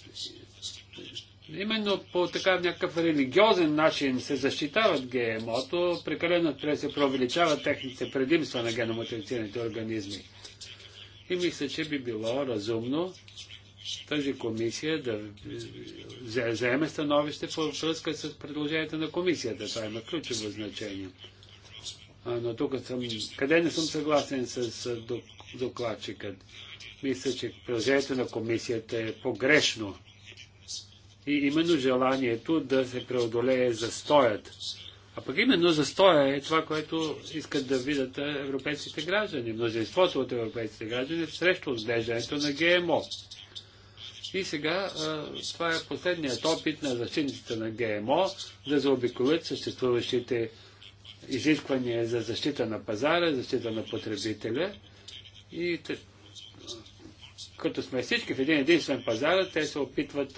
Именно по така някакъв религиозен начин се защитават ГМО-то, прекалено трябва се преувеличават техните предимства на геномодифицираните организми. И мисля, че би било разумно тази комисия да вземе становище по връзка с предложението на комисията. Това има ключово значение. А, но тук съм... Къде не съм съгласен с докладчикът? Мисля, че предложението на комисията е погрешно. И именно желанието да се преодолее застоят. А пък именно застоя е това, което искат да видят европейските граждани. Множеството от европейските граждани е срещу отглеждането на ГМО. И сега а, това е последният опит на защитниците на ГМО да заобиколят съществуващите изисквания за защита на пазара, защита на потребителя и като сме всички в един единствен пазар, те се опитват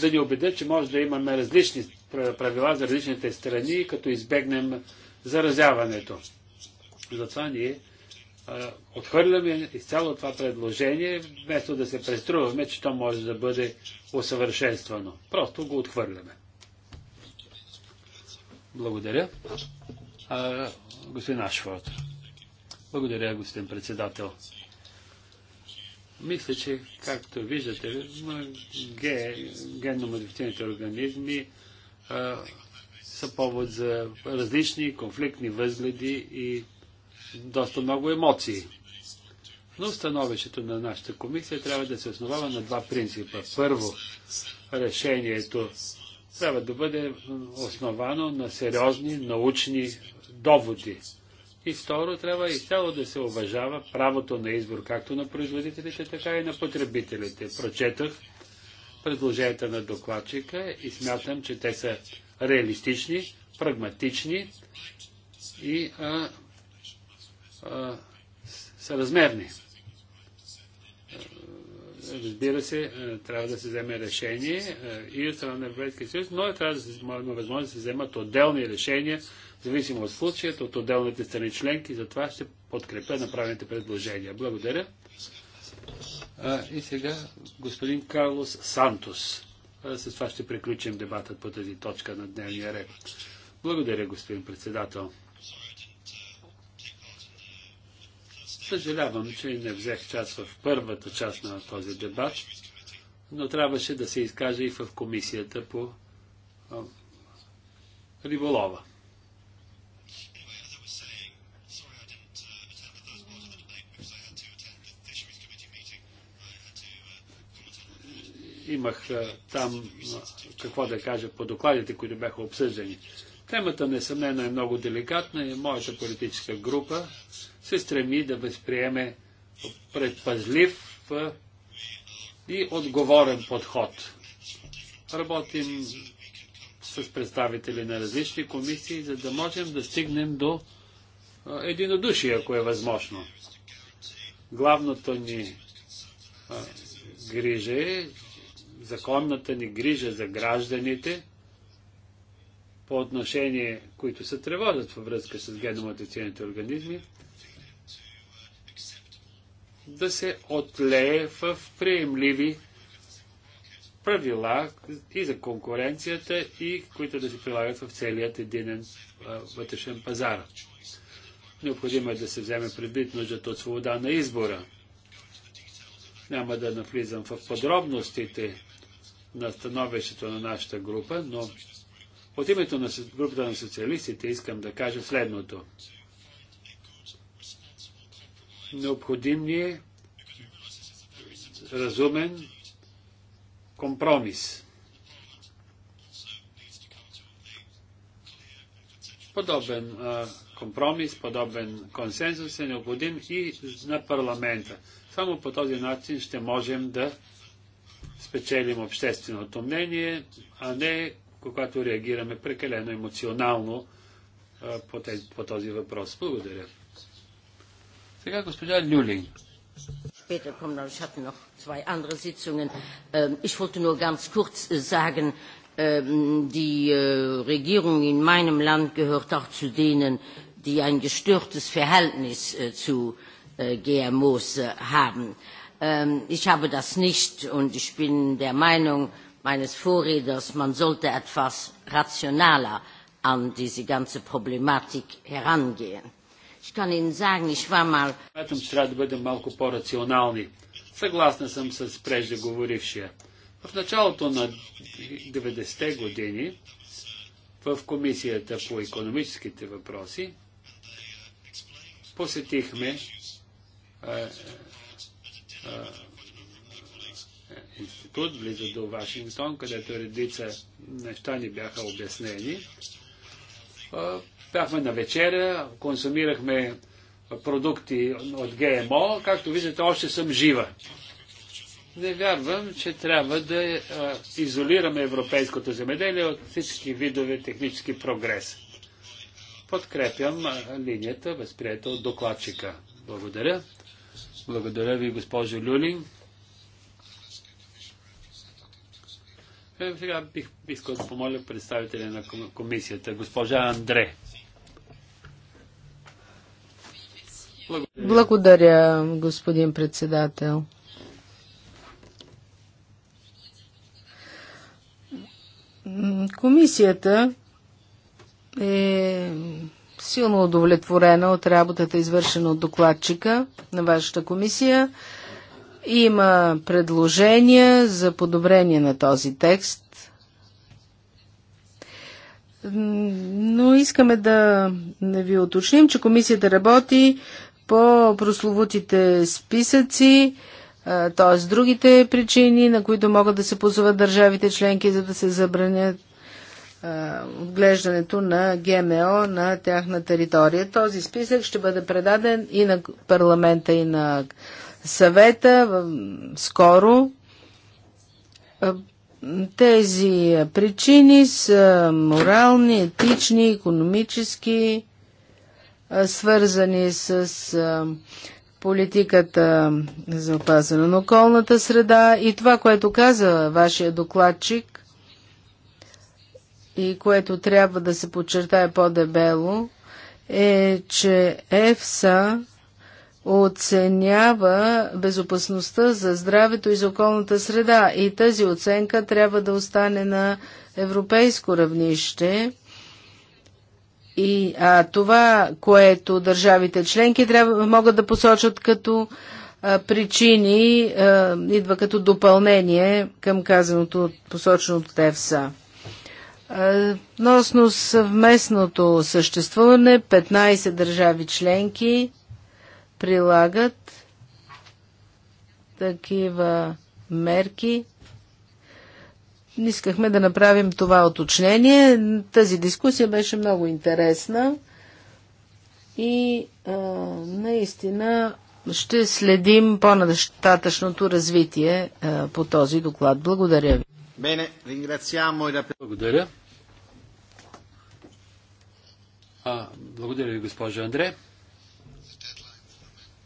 да ни убедят, че може да имаме различни правила за различните страни, като избегнем заразяването. Затова ние отхвърляме изцяло това предложение, вместо да се преструваме, че то може да бъде усъвършенствано. Просто го отхвърляме. Благодаря. А, господин Ашфорд. Благодаря, господин председател. Мисля, че, както виждате, ге, генно модифицираните организми а, са повод за различни конфликтни възгледи и доста много емоции. Но становището на нашата комисия трябва да се основава на два принципа. Първо, решението трябва да бъде основано на сериозни научни доводи и второ, трябва изцяло да се уважава правото на избор, както на производителите, така и на потребителите. Прочетах предложенията на докладчика и смятам, че те са реалистични, прагматични и а, а, съразмерни. Разбира се, трябва да се вземе решение и от страна на Европейския съюз, но е, трябва да се, има възможност да се вземат отделни решения зависимо от случаят, от отделните страни членки, затова ще подкрепя направените предложения. Благодаря. А, и сега господин Карлос Сантос. А, с това ще приключим дебатът по тази точка на дневния ред. Благодаря, господин председател. Съжалявам, че не взех част в първата част на този дебат, но трябваше да се изкаже и в комисията по а, риболова. имах там какво да кажа по докладите, които бяха обсъждани. Темата несъмнено е много деликатна и моята политическа група се стреми да възприеме предпазлив и отговорен подход. Работим с представители на различни комисии, за да можем да стигнем до единодушие, ако е възможно. Главното ни грижа е законната ни грижа за гражданите по отношение, които се тревожат във връзка с геномодифицираните организми, да се отлее в приемливи правила и за конкуренцията, и които да се прилагат в целият единен вътрешен пазар. Необходимо е да се вземе предвид нуждата от свобода на избора. Няма да навлизам в подробностите на становището на нашата група, но от името на групата на социалистите искам да кажа следното. Необходим ни е разумен компромис. Подобен а, компромис, подобен консенсус е необходим и на парламента. Само по този начин ще можем да спечелим общественото мнение, а не когато реагираме прекалено емоционално а, по, тези, по този въпрос. Благодаря. Сега госпожа Люлин. Später kommen, aber ich hatte noch zwei andere Sitzungen. Ich wollte nur ganz kurz sagen, die Regierung in meinem Land gehört auch zu denen, die ein gestörtes Verhältnis zu GMOs haben ich habe das nicht und ich bin der Meinung meines Vorredners, man sollte etwas rationaler an diese ganze Problematik herangehen. Ich kann Ihnen sagen, ich war mal... Съгласна съм с преждеговорившия. В началото на 90-те години в Комисията по економическите въпроси посетихме е, институт, близо до Вашингтон, където редица неща ни бяха обяснени. Бяхме на вечеря, консумирахме продукти от ГМО. Както виждате, още съм жива. Не вярвам, че трябва да е, изолираме европейското земеделие от всички видове технически прогрес. Подкрепям линията, възприета от докладчика. Благодаря. Благодаря ви, госпожо Люлин. Е, сега бих искал да помоля представителя на комисията, госпожа Андре. Благодаря. Благодаря, господин председател. Комисията е силно удовлетворена от работата, извършена от докладчика на вашата комисия. Има предложения за подобрение на този текст. Но искаме да ви уточним, че комисията работи по прословутите списъци, т.е. другите причини, на които могат да се позоват държавите членки, за да се забранят е, отглеждането на ГМО на тяхна територия. Този списък ще бъде предаден и на парламента, и на съвета скоро. Е, тези причини са морални, етични, економически, е, свързани с политиката за опазване на околната среда и това, което каза вашия докладчик и което трябва да се подчертае по-дебело, е, че ЕФСА оценява безопасността за здравето и за околната среда. И тази оценка трябва да остане на европейско равнище. И а, това, което държавите членки трябва, могат да посочат като а, причини, а, идва като допълнение към казаното посочено от ЕФСА. Относно съвместното съществуване, 15 държави членки прилагат такива мерки. Искахме да направим това оточнение. Тази дискусия беше много интересна и а, наистина ще следим по надъщатъчното развитие а, по този доклад. Благодаря ви. Благодаря. А, благодаря ви, госпожо Андре.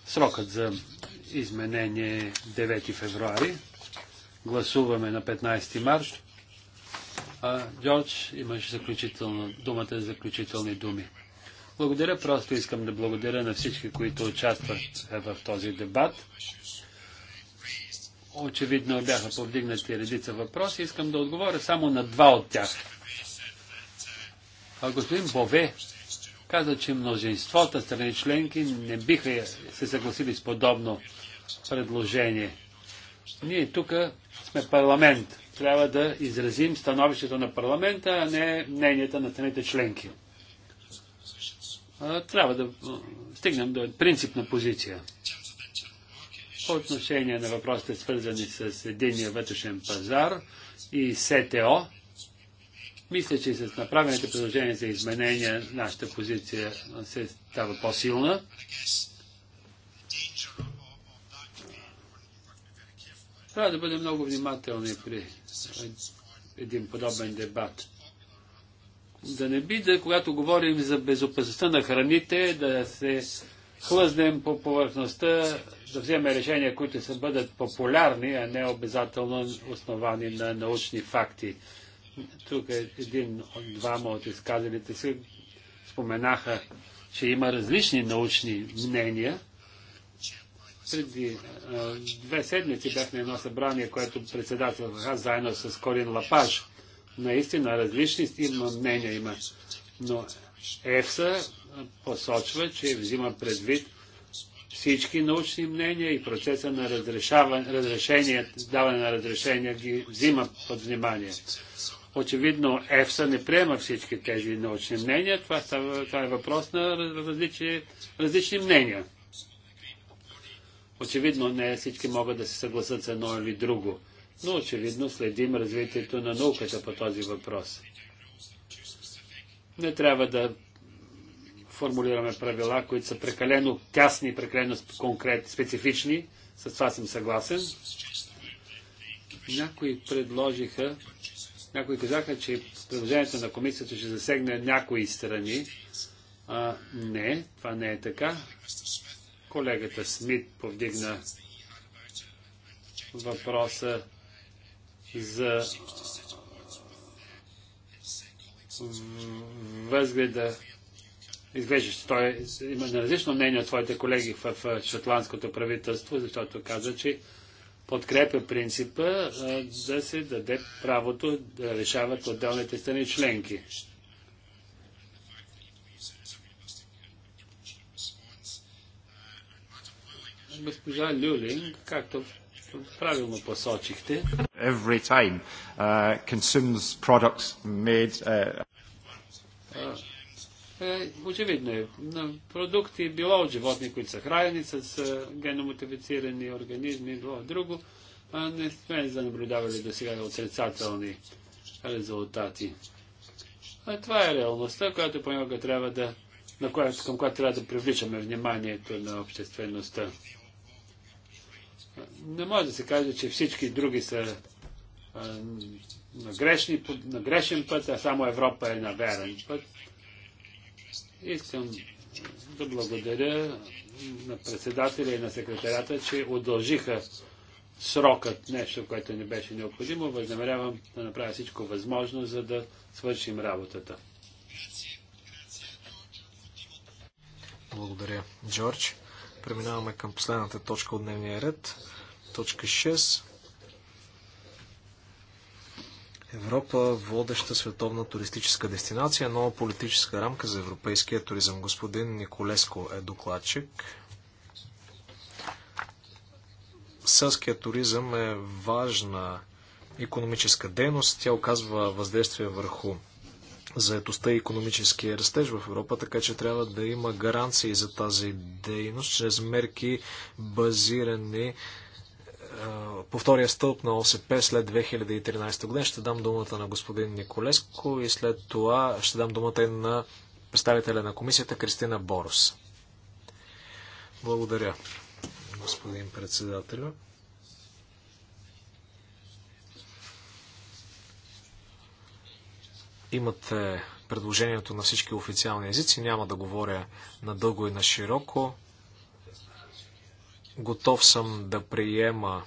Срокът за изменение е 9 февруари. Гласуваме на 15 март. А, Джордж, имаш заключително, думата за заключителни думи. Благодаря, просто искам да благодаря на всички, които участват в този дебат. Очевидно бяха повдигнати редица въпроси. Искам да отговоря само на два от тях. А господин Бове каза, че множеството страни членки не биха се съгласили с подобно предложение. Ние тук сме парламент. Трябва да изразим становището на парламента, а не мненията на страните членки. Трябва да стигнем до принципна позиция. По отношение на въпросите, свързани с единия вътрешен пазар и СТО, мисля, че с направените предложения за изменения нашата позиция се става по-силна. Трябва да бъдем много внимателни при един подобен дебат. Да не би да, когато говорим за безопасността на храните, да се хлъзнем по повърхността, да вземем решения, които са бъдат популярни, а не обязателно основани на научни факти. Тук е един от двама от изказалите се споменаха, че има различни научни мнения. Преди а, две седмици бях на едно събрание, което председателстваха заедно с Корин Лапаж. Наистина различни има мнения има. Но ЕФСА посочва, че взима предвид всички научни мнения и процеса на разрешение, даване на разрешение ги взима под внимание. Очевидно ЕФСА не приема всички тези научни мнения. Това, става, това е въпрос на различни, различни мнения. Очевидно не всички могат да се съгласат с едно или друго, но очевидно следим развитието на науката по този въпрос. Не трябва да формулираме правила, които са прекалено тясни, прекалено конкрет, специфични. С това съм съгласен. Някои предложиха някои казаха, че предложението на комисията ще засегне някои страни. А, не, това не е така. Колегата Смит повдигна въпроса за възгледа изглежда, че той има различно мнение от своите колеги в шотландското правителство, защото каза, че подкрепя принципа да се даде правото да решават отделните страни членки. Госпожа Люлин, както правилно посочихте, every time uh, consumes products made uh е, очевидно е, продукти, било от животни, които са хранени с е, геномотифицирани организми, било от друго, а не сме занаблюдавали до сега отрицателни резултати. А това е реалността, която понякога трябва да, на която, към която трябва да привличаме вниманието на обществеността. Не може да се каже, че всички други са а, на, грешни, на грешен път, а само Европа е на верен път. Искам да благодаря на председателя и на секретарята, че удължиха срокът, нещо, което не беше необходимо. Възнамерявам да направя всичко възможно, за да свършим работата. Благодаря, Джордж. Преминаваме към последната точка от дневния ред. Точка 6. Европа водеща световна туристическа дестинация, нова политическа рамка за европейския туризъм. Господин Николеско е докладчик. Селския туризъм е важна економическа дейност. Тя оказва въздействие върху заетостта и економическия растеж в Европа, така че трябва да има гаранции за тази дейност чрез мерки базирани по втория стълб на ОСП след 2013 година. Ще дам думата на господин Николеско и след това ще дам думата и на представителя на комисията Кристина Борус. Благодаря, господин председател. Имате предложението на всички официални езици. Няма да говоря надълго и на широко. Готов съм да приема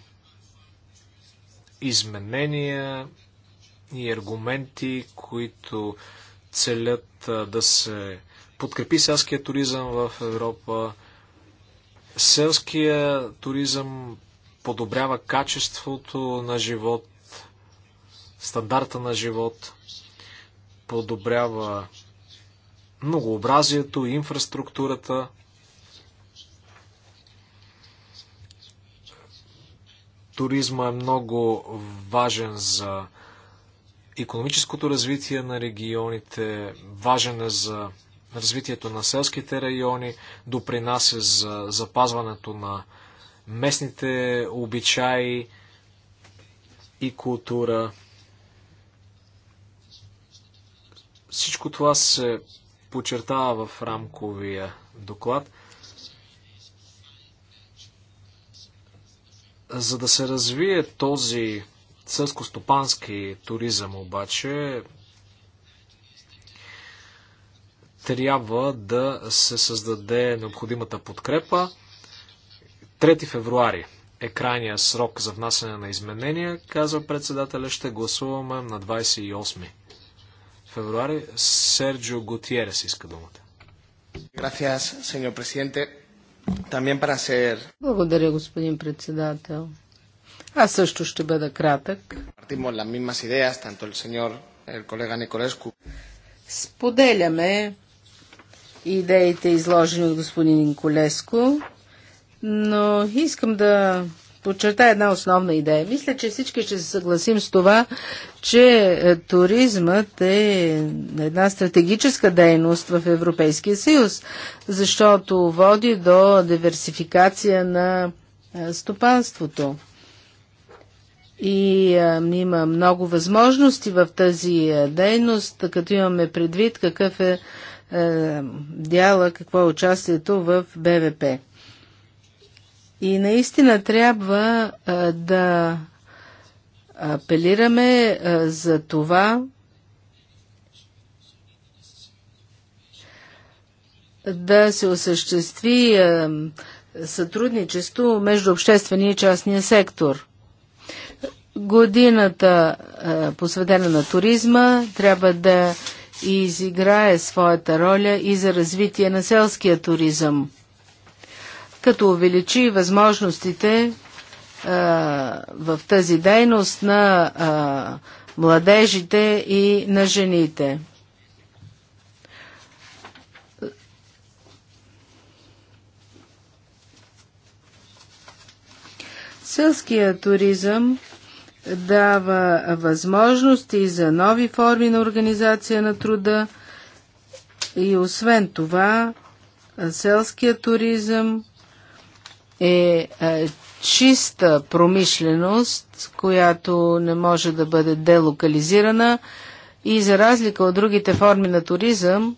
изменения и аргументи, които целят да се подкрепи селския туризъм в Европа. Селския туризъм подобрява качеството на живот, стандарта на живот, подобрява многообразието инфраструктурата. туризма е много важен за економическото развитие на регионите, важен е за развитието на селските райони, допринася за запазването на местните обичаи и култура. Всичко това се подчертава в рамковия доклад. За да се развие този сълско-стопански туризъм обаче, трябва да се създаде необходимата подкрепа. 3 февруари е крайния срок за внасяне на изменения, казва председателя. Ще гласуваме на 28 февруари. Серджио Готиерес иска думата. Gracias, señor presidente. Благодаря, господин председател. Аз също ще бъда кратък. Споделяме идеите, изложени от господин Николеско, но искам да подчерта една основна идея. Мисля, че всички ще се съгласим с това, че е, туризмът е една стратегическа дейност в Европейския съюз, защото води до диверсификация на е, стопанството. И а, е, има много възможности в тази дейност, като имаме предвид какъв е, е дяла, какво е участието в БВП. И наистина трябва да апелираме за това да се осъществи сътрудничество между обществения и частния сектор. Годината посветена на туризма трябва да изиграе своята роля и за развитие на селския туризъм като увеличи възможностите в тази дейност на младежите и на жените. Селския туризъм дава възможности за нови форми на организация на труда и освен това селския туризъм е, е чиста промишленост, която не може да бъде делокализирана и за разлика от другите форми на туризъм,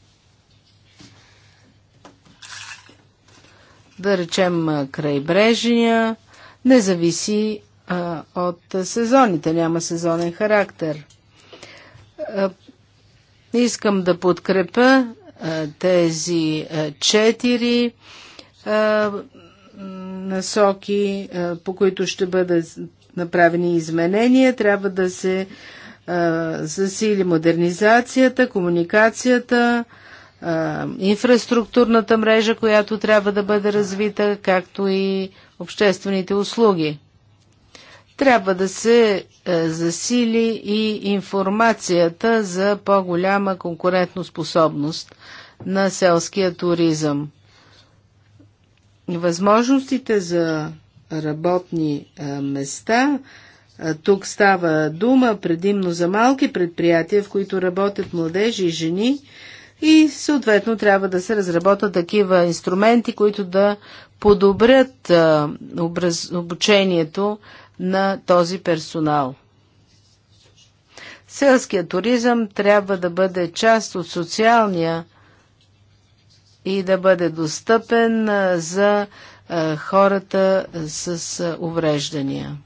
да речем крайбрежния, не зависи а, от сезоните, няма сезонен характер. А, искам да подкрепя а, тези а, четири а, насоки, по които ще бъдат направени изменения. Трябва да се засили модернизацията, комуникацията, инфраструктурната мрежа, която трябва да бъде развита, както и обществените услуги. Трябва да се засили и информацията за по-голяма конкурентоспособност на селския туризъм. Възможностите за работни места. Тук става дума предимно за малки предприятия, в които работят младежи и жени и съответно трябва да се разработят такива инструменти, които да подобрят обучението на този персонал. Селският туризъм трябва да бъде част от социалния и да бъде достъпен за хората с увреждания.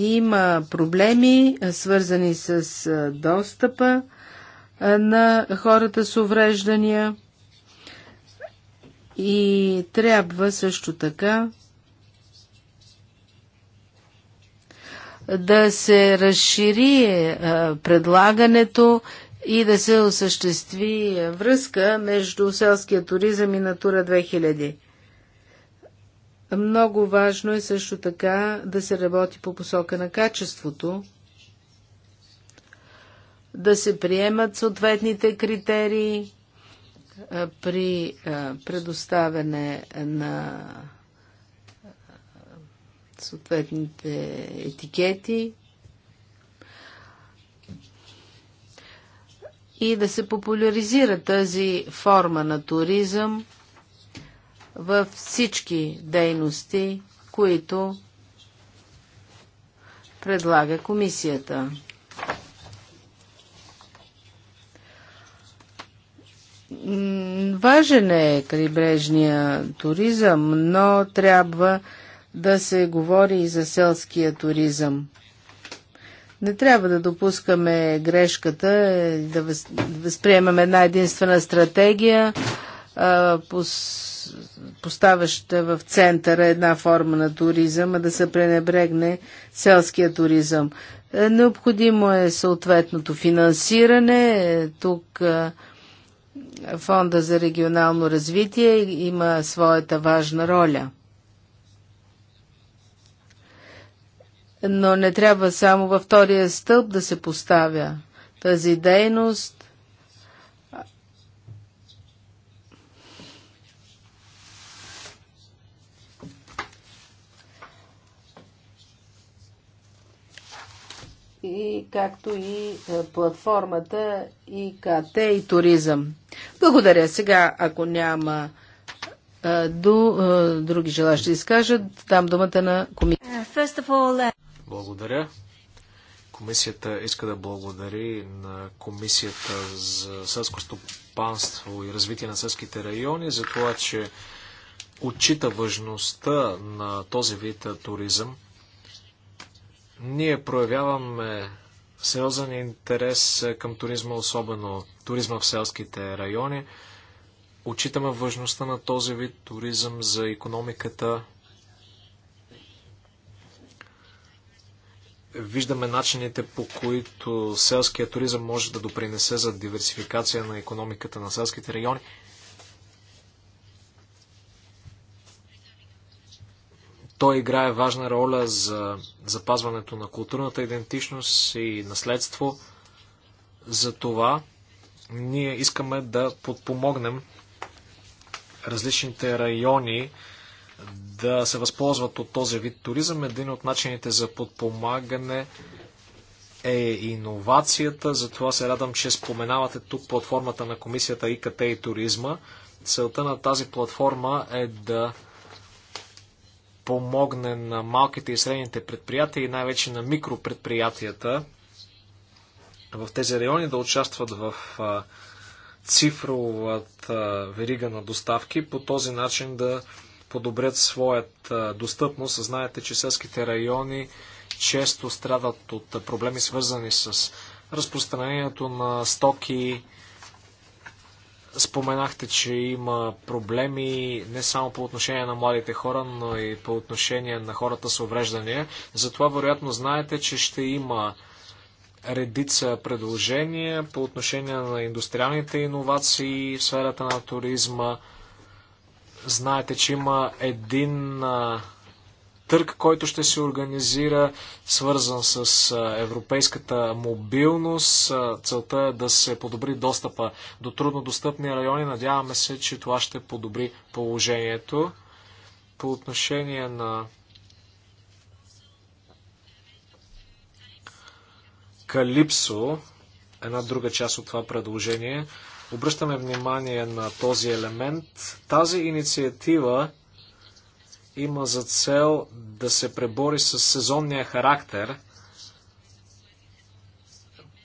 Има проблеми, свързани с достъпа на хората с увреждания и трябва също така да се разшири е, предлагането и да се осъществи е, връзка между селския туризъм и Натура 2000. Много важно е също така да се работи по посока на качеството, да се приемат съответните критерии е, при предоставяне на съответните етикети и да се популяризира тази форма на туризъм във всички дейности, които предлага комисията. Важен е крайбрежния туризъм, но трябва да се говори и за селския туризъм. Не трябва да допускаме грешката, е, да възприемаме една единствена стратегия, поставяща в центъра една форма на туризъм, а да се пренебрегне селския туризъм. Е, необходимо е съответното финансиране. Е, тук Фонда за регионално развитие има своята важна роля. но не трябва само във втория стълб да се поставя тази дейност. И както и е, платформата КТ и туризъм. Благодаря. Сега, ако няма а, е, е, други желащи да изкажат, дам думата на комисията. Благодаря. Комисията иска да благодари на Комисията за селско стопанство и развитие на селските райони за това, че отчита важността на този вид туризъм. Ние проявяваме сериозен интерес към туризма, особено туризма в селските райони. Отчитаме важността на този вид туризъм за економиката виждаме начините по които селския туризъм може да допринесе за диверсификация на економиката на селските райони. Той играе важна роля за запазването на културната идентичност и наследство. За това ние искаме да подпомогнем различните райони, да се възползват от този вид туризъм. Един от начините за подпомагане е иновацията. Затова се радвам, че споменавате тук платформата на комисията ИКТ и туризма. Целта на тази платформа е да помогне на малките и средните предприятия и най-вече на микропредприятията в тези райони да участват в цифровата верига на доставки, по този начин да подобрят своята достъпност. Знаете, че селските райони често страдат от проблеми, свързани с разпространението на стоки. Споменахте, че има проблеми не само по отношение на младите хора, но и по отношение на хората с увреждания. Затова, вероятно, знаете, че ще има редица предложения по отношение на индустриалните иновации в сферата на туризма. Знаете, че има един търг, който ще се организира, свързан с европейската мобилност. Целта е да се подобри достъпа до труднодостъпни райони. Надяваме се, че това ще подобри положението. По отношение на Калипсо, една друга част от това предложение, обръщаме внимание на този елемент. Тази инициатива има за цел да се пребори с сезонния характер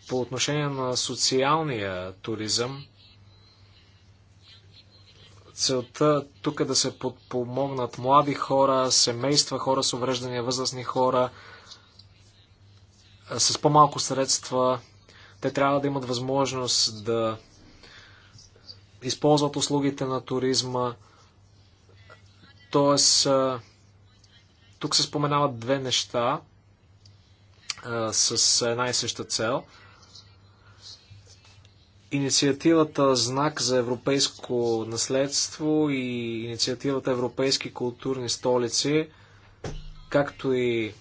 по отношение на социалния туризъм. Целта тук е да се подпомогнат млади хора, семейства, хора с увреждания, възрастни хора, с по-малко средства. Те трябва да имат възможност да използват услугите на туризма. Тоест, тук се споменават две неща с една и съща цел. Инициативата Знак за европейско наследство и инициативата Европейски културни столици, както и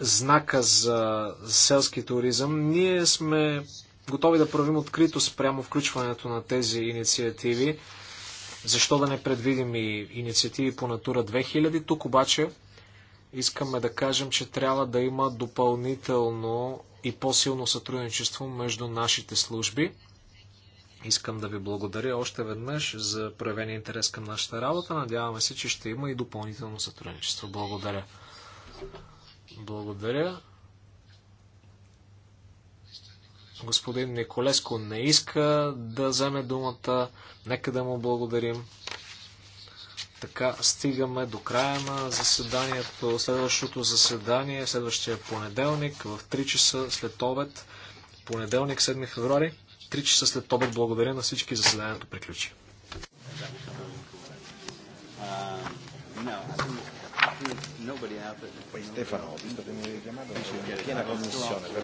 знака за селски туризъм, ние сме готови да правим открито спрямо включването на тези инициативи. Защо да не предвидим и инициативи по Натура 2000? Тук обаче искаме да кажем, че трябва да има допълнително и по-силно сътрудничество между нашите служби. Искам да ви благодаря още веднъж за проявения интерес към нашата работа. Надяваме се, че ще има и допълнително сътрудничество. Благодаря. Благодаря. Господин Николеско не иска да вземе думата. Нека да му благодарим. Така стигаме до края на заседанието. Следващото заседание, следващия понеделник в 3 часа след обед. Понеделник, 7 февруари, 3 часа след обед. Благодаря на всички. Заседанието приключи. Poi Stefano, visto che mi avevi chiamato, sono in piena commissione.